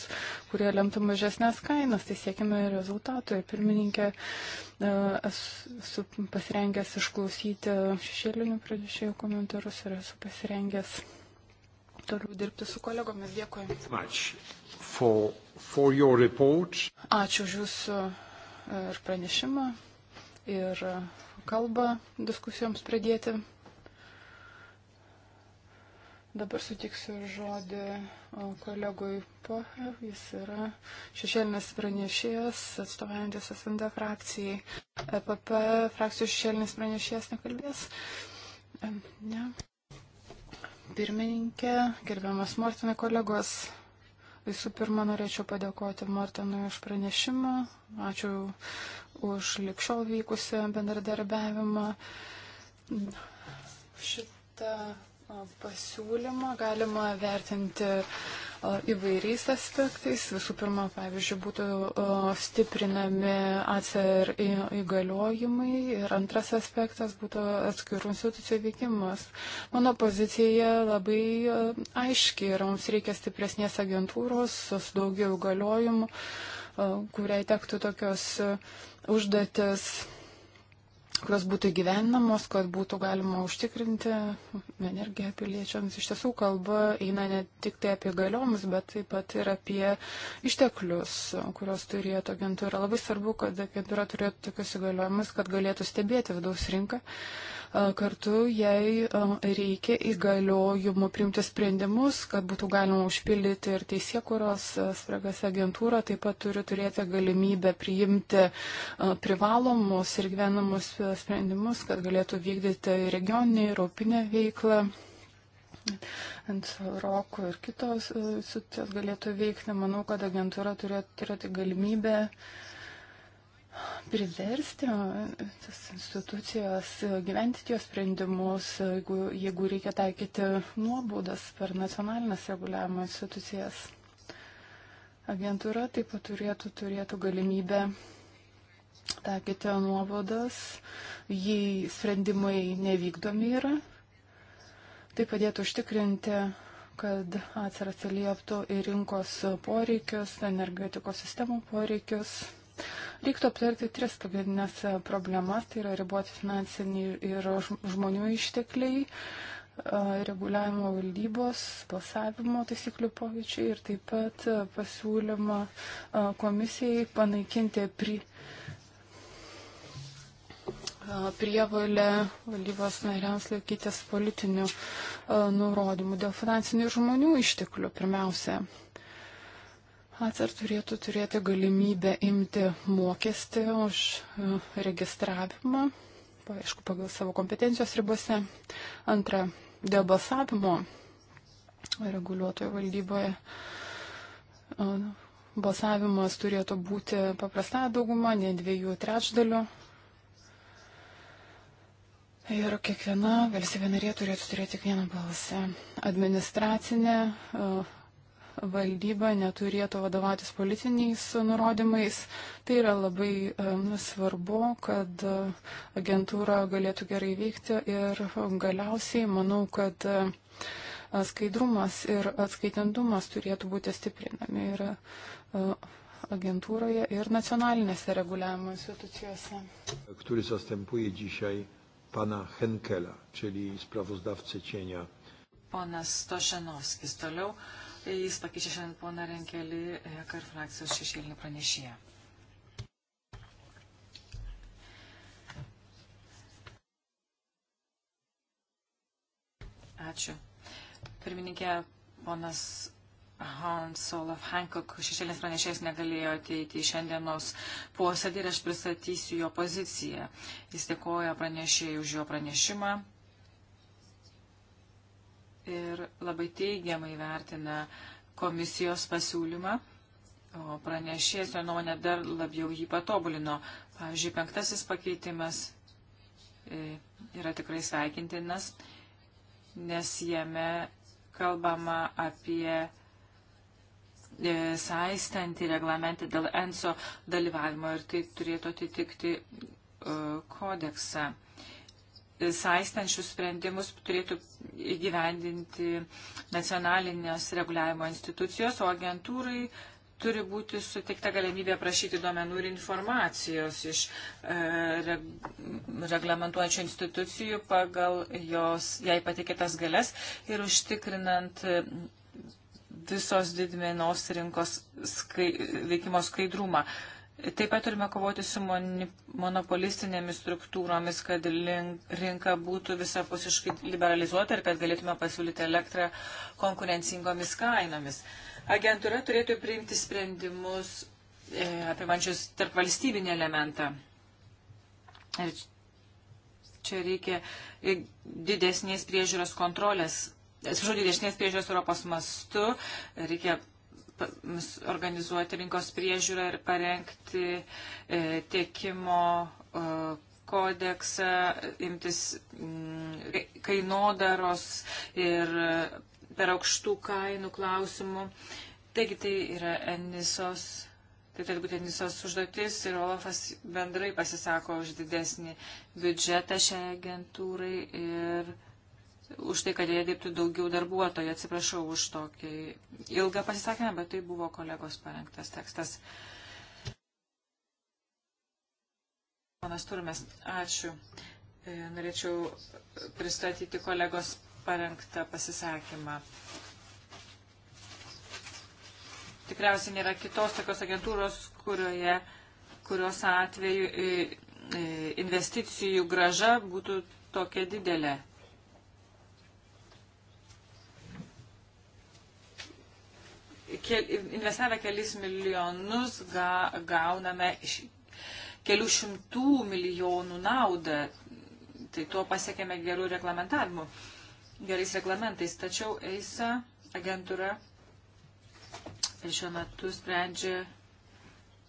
kurie lemtų mažesnės kainas, tai siekime rezultatų. Ir pirmininkė, e, esu pasirengęs išklausyti šešėlinių pradėšėjų komentarus ir esu pasirengęs toliau dirbti su kolegomis. Dėkui. For, for Ačiū už Jūsų e, ir pranešimą. Ir uh, kalbą diskusijoms pradėti. Dabar sutiksiu žodį kolegui Pohe, jis yra šešėlinis pranešėjas, atstovaujantis SND frakcijai. EPP frakcijų šešėlinis pranešėjas nekalbės. E, ne. Pirmininkė, gerbiamas Mortinai kolegos, Visų pirma, norėčiau padėkoti Martinui už pranešimą. Ačiū už likščiol vykusią bendradarbiavimą. Šitą pasiūlymą galima vertinti įvairiais aspektais. Visų pirma, pavyzdžiui, būtų stiprinami ACR įgaliojimai ir antras aspektas būtų atskirų institucijų veikimas. Mano pozicija labai aiški ir mums reikia stipresnės agentūros su daugiau įgaliojimų, kuriai tektų tokios užduotis kurios būtų gyvenamos, kad būtų galima užtikrinti energiją piliečiams. Iš tiesų kalba eina ne tik tai apie galiomus, bet taip pat ir apie išteklius, kurios turėtų agentūra. Labai svarbu, kad agentūra turėtų tokius įgaliojimus, kad galėtų stebėti vidaus rinką. Kartu jai reikia įgaliojimų priimti sprendimus, kad būtų galima užpildyti ir teisėkuros spragas agentūra, taip pat turi turėti galimybę priimti privalomus ir gyvenamus sprendimus, kad galėtų vykdyti regioninę ir europinę veiklą. Ant roko ir kitos e, institucijos galėtų veikti. Manau, kad agentūra turėtų turėti galimybę priversti tas institucijas gyventi jos sprendimus, jeigu, jeigu reikia taikyti nuobaudas per nacionalinės reguliavimo institucijas. Agentūra taip pat turėtų, turėtų galimybę taikyti nuobodas, jei sprendimai nevykdomi yra. Tai padėtų užtikrinti, kad atsiras lieptų į rinkos poreikius, energetikos sistemų poreikius. Reiktų aptarti tris pagrindinės problemas, tai yra riboti finansiniai ir žmonių ištekliai, reguliavimo valdybos, balsavimo taisyklių poveikčiai ir taip pat pasiūlymą komisijai panaikinti pri, prievalė valdybos nariams laikytis politinių nurodymų dėl finansinių ir žmonių išteklių pirmiausia. Atsar turėtų turėti galimybę imti mokestį už registravimą, aišku, pagal savo kompetencijos ribose. Antra, dėl balsavimo reguliuotojo valdyboje balsavimas turėtų būti paprasta dauguma, ne dviejų trečdalių Ir kiekviena valstybė narė turėtų turėti tik vieną balsą. Administracinė e, valdyba neturėtų vadovautis politiniais nurodymais. Tai yra labai e, nu, svarbu, kad e, agentūra galėtų gerai veikti. Ir galiausiai manau, kad skaidrumas ir atskaitindumas turėtų būti stiprinami ir agentūroje ir nacionalinėse reguliavimo institucijose pana Henkela, czyli sprawozdawcy cienia. Ponas Tošenovskis toliau. E, jis pakeičia šiandien poną Renkelį, e, kar frakcijos šešėlinį pranešėją. Ačiū. Pirmininkė, ponas Hans Olaf Hancock šešėlės pranešėjas negalėjo ateiti į šiandienos posėdį ir aš pristatysiu jo poziciją. Jis dėkoja pranešėjai už jo pranešimą ir labai teigiamai vertina komisijos pasiūlymą, o pranešėjas jo nuomonė dar labiau jį patobulino. Pavyzdžiui, penktasis pakeitimas e, yra tikrai sveikintinas, nes jame kalbama apie E, saistantį reglamentą dėl ENSO dalyvavimo ir tai turėtų atitikti e, kodeksą. E, saistančius sprendimus turėtų įgyvendinti nacionalinės reguliavimo institucijos, o agentūrai turi būti suteikta galimybė prašyti duomenų ir informacijos iš e, reglamentuojančių institucijų pagal jos, jai patikėtas galės ir užtikrinant visos didmenos rinkos skai, veikimo skaidrumą. Taip pat turime kovoti su moni, monopolistinėmis struktūromis, kad link, rinka būtų visapusiškai liberalizuota ir kad galėtume pasiūlyti elektrą konkurencingomis kainomis. Agentūra turėtų priimti sprendimus e, apimančius tarp valstybinį elementą. Ir čia reikia didesnės priežiūros kontrolės atsiprašau, didesnės priežiūros Europos mastu. Reikia organizuoti rinkos priežiūrą ir parengti e, tiekimo e, kodeksą, imtis m, mm, kainodaros ir e, per aukštų kainų klausimų. Taigi tai yra Enisos, tai turi būti Enisos užduotis ir Olafas bendrai pasisako už didesnį biudžetą šiai agentūrai ir už tai, kad jie dirbtų daugiau darbuotojų. Atsiprašau už tokį ilgą pasisakymą, bet tai buvo kolegos parengtas tekstas. Panas Turmes, ačiū. E, norėčiau pristatyti kolegos parengtą pasisakymą. Tikriausiai nėra kitos tokios agentūros, kurioje, kurios atveju e, e, investicijų graža būtų tokia didelė. kel, investavę kelis milijonus ga, gauname iš kelių šimtų milijonų naudą. Tai tuo pasiekėme gerų reglamentavimų, gerais reglamentais. Tačiau EISA agentūra šiuo metu sprendžia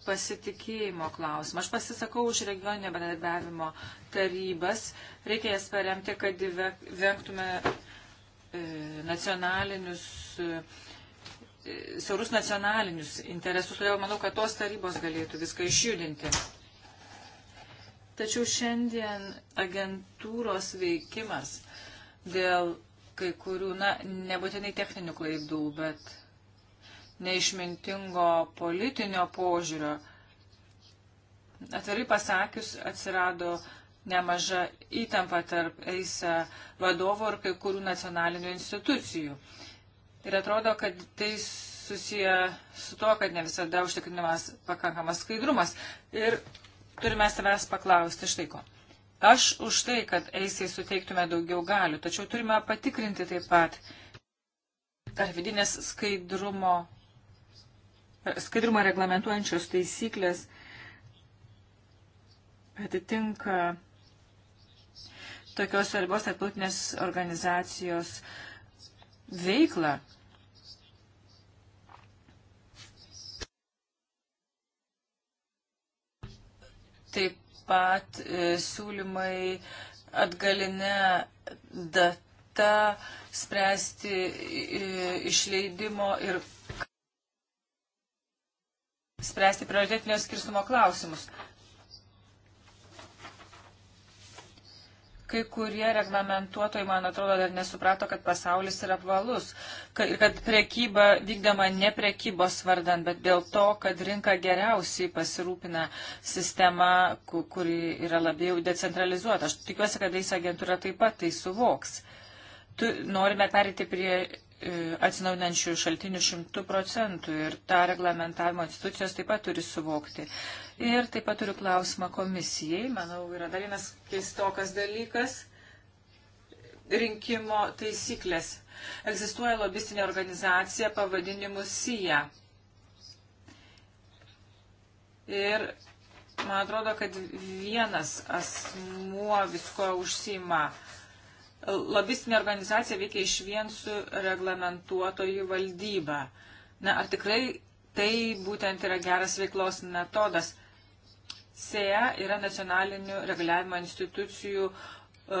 pasitikėjimo klausimą. Aš pasisakau už regioninio bendradarbiavimo tarybas. Reikia jas paremti, kad vengtume e, nacionalinius e, siaurus nacionalinius interesus, todėl manau, kad tos tarybos galėtų viską išjudinti. Tačiau šiandien agentūros veikimas dėl kai kurių, na, nebūtinai techninių klaidų, bet neišmintingo politinio požiūrio, atvirai pasakius, atsirado nemaža įtampa tarp EISA vadovo ir kai kurių nacionalinių institucijų. Ir atrodo, kad tai susiję su to, kad ne visada užtikrinamas pakankamas skaidrumas. Ir turime savęs paklausti štai ko. Aš už tai, kad eisiai suteiktume daugiau galių, tačiau turime patikrinti taip pat, ar vidinės skaidrumo, skaidrumą reglamentuojančios taisyklės atitinka tokios svarbios tarptautinės organizacijos uh, veiklą. Taip pat e, siūlymai atgalinę data spręsti e, išleidimo ir spręsti prioritetinio skirstumo klausimus. kai kurie reglamentuotojai, man atrodo, dar nesuprato, kad pasaulis yra apvalus ir kad prekyba vykdama ne prekybos vardan, bet dėl to, kad rinka geriausiai pasirūpina sistema, kuri yra labiau decentralizuota. Aš tikiuosi, kad eis agentūra taip pat tai suvoks. Tu, norime perėti prie E, atsinaudinančių šaltinių šimtų procentų ir tą reglamentavimo institucijos taip pat turi suvokti. Ir taip pat turiu klausimą komisijai, manau, yra dar vienas keistokas dalykas - rinkimo taisyklės. Egzistuoja lobistinė organizacija pavadinimu SIA. Ir man atrodo, kad vienas asmuo visko užsima. Uh, lobistinė organizacija veikia iš vien su reglamentuotojų valdyba. Na, ar tikrai tai būtent yra geras veiklos metodas? SEA yra nacionalinių reguliavimo institucijų uh,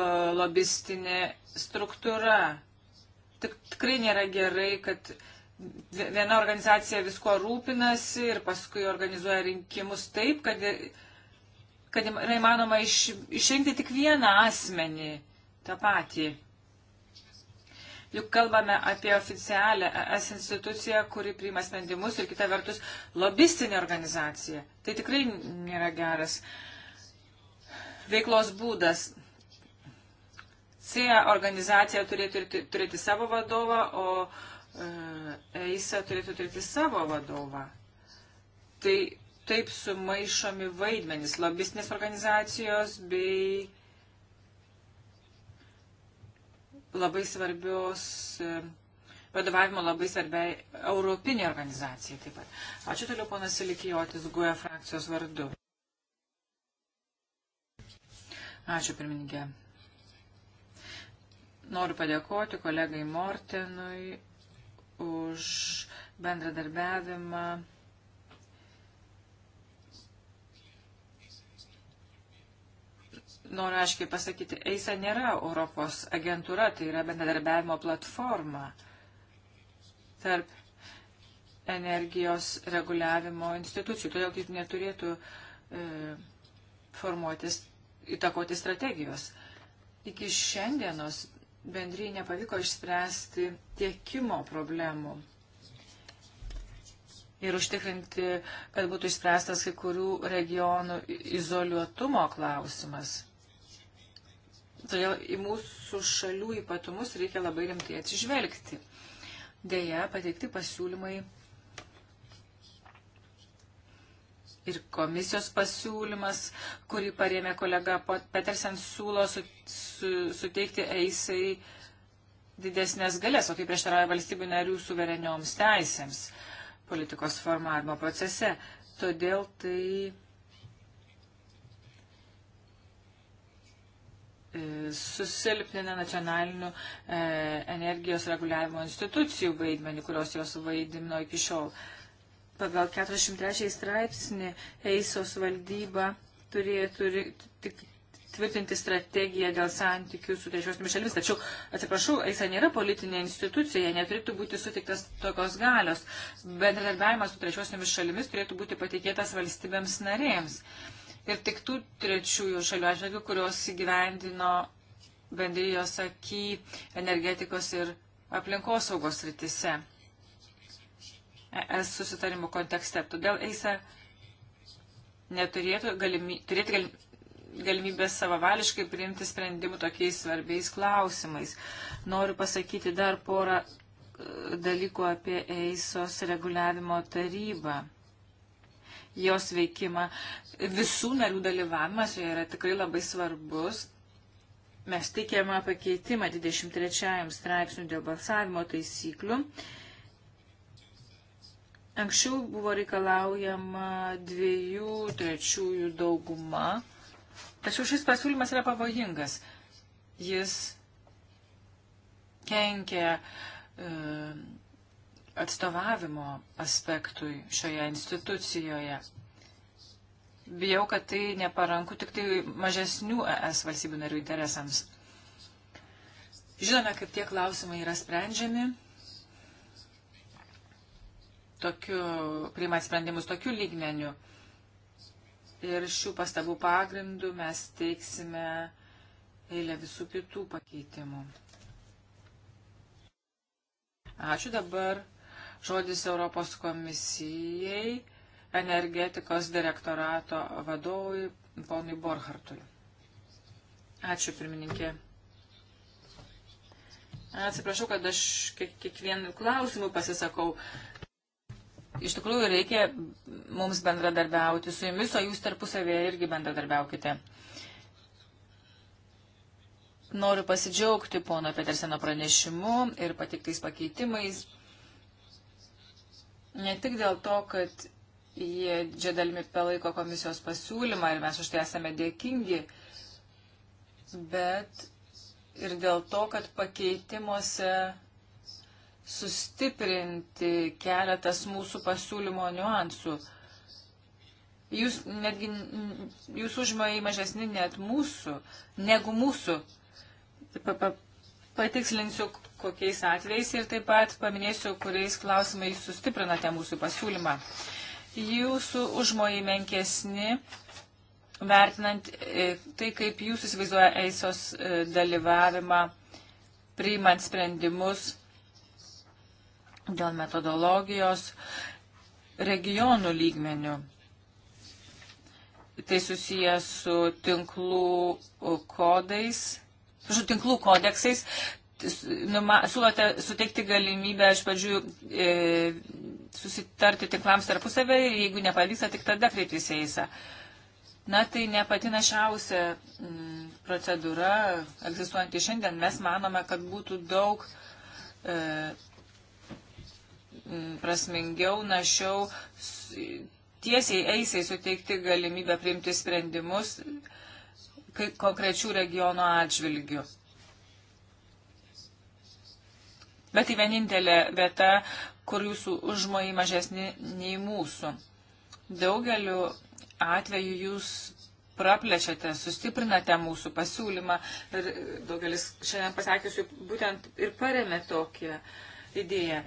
lobistinė struktūra. Tik, tikrai nėra gerai, kad viena organizacija visko rūpinasi ir paskui organizuoja rinkimus taip, kad, kad yra įmanoma iš, išrinkti tik vieną asmenį tą patį. Juk kalbame apie oficialią ES instituciją, kuri priima sprendimus ir kita vertus lobistinė organizacija. Tai tikrai nėra geras veiklos būdas. CIA organizacija turėtų turėti savo vadovą, o EISA e turėtų turėti savo vadovą. Tai taip sumaišomi vaidmenys lobistinės organizacijos bei labai svarbios e, vadovavimo labai svarbiai europinė organizacija taip pat. Ačiū toliau ponas Silikijotis Guoja frakcijos vardu. Ačiū pirmininkė. Noriu padėkoti kolegai Mortenui už bendradarbiavimą noriu aiškiai pasakyti, EISA nėra Europos agentūra, tai yra bendradarbiavimo platforma tarp energijos reguliavimo institucijų. Todėl tai neturėtų e, formuotis, įtakoti strategijos. Iki šiandienos bendryje nepavyko išspręsti tiekimo problemų ir užtikrinti, kad būtų išspręstas kai kurių regionų izoliuotumo klausimas. Todėl į mūsų šalių ypatumus reikia labai rimtai atsižvelgti. Deja, pateikti pasiūlymai ir komisijos pasiūlymas, kurį parėmė kolega Petersen, siūlo su, su, suteikti eisai didesnės galės, o tai prieštarauja valstybių narių suverenioms teisėms politikos formavimo procese. Todėl tai E, susilpnina nacionalinių e, energijos reguliavimo institucijų vaidmenį, kurios jos vaidino iki šiol. Pagal 43 straipsnį EISOS valdyba turėtų tvirtinti strategiją dėl santykių su trečiosiomis šalimis. Tačiau, atsiprašau, EISA nėra politinė institucija, neturėtų būti sutiktas tokios galios. Bendradarbiavimas su trečiosiomis šalimis turėtų būti patikėtas valstybėms narėms ir tik tų trečiųjų šalių atžvilgių, kurios įgyvendino bendrijos akį energetikos ir aplinkosaugos rytise ES susitarimų kontekste. Todėl EISA neturėtų galimy, turėti gal, galimybės savavališkai priimti sprendimų tokiais svarbiais klausimais. Noriu pasakyti dar porą e, dalykų apie EISOS reguliavimo tarybą jos veikimą. Visų narių dalyvavimas joje yra tikrai labai svarbus. Mes tikėjame pakeitimą 23 straipsnių dėl balsavimo taisyklių. Anksčiau buvo reikalaujama dviejų trečiųjų dauguma, tačiau šis pasiūlymas yra pavojingas. Jis kenkia e, atstovavimo aspektui šioje institucijoje. Bijau, kad tai neparanku tik tai mažesnių ES valstybių narių interesams. Žinome, kaip tie klausimai yra sprendžiami. Tokiu, priimant sprendimus tokiu lygmeniu. Ir šių pastabų pagrindų mes teiksime eilę visų kitų pakeitimų. Ačiū dabar Žodis Europos komisijai, energetikos direktorato vadovui ponui Borhartui. Ačiū, pirmininkė. Atsiprašau, kad aš kiekvienų klausimų pasisakau. Iš tikrųjų, reikia mums bendradarbiauti su jumis, o jūs tarpusavėje irgi bendradarbiaukite. Noriu pasidžiaugti pono Peterseno pranešimu ir patiktais pakeitimais. Ne tik dėl to, kad jie džedalmi palaiko komisijos pasiūlymą ir mes už tai esame dėkingi, bet ir dėl to, kad pakeitimuose sustiprinti keletas mūsų pasiūlymo niuansų. Jūs netgi, jūs užmojai mažesni net mūsų, negu mūsų patikslinsiu, kokiais atvejais ir taip pat paminėsiu, kuriais klausimais sustiprinate mūsų pasiūlymą. Jūsų užmojai menkesni, vertinant e, tai, kaip jūs įsivaizduoja EISOS e, dalyvavimą, priimant sprendimus dėl metodologijos regionų lygmenių. Tai susijęs su tinklų kodais su tinklų kodeksais, siūlote suteikti galimybę iš pradžių e, susitarti tinklams tarpusavę ir jeigu nepavyksta, tik tada kreiptis į eisą. Na, tai ne pati našiausia m, mm, procedūra egzistuojanti šiandien. Mes manome, kad būtų daug e, mm, prasmingiau, našiau tiesiai eisai suteikti galimybę priimti sprendimus konkrečių regionų atžvilgių. Bet tai vienintelė vieta, kur jūsų užmojai mažesni nei mūsų. Daugeliu atveju jūs praplečiate, sustiprinate mūsų pasiūlymą ir daugelis šiandien pasakysiu būtent ir paremė tokią idėją.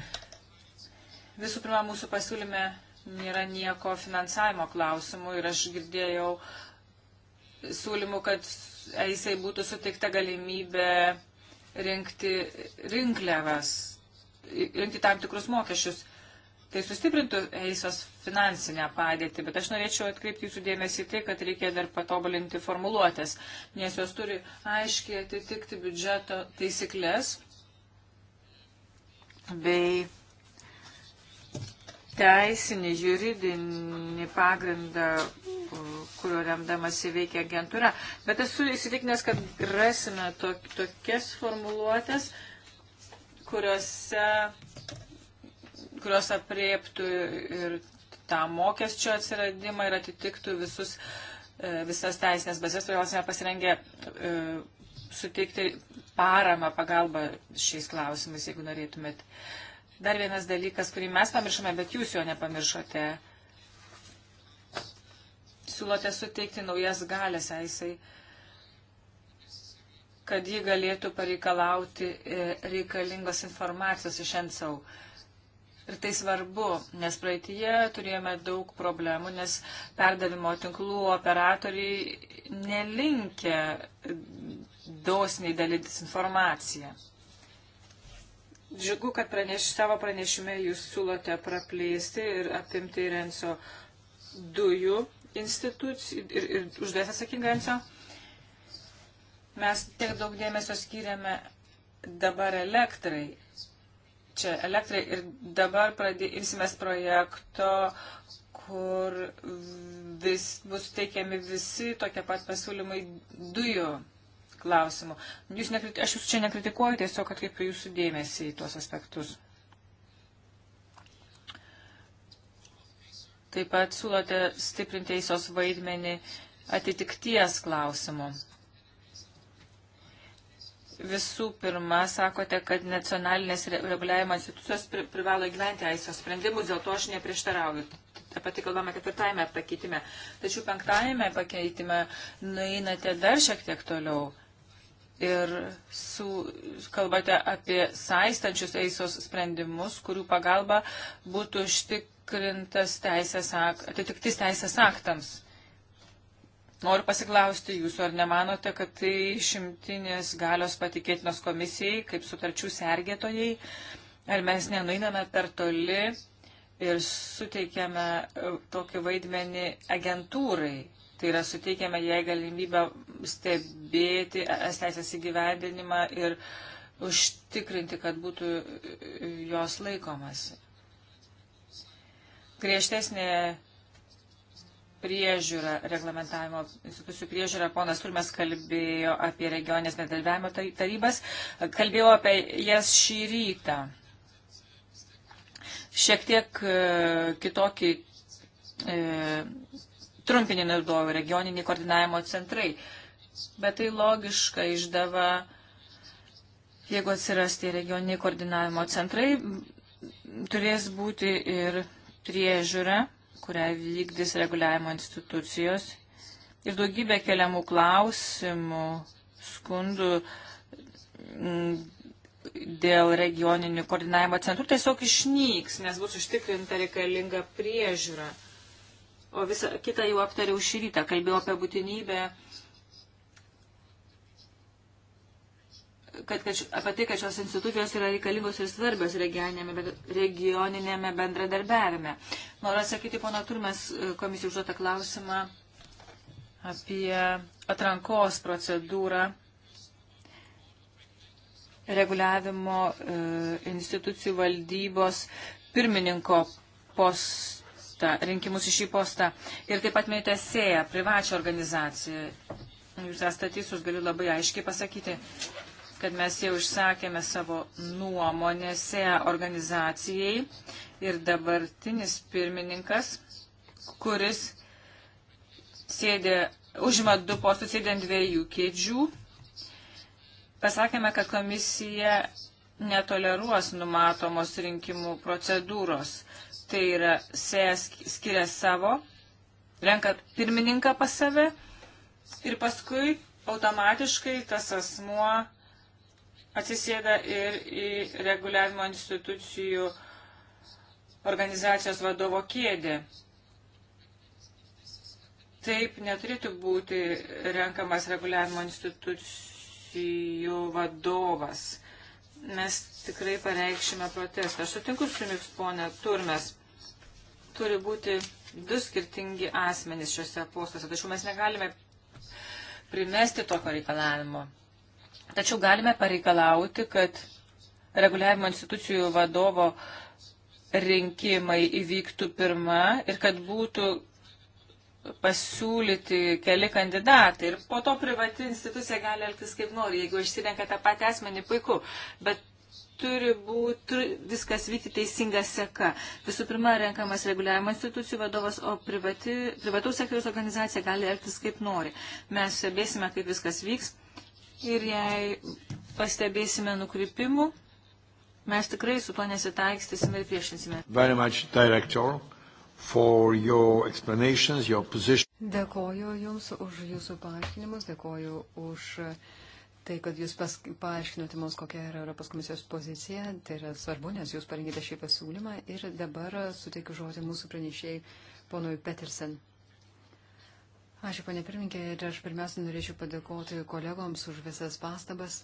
Visų pirma, mūsų pasiūlyme nėra nieko finansavimo klausimų ir aš girdėjau uh, siūlymų, kad eisai būtų suteikta galimybė rinkti rinkliavas, rinkti tam tikrus mokesčius. Tai sustiprintų eisos finansinę padėtį, bet aš norėčiau atkreipti jūsų dėmesį tai, kad reikia dar patobulinti formuluotės, nes jos turi aiškiai atitikti biudžeto taisyklės bei teisinį, juridinį pagrindą, kurio remdamasi veikia agentūra. Bet esu įsitikinęs, kad rasime tok, tokias formuluotės, kuriuose, kurios apriektų ir tą mokesčio atsiradimą ir atitiktų visus, e, visas teisinės bazės, todėl esame pasirengę e, suteikti paramą, pagalbą šiais klausimais, jeigu norėtumėt. Uh, Dar vienas dalykas, kurį mes pamiršome, bet jūs jo nepamiršote. Siūlote suteikti naujas galės eisai, kad ji galėtų pareikalauti e, reikalingos informacijos iš NSAU. Ir tai svarbu, nes praeitie turėjome daug problemų, nes perdavimo tinklų operatoriai nelinkia dosniai dalytis informaciją. Džiugu, kad praneš, savo pranešime jūs siūlote praplėsti ir apimti Renso dujų institucijų ir, ir uždės atsakingą Renso. Mes tiek daug dėmesio skiriame dabar elektrai. Čia elektrai ir dabar pradė, imsimės projekto, kur vis, bus teikiami visi tokie pat pasiūlymai dujų klausimų. Jūs nekriti, aš jūs čia nekritikuoju, tiesiog atkreipiu jūsų dėmesį į tuos aspektus. Taip pat siūlote stiprinti eisos vaidmenį atitikties klausimu. Visų pirma, sakote, kad nacionalinės reguliavimo institucijos pri privalo gyventi aisos sprendimus, dėl to aš neprieštarauju. Apie tai kalbame ketvirtajame pakeitime. Tačiau penktajame pakeitime nueinate dar šiek tiek toliau ir su, kalbate apie saistančius eisos sprendimus, kurių pagalba būtų užtikrintas teisės ak, atitiktis teisės aktams. Noriu pasiklausti jūsų, ar nemanote, kad tai šimtinės galios patikėtinos komisijai, kaip sutarčių sergėtojai, ar mes nenuiname per toli ir suteikiame e, tokį vaidmenį agentūrai, Tai yra suteikiame jai galimybę stebėti es teisės įgyvendinimą ir užtikrinti, kad būtų jos laikomasi. Griežtesnė priežiūra, reglamentavimo institucijų priežiūra, ponas Turmes kalbėjo apie regionės nedalyvavimo tai- tarybas, kalbėjau apie jas šį rytą. Šiek tiek e, kitokį e, trumpinį naudoju regioniniai koordinavimo centrai. Bet tai logiška išdava, jeigu atsiras tie regioniniai koordinavimo centrai, turės būti ir priežiūra, kurią vykdys reguliavimo institucijos ir daugybė keliamų klausimų, skundų mm, dėl regioninių koordinavimo centrų tiesiog išnyks, nes bus užtikrinta reikalinga priežiūra o visą kitą jau aptariau šį rytą. Kalbėjau apie būtinybę, kad, kad, apie tai, kad šios institucijos yra reikalingos ir svarbios regioninėme bendradarbiavime. Noriu atsakyti, pono Turmes, komisijų užduotą klausimą apie atrankos procedūrą reguliavimo e, institucijų valdybos pirmininko pos postą, rinkimus į šį postą. Ir taip pat mėtė sėja, privačią organizaciją. Jūs esate teisus, galiu labai aiškiai pasakyti, kad mes jau išsakėme savo nuomonę sėja organizacijai ir dabartinis pirmininkas, kuris sėdė, užima du postus, sėdė ant dviejų kėdžių. Pasakėme, kad komisija netoleruos numatomos rinkimų procedūros. Tai yra, sėjas skiria savo, renka pirmininką pas save ir paskui automatiškai tas asmuo atsisėda ir į reguliavimo institucijų organizacijos vadovo kėdė. Taip neturėtų būti renkamas reguliavimo institucijų vadovas mes tikrai pareikšime protestą. Aš sutinku su jumis, ponė Turmes. Turi būti du skirtingi asmenys šiuose postuose, tačiau mes negalime primesti tokio reikalavimo. Tačiau galime pareikalauti, kad reguliavimo institucijų vadovo rinkimai įvyktų pirma ir kad būtų pasiūlyti keli kandidatai ir po to privati institucija gali elgtis kaip nori. Jeigu išsirenka tą patį asmenį, puiku, bet turi būti, turi viskas vykti teisinga seka. Visų pirma, renkamas reguliavimo institucijų vadovas, o privati, privataus sektoriaus organizacija gali elgtis kaip nori. Mes stebėsime, kaip viskas vyks ir jei pastebėsime nukrypimų, mes tikrai su to nesitaikstysime ir priešinsime. Very much, director. Dėkoju Jums už Jūsų paaiškinimus, dėkoju už tai, kad Jūs pas, paaiškinote mums, kokia yra Europos komisijos pozicija. Tai yra svarbu, nes Jūs parengėte šį pasiūlymą ir dabar suteikiu žodį mūsų pranešėjai ponui Petersen. Ačiū, ponė pirminkė, ir aš pirmiausia norėčiau padėkoti kolegoms už visas pastabas.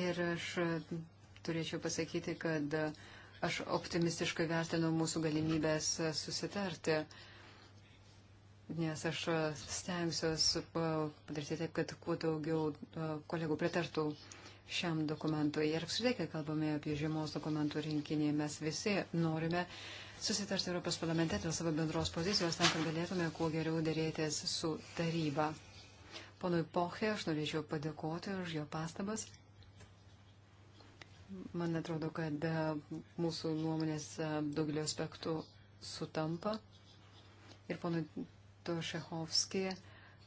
Ir aš turėčiau pasakyti, kad aš optimistiškai vertinu mūsų galimybės susitarti, nes aš stengsiuos uh, padaryti taip, kad kuo daugiau uh, kolegų pritartų šiam dokumentui. Ir apskritai, kai kalbame apie žiemos dokumentų rinkinį, mes visi norime susitarti Europos parlamente dėl savo bendros pozicijos, tam, kad galėtume kuo geriau dėrėtis su taryba. Ponui Poche aš norėčiau padėkoti už jo pastabas. Man atrodo, kad e, mūsų nuomonės e, daugelio aspektų sutampa. Ir ponui Tošehovskį,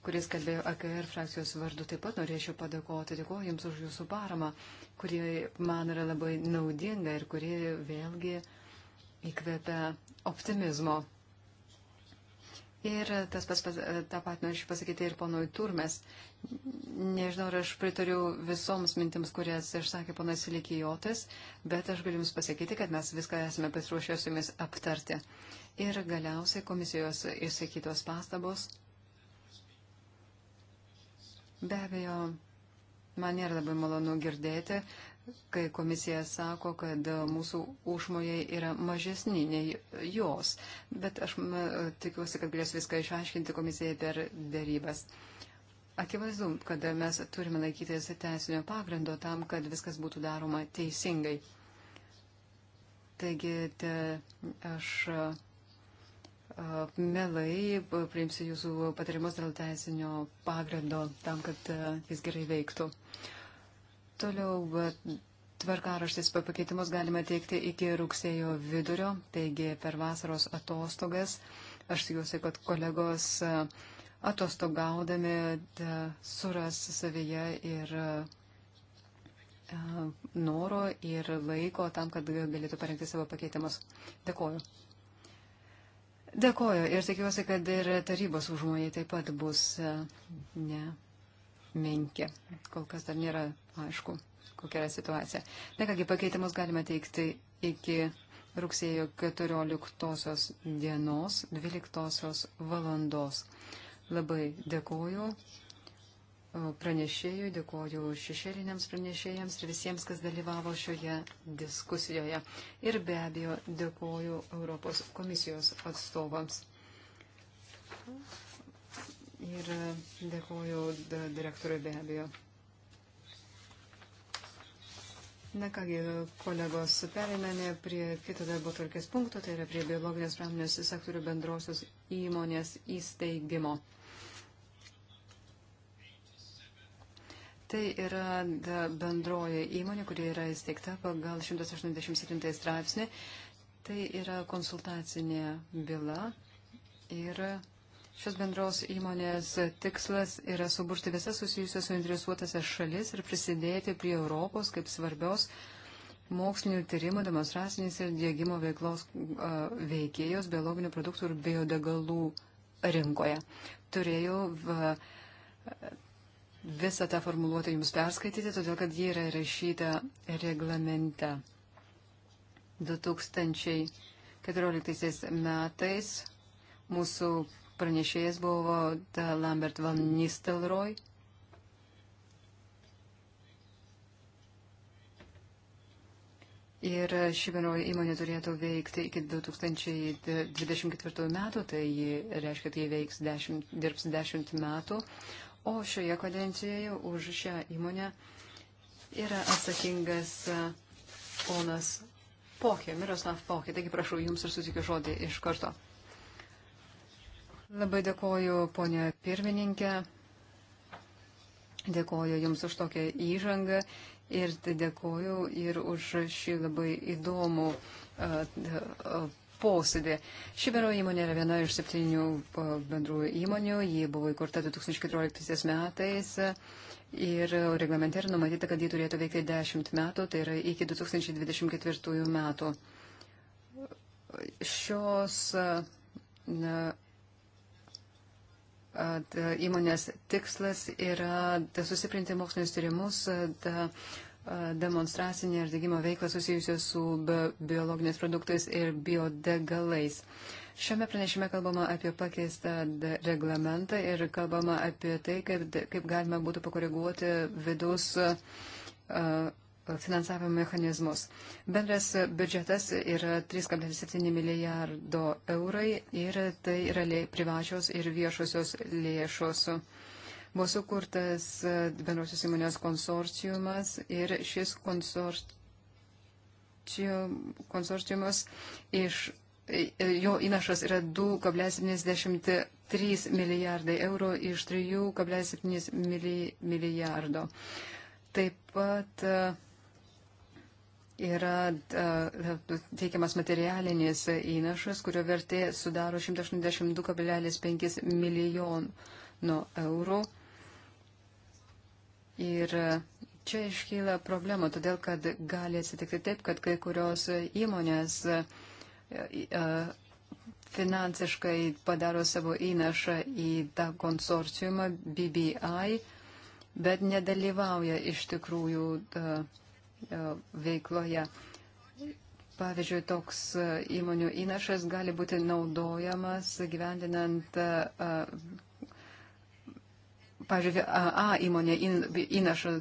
kuris kalbėjo AKR frakcijos vardu, taip pat norėčiau padėkoti. Dėkuoju Jums už Jūsų paramą, kuri man yra labai naudinga ir kuri vėlgi įkvepia optimizmo. Ir tas pats, tą pat noriu pasakyti ir ponui Turmes. Nežinau, ar aš pritariu visoms mintims, kurias išsakė ponas Likijotis, bet aš galiu Jums pasakyti, kad mes viską esame pasiruošę su Jumis aptarti. Ir galiausiai komisijos išsakytos pastabos. Be abejo, man nėra labai malonu girdėti, kai komisija sako, kad mūsų užmojai yra mažesni nei jos. Bet aš tikiuosi, kad galės viską išaiškinti komisijai per dėrybas. Akivaizdu, kad mes turime laikytis teisinio pagrindo tam, kad viskas būtų daroma teisingai. Taigi te, aš melai priimsiu jūsų patarimus dėl teisinio pagrindo tam, kad jis gerai veiktų. Uh, Toliau tvarkaraštis pakeitimus galima teikti iki rugsėjo vidurio, taigi per vasaros atostogas. Aš tikiuosi, kad kolegos atostogaudami suras savyje ir noro ir laiko tam, kad galėtų parengti savo pakeitimus. Dėkoju. Dėkoju ir tikiuosi, kad ir tarybos užmojai taip pat bus ne menki. Kol kas dar nėra aišku, kokia yra situacija. Na kągi, pakeitimus galime teikti iki rugsėjo 14 dienos 12 valandos. Labai dėkoju pranešėjui, dėkoju šešėliniams pranešėjams ir visiems, kas dalyvavo šioje diskusijoje. Ir be abejo, dėkoju Europos komisijos atstovams. Ir dėkoju direktoriui be abejo. Na kągi, kolegos, periname prie kito darbo tvarkės punkto, tai yra prie biologinės pramonės sektorių bendrosios įmonės įsteigimo. Tai yra bendroji įmonė, kuri yra įsteigta pagal 187 straipsnį. Tai yra konsultacinė byla ir Šios bendros įmonės tikslas yra suburti visas susijusias suinteresuotasias šalis ir prisidėti prie Europos kaip svarbios mokslinių tyrimų, demonstracinės ir dėgymo veiklos veikėjos biologinių produktų ir biodegalų rinkoje. Turėjau va, visą tą formuluotę jums perskaityti, todėl kad ji yra įrašyta reglamente. 2014 metais mūsų Pranešėjas buvo Lambert Van Nistelrooy. Ir ši vienoji įmonė turėtų veikti iki 2024 metų, tai reiškia, kad jie veiks 10, dirbs 10 metų. O šioje kadencijoje už šią įmonę yra atsakingas ponas Pokė, Miroslav Pokė. Taigi prašau, jums ir sutikiu žodį iš karto. Labai dėkoju, ponė pirmininkė. Dėkoju Jums už tokią įžangą ir dėkoju ir už šį labai įdomų posėdį. Šibero įmonė yra viena iš septynių bendrųjų įmonių. Ji buvo įkurta 2014 metais ir reglamente yra numatyta, kad ji turėtų veikti 10 metų, tai yra iki 2024 metų. Šios na, E, įmonės tikslas yra susiprinti mokslinius tyrimus, e, da, e, demonstracinė ir degimo veikla susijusios su biologiniais produktais ir biodegalais. Šiame pranešime kalbama apie pakeistą reglamentą ir kalbama apie tai, kaip, kaip galima būtų pakoreguoti vidaus uh, finansavimo mechanizmus. Bendras biudžetas yra 3,7 milijardo eurai ir tai yra privačios ir viešosios lėšos. Buvo sukurtas e, bendrosios įmonės konsorciumas ir šis konsorciumas iš. E, e, jo įnašas yra 2,73 milijardai eurų iš 3,7 milijardo. Taip pat yra nu, teikiamas materialinis įnašas, kurio vertė sudaro 182,5 milijonų eurų. Ir čia iškyla problema, todėl kad gali atsitikti taip, kad kai kurios įmonės finansiškai padaro savo įnašą į tą konsorciumą BBI, bet nedalyvauja iš tikrųjų. Ta, E, veikloje. Pavyzdžiui, toks e, įmonių įnašas gali būti naudojamas gyvendinant, e, pavyzdžiui, A įmonė įnaša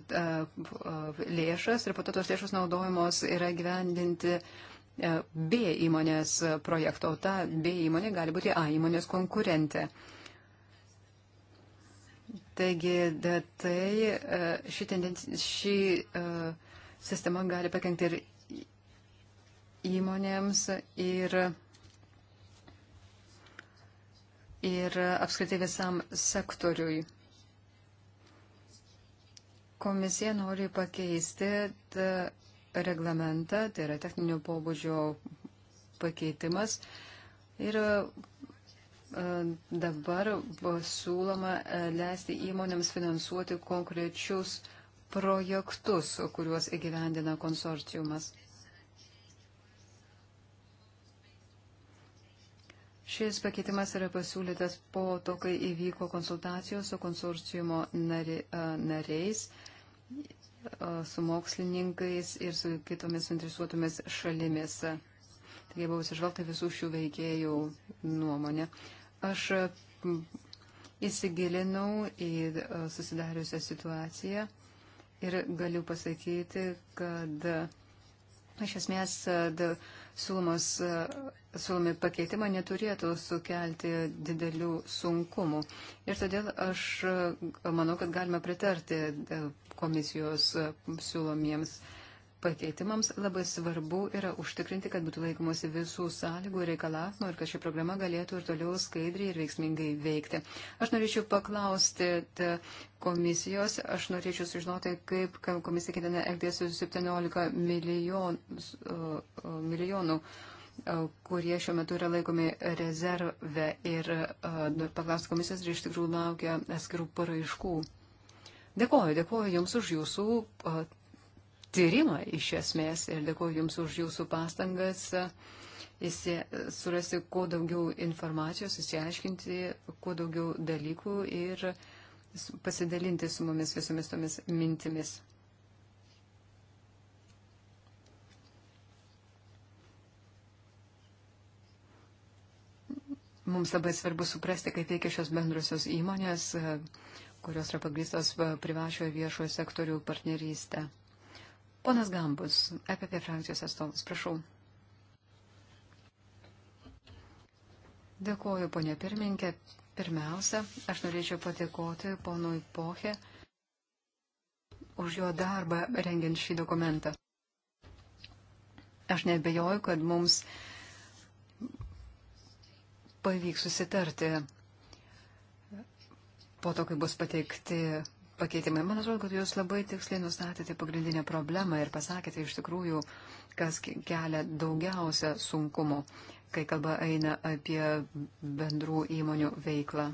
lėšas ir po to tos lėšos naudojamos yra gyvendinti B įmonės projekto, o ta B įmonė gali būti A įmonės konkurentė. Taigi, tai ši, ši uh, sistema gali pakengti ir įmonėms, ir, ir apskritai visam sektoriui. Komisija nori pakeisti reglamentą, tai yra techninio pobūdžio pakeitimas. Ir e, dabar siūloma leisti įmonėms finansuoti konkrečius uh, projektus, kuriuos įgyvendina konsorciumas. Šis pakeitimas yra pasiūlytas po to, kai įvyko konsultacijos su konsorciumo nari, nariais, su mokslininkais ir su kitomis suinteresuotomis šalimis. Taigi buvo atsižvelgta visų šių veikėjų nuomonė. Aš įsigilinau į susidariusią situaciją Ir galiu pasakyti, kad iš esmės siūlomos, siūlomi pakeitimai neturėtų sukelti didelių sunkumų. Ir todėl aš manau, kad galime pritarti komisijos siūlomiems pakeitimams pakeitimams labai svarbu yra užtikrinti, kad būtų laikomasi visų sąlygų ir reikalavimų ir kad ši programa galėtų ir toliau skaidriai ir veiksmingai veikti. Aš norėčiau paklausti komisijos, aš norėčiau sužinoti, kaip komisija ketina elgtis su 17 milijon, milijonų kurie šiuo metu yra laikomi rezerve ir nu, paklausti komisijos, ar iš tikrųjų laukia atskirų paraiškų. Dėkoju, dėkoju Jums už Jūsų tyrimą iš esmės ir dėkuoju Jums už Jūsų pastangas surasti kuo daugiau informacijos, įsiaiškinti kuo daugiau dalykų ir pasidalinti su mumis visomis tomis mintimis. Mums labai svarbu suprasti, kaip veikia šios bendrusios įmonės, kurios yra pagristos privačiojo viešojo sektorių partnerystę. Ponas Gambus, EPP frakcijos atstovas, prašau. Dėkuoju, ponė pirmininkė. Pirmiausia, aš norėčiau patikoti ponui Poche už jo darbą rengiant šį dokumentą. Aš nebejoju, kad mums pavyks susitarti po to, kai bus pateikti pakeitimai. Man atrodo, kad jūs labai tiksliai nustatėte pagrindinę problemą ir pasakėte iš tikrųjų, kas kelia daugiausia sunkumų, kai kalba eina apie bendrų įmonių veiklą.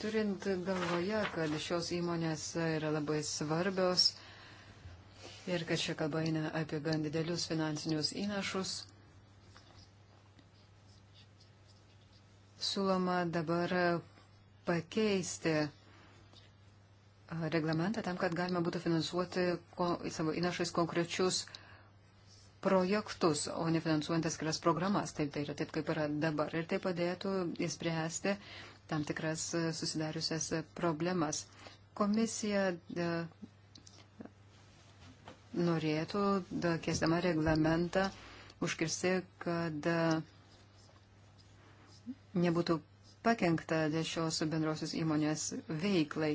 Turint galvoje, kad šios įmonės yra labai svarbios ir kad čia kalba eina apie gan didelius finansinius įnašus, siūloma dabar pakeisti reglamentą tam, kad galima būtų finansuoti ko, savo įnašais konkrečius projektus, o ne finansuojant atskiras programas. Taip tai yra taip, kaip yra dabar. Ir tai padėtų įspręsti tam tikras susidariusias problemas. Komisija da, e, norėtų, da, kėsdama reglamentą, užkirsti, kad da, nebūtų pakengta šios bendrosios įmonės veiklai,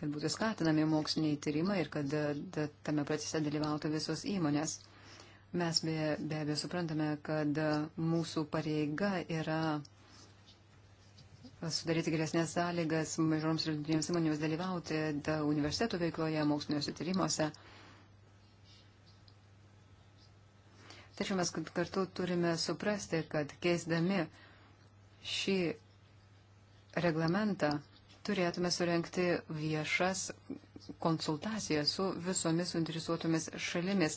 kad būtų skatinami moksliniai tyrimai ir kad e, tame procese dalyvautų visos įmonės. Mes be, be abejo suprantame, kad e, mūsų pareiga yra sudaryti geresnės sąlygas mažoms ir vidutinėms įmonėms dalyvauti universitetų veikloje, moksliniuose tyrimuose. Tačiau mes kartu turime suprasti, kad keisdami uh, šį reglamentą turėtume surenkti viešas konsultacijas su visomis suinteresuotomis šalimis.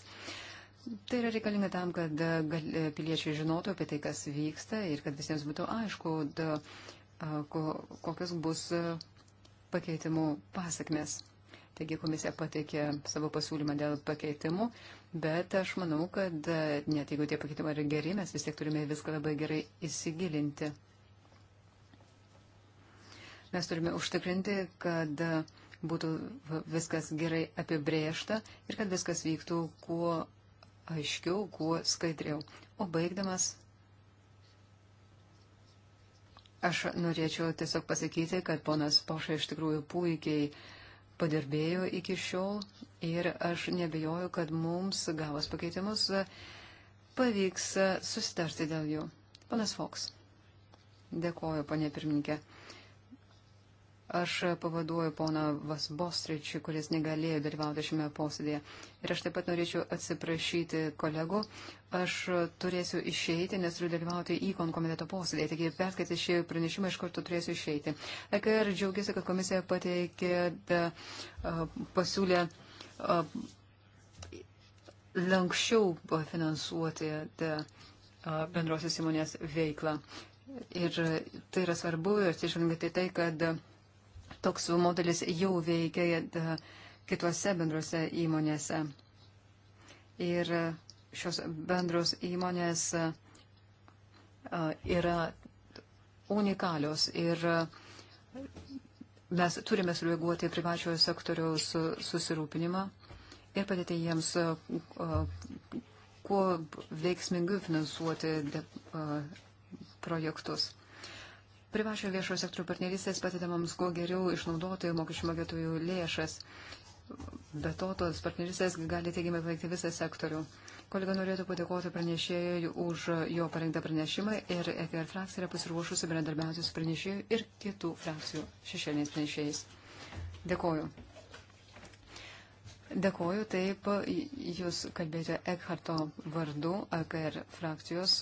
Tai yra reikalinga tam, kad piliečiai žinotų apie tai, kas vyksta ir kad visiems būtų aišku, da, ko, kokios bus pakeitimų pasakmes. Taigi komisija pateikė savo pasiūlymą dėl pakeitimų, bet aš manau, kad net jeigu tie pakeitimai yra geri, mes vis tiek turime viską labai gerai įsigilinti. Mes turime užtikrinti, kad būtų viskas gerai apibrėžta ir kad viskas vyktų kuo aiškiau, kuo skaidriau. O baigdamas, aš norėčiau tiesiog pasakyti, kad ponas Poša iš tikrųjų puikiai padirbėjo iki šiol ir aš nebejoju, kad mums gavas pakeitimus pavyks susitarti dėl jų. Panas Foks. Dėkoju, ponė pirmininkė. Aš pavaduoju poną Vasbostričių, kuris negalėjo dalyvauti šiame posėdėje. Ir aš taip pat norėčiau atsiprašyti kolegų. Aš turėsiu išeiti, nes turiu dalyvauti įkon komiteto posėdėje. Taigi, perskaitę šį pranešimą, iš karto turėsiu išeiti. EKR džiaugiasi, kad komisija pateikė, da, pasiūlė a, lankščiau finansuoti da, a, bendrosios įmonės veiklą. Ir tai yra svarbu, ir atsižvelgiant į tai, kad a, Toks modelis jau veikia e, kitose bendrose įmonėse. Ir šios bendros įmonės e, yra unikalios ir e, mes turime sureaguoti privačiojo sektoriaus susirūpinimą ir padėti jiems kuo veiksmingiau finansuoti projektus. Privačio viešojo sektorių partnerystės padeda mums kuo geriau išnaudoti mokesčių mokėtojų lėšas. Be to, tos partnerystės gali teigiamai paveikti visą sektorių. Kolega norėtų padėkoti pranešėjui už jo parengtą pranešimą ir EKR frakcija yra pasiruošusi bendradarbiauti su pranešėju ir kitų frakcijų šešėliniais pranešėjais. Dėkoju. Dėkoju, taip, jūs kalbėjote Ekharto vardu, AKR frakcijos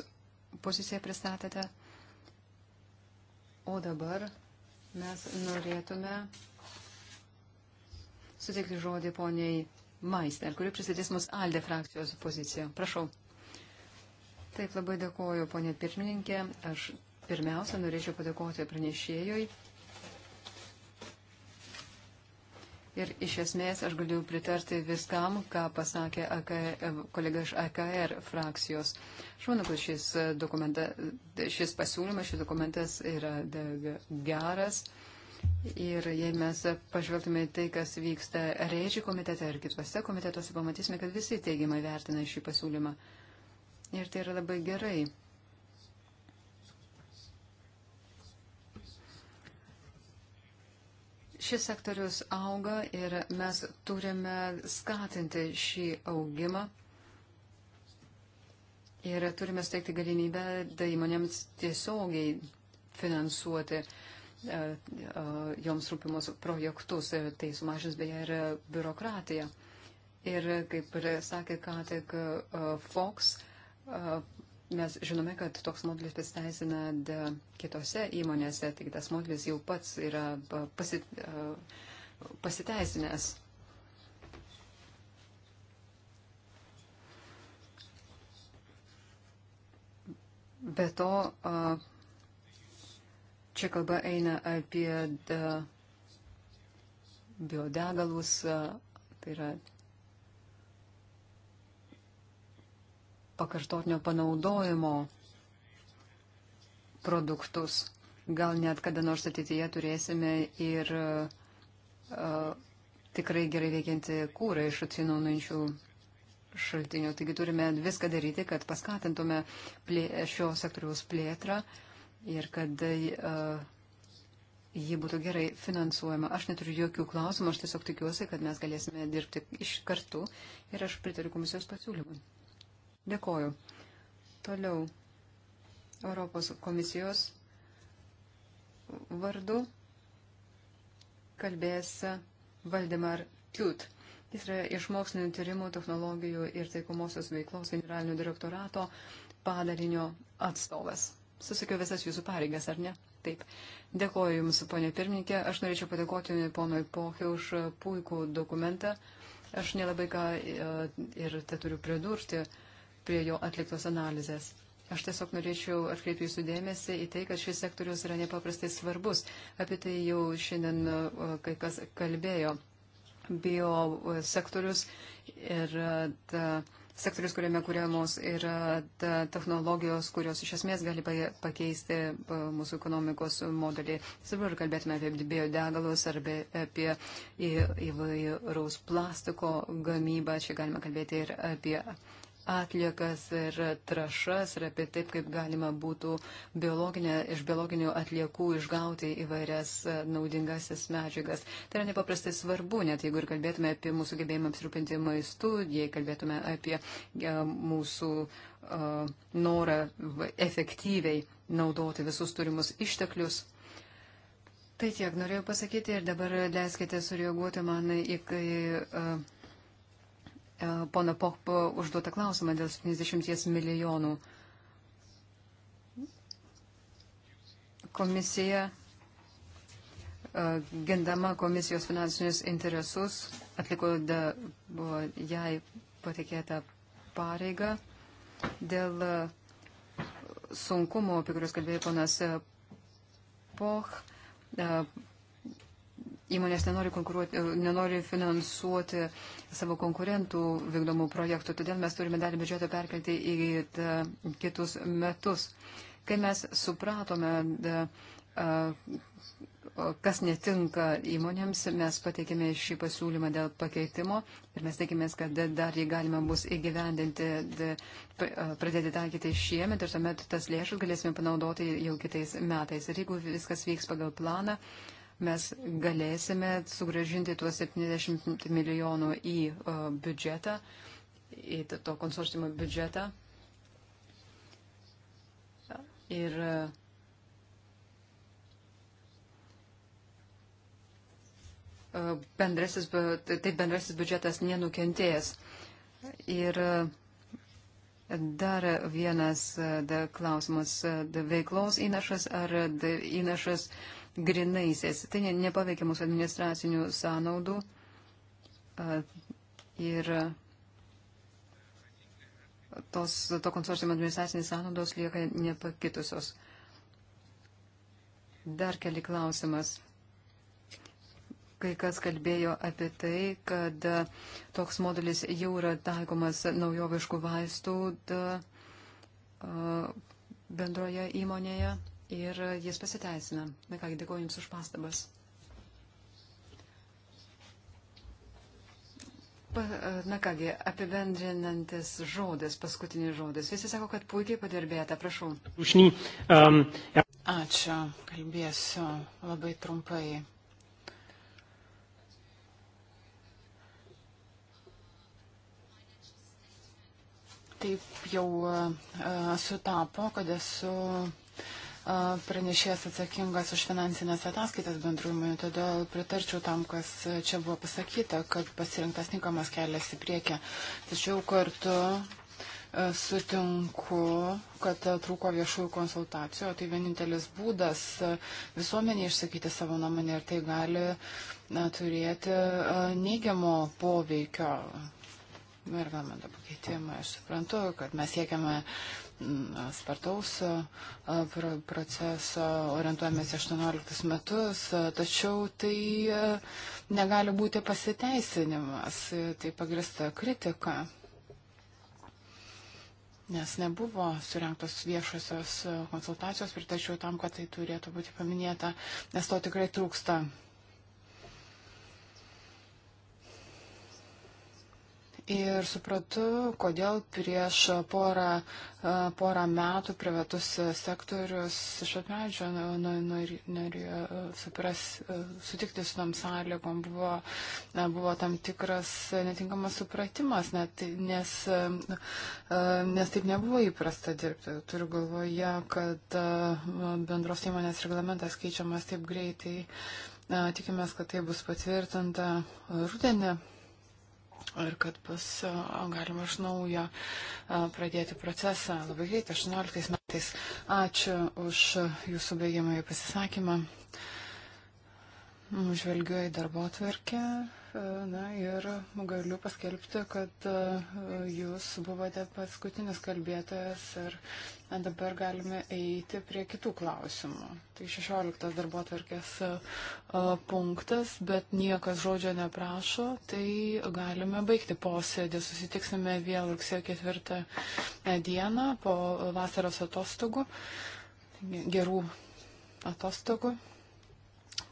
poziciją pristatėte. O dabar mes norėtume suteikti žodį poniai Maisner, kuri pristatys mus Alde frakcijos poziciją. Prašau. Taip labai dėkoju, ponė pirmininkė. Aš pirmiausia norėčiau padėkoti pranešėjui Ir iš esmės aš galiu pritarti viskam, ką pasakė AKR, e, kolega iš AKR frakcijos. Aš manau, kad šis, šis pasiūlymas, šis dokumentas yra geras. Ir jei mes pažvelgtume į tai, kas vyksta Reidžių komitete ir kitose komitetuose, pamatysime, kad visi teigiamai vertina šį pasiūlymą. Ir tai yra labai gerai. Šis sektorius auga ir mes turime skatinti šį augimą. Ir turime steigti galimybę įmonėms tiesiogiai finansuoti e, e, joms rūpimus projektus. E, tai sumažins beje ir biurokratiją. Ir kaip ir sakė ką tik Fox, Mes žinome, kad toks modelis pasiteisina kitose įmonėse, tik tas modelis jau pats yra pasi, pasiteisinęs. Be to, čia kalba eina apie biodegalus, tai yra pakartotinio panaudojimo produktus. Gal net kada nors ateityje turėsime ir uh, tikrai gerai veikianti kūrą iš atsinaunančių šaltinių. Taigi turime viską daryti, kad paskatintume plė, šio sektoriaus plėtrą ir kad uh, ji būtų gerai finansuojama. Aš neturiu jokių klausimų, aš tiesiog tikiuosi, kad mes galėsime dirbti iš kartu ir aš pritariu komisijos pasiūlymui. Dėkoju. Toliau Europos komisijos vardu kalbės Valdemar Tiut. Jis yra iš mokslinio tyrimų, technologijų ir taikomosios veiklos generalinio direktorato padalinio atstovas. Susikiau visas jūsų pareigas, ar ne? Taip. Dėkoju Jums, ponė pirmininkė. Aš norėčiau padėkoti ponui Pohi už puikų dokumentą. Aš nelabai ką e, ir te turiu pridurti. Uh, prie jo atliktos analizės. Aš tiesiog norėčiau atkreipti jūsų dėmesį į tai, kad šis sektorius yra nepaprastai svarbus. Apie tai jau šiandien kai kas kalbėjo. Bio sektorius ir e, ta, sektorius, kuriame kuriamos yra ta, technologijos, kurios iš esmės gali pakeisti mūsų ekonomikos modelį. Svarbu, ar kalbėtume apie biodegalus, ar be, apie įvairaus plastiko gamybą. Čia galima kalbėti ir apie atliekas ir trašas ir apie taip, kaip galima būtų biologinė, iš biologinių atliekų išgauti įvairias e, naudingasis medžiagas. Tai yra nepaprastai svarbu, net jeigu ir kalbėtume apie mūsų gebėjimą apsirūpinti maistu, jei kalbėtume apie e, mūsų e, norą efektyviai naudoti visus turimus išteklius. Tai tiek norėjau pasakyti ir dabar leiskite sureaguoti man į kai. Uh, E, pono Pop užduotą klausimą dėl 70 milijonų. Komisija, e, gindama komisijos finansinius interesus, atliko da, jai patikėtą pareigą dėl e, sunkumų, apie kuriuos kalbėjo ponas Poch. Įmonės nenori, e, nenori finansuoti savo konkurentų vykdomų projektų, todėl mes turime dalį biudžeto perkelti į ta, e, kitus metus. Kai mes supratome, da, e, kas netinka įmonėms, mes pateikėme šį pasiūlymą dėl pakeitimo ir mes tikimės, kad dar jį galima bus įgyvendinti, pradėti taikyti šiemet ir tuomet tas lėšas galėsime panaudoti jau kitais metais. Ir jeigu viskas vyks pagal planą, uh, mes galėsime sugražinti tuos 70 milijonų į e, biudžetą, į to konsortimo biudžetą. Ir e, bendrasis, taip bendrasis biudžetas nenukentėjęs. Ir e, dar vienas da, klausimas, da, veiklos įnašas ar da, įnašas uh, grinaisiais. Tai ne, nepaveikia mūsų administracinių sąnaudų. Ir tos, to konsorciumo administracinės sąnaudos lieka nepakitusios. Dar keli klausimas. Kai kas kalbėjo apie tai, kad toks modelis jau yra taikomas naujoviškų vaistų da, bendroje įmonėje ir jis pasiteisina. Na kągi, dėkuoju Jums už pastabas. Pa, na kągi, apibendrinantis žodis, paskutinis žodis. Visi sako, kad puikiai padirbėta, prašau. Um, Ačiū, kalbėsiu labai trumpai. Taip jau uh, sutapo, kad esu pranešėjas atsakingas už finansinės ataskaitas bendrumui, todėl pritarčiau tam, kas čia buvo pasakyta, kad pasirinktas tinkamas kelias į priekį. Tačiau kartu sutinku, kad trūko viešųjų konsultacijų, o tai vienintelis būdas visuomenė išsakyti savo nuomonę ir tai gali na, turėti neigiamo poveikio reglamento pakeitimą. Aš suprantu, kad mes siekiame spartaus proceso, orientuojamės 18 metus, tačiau tai negali būti pasiteisinimas, tai pagrista kritika, nes nebuvo surinktos viešosios konsultacijos, pritačiau tam, kad tai turėtų būti paminėta, nes to tikrai trūksta. Ir supratau, kodėl prieš porą, e, porą metų privatus sektorius iš atmedžio norėjo e, supras, e, sutikti su tom sąlygom, buvo, buvo tam tikras netinkamas supratimas, net, nes, nes taip nebuvo įprasta dirbti. Turiu galvoje, kad bendros įmonės reglamentas keičiamas taip greitai. Tikimės, kad tai bus patvirtinta rudenį ir kad bus galima iš naujo pradėti procesą labai greitai, 18 metais. Ačiū už jūsų baigiamąjį pasisakymą. Žvelgiu į darbo tvarkę Na ir galiu paskelbti, kad e, jūs buvote paskutinis kalbėtojas ir dabar galime eiti prie kitų klausimų. Tai 16 darbo atvarkės e, e, punktas, bet niekas žodžio neprašo, tai galime baigti posėdį. Susitiksime vėl rugsėjo 4 dieną po vasaros atostogų. Gerų atostogų.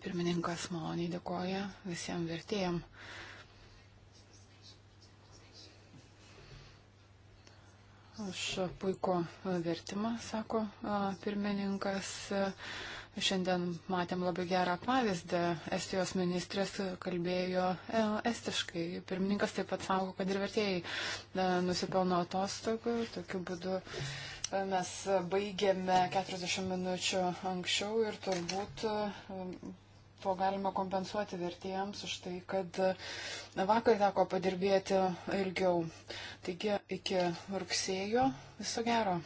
Pirmininkas maloniai dėkoja visiems vertėjams. Už puiko vertimą, sako pirmininkas. Šiandien matėm labai gerą pavyzdį. Estijos ministrės kalbėjo e, estiškai. Pirmininkas taip pat sako, kad ir vertėjai e, nusipelno atostogų. Tokiu būdu e, mes baigėme 40 minučių anksčiau ir turbūt to galima kompensuoti vertėjams už tai, kad vakar teko padirbėti ilgiau. Taigi iki rugsėjo viso gero.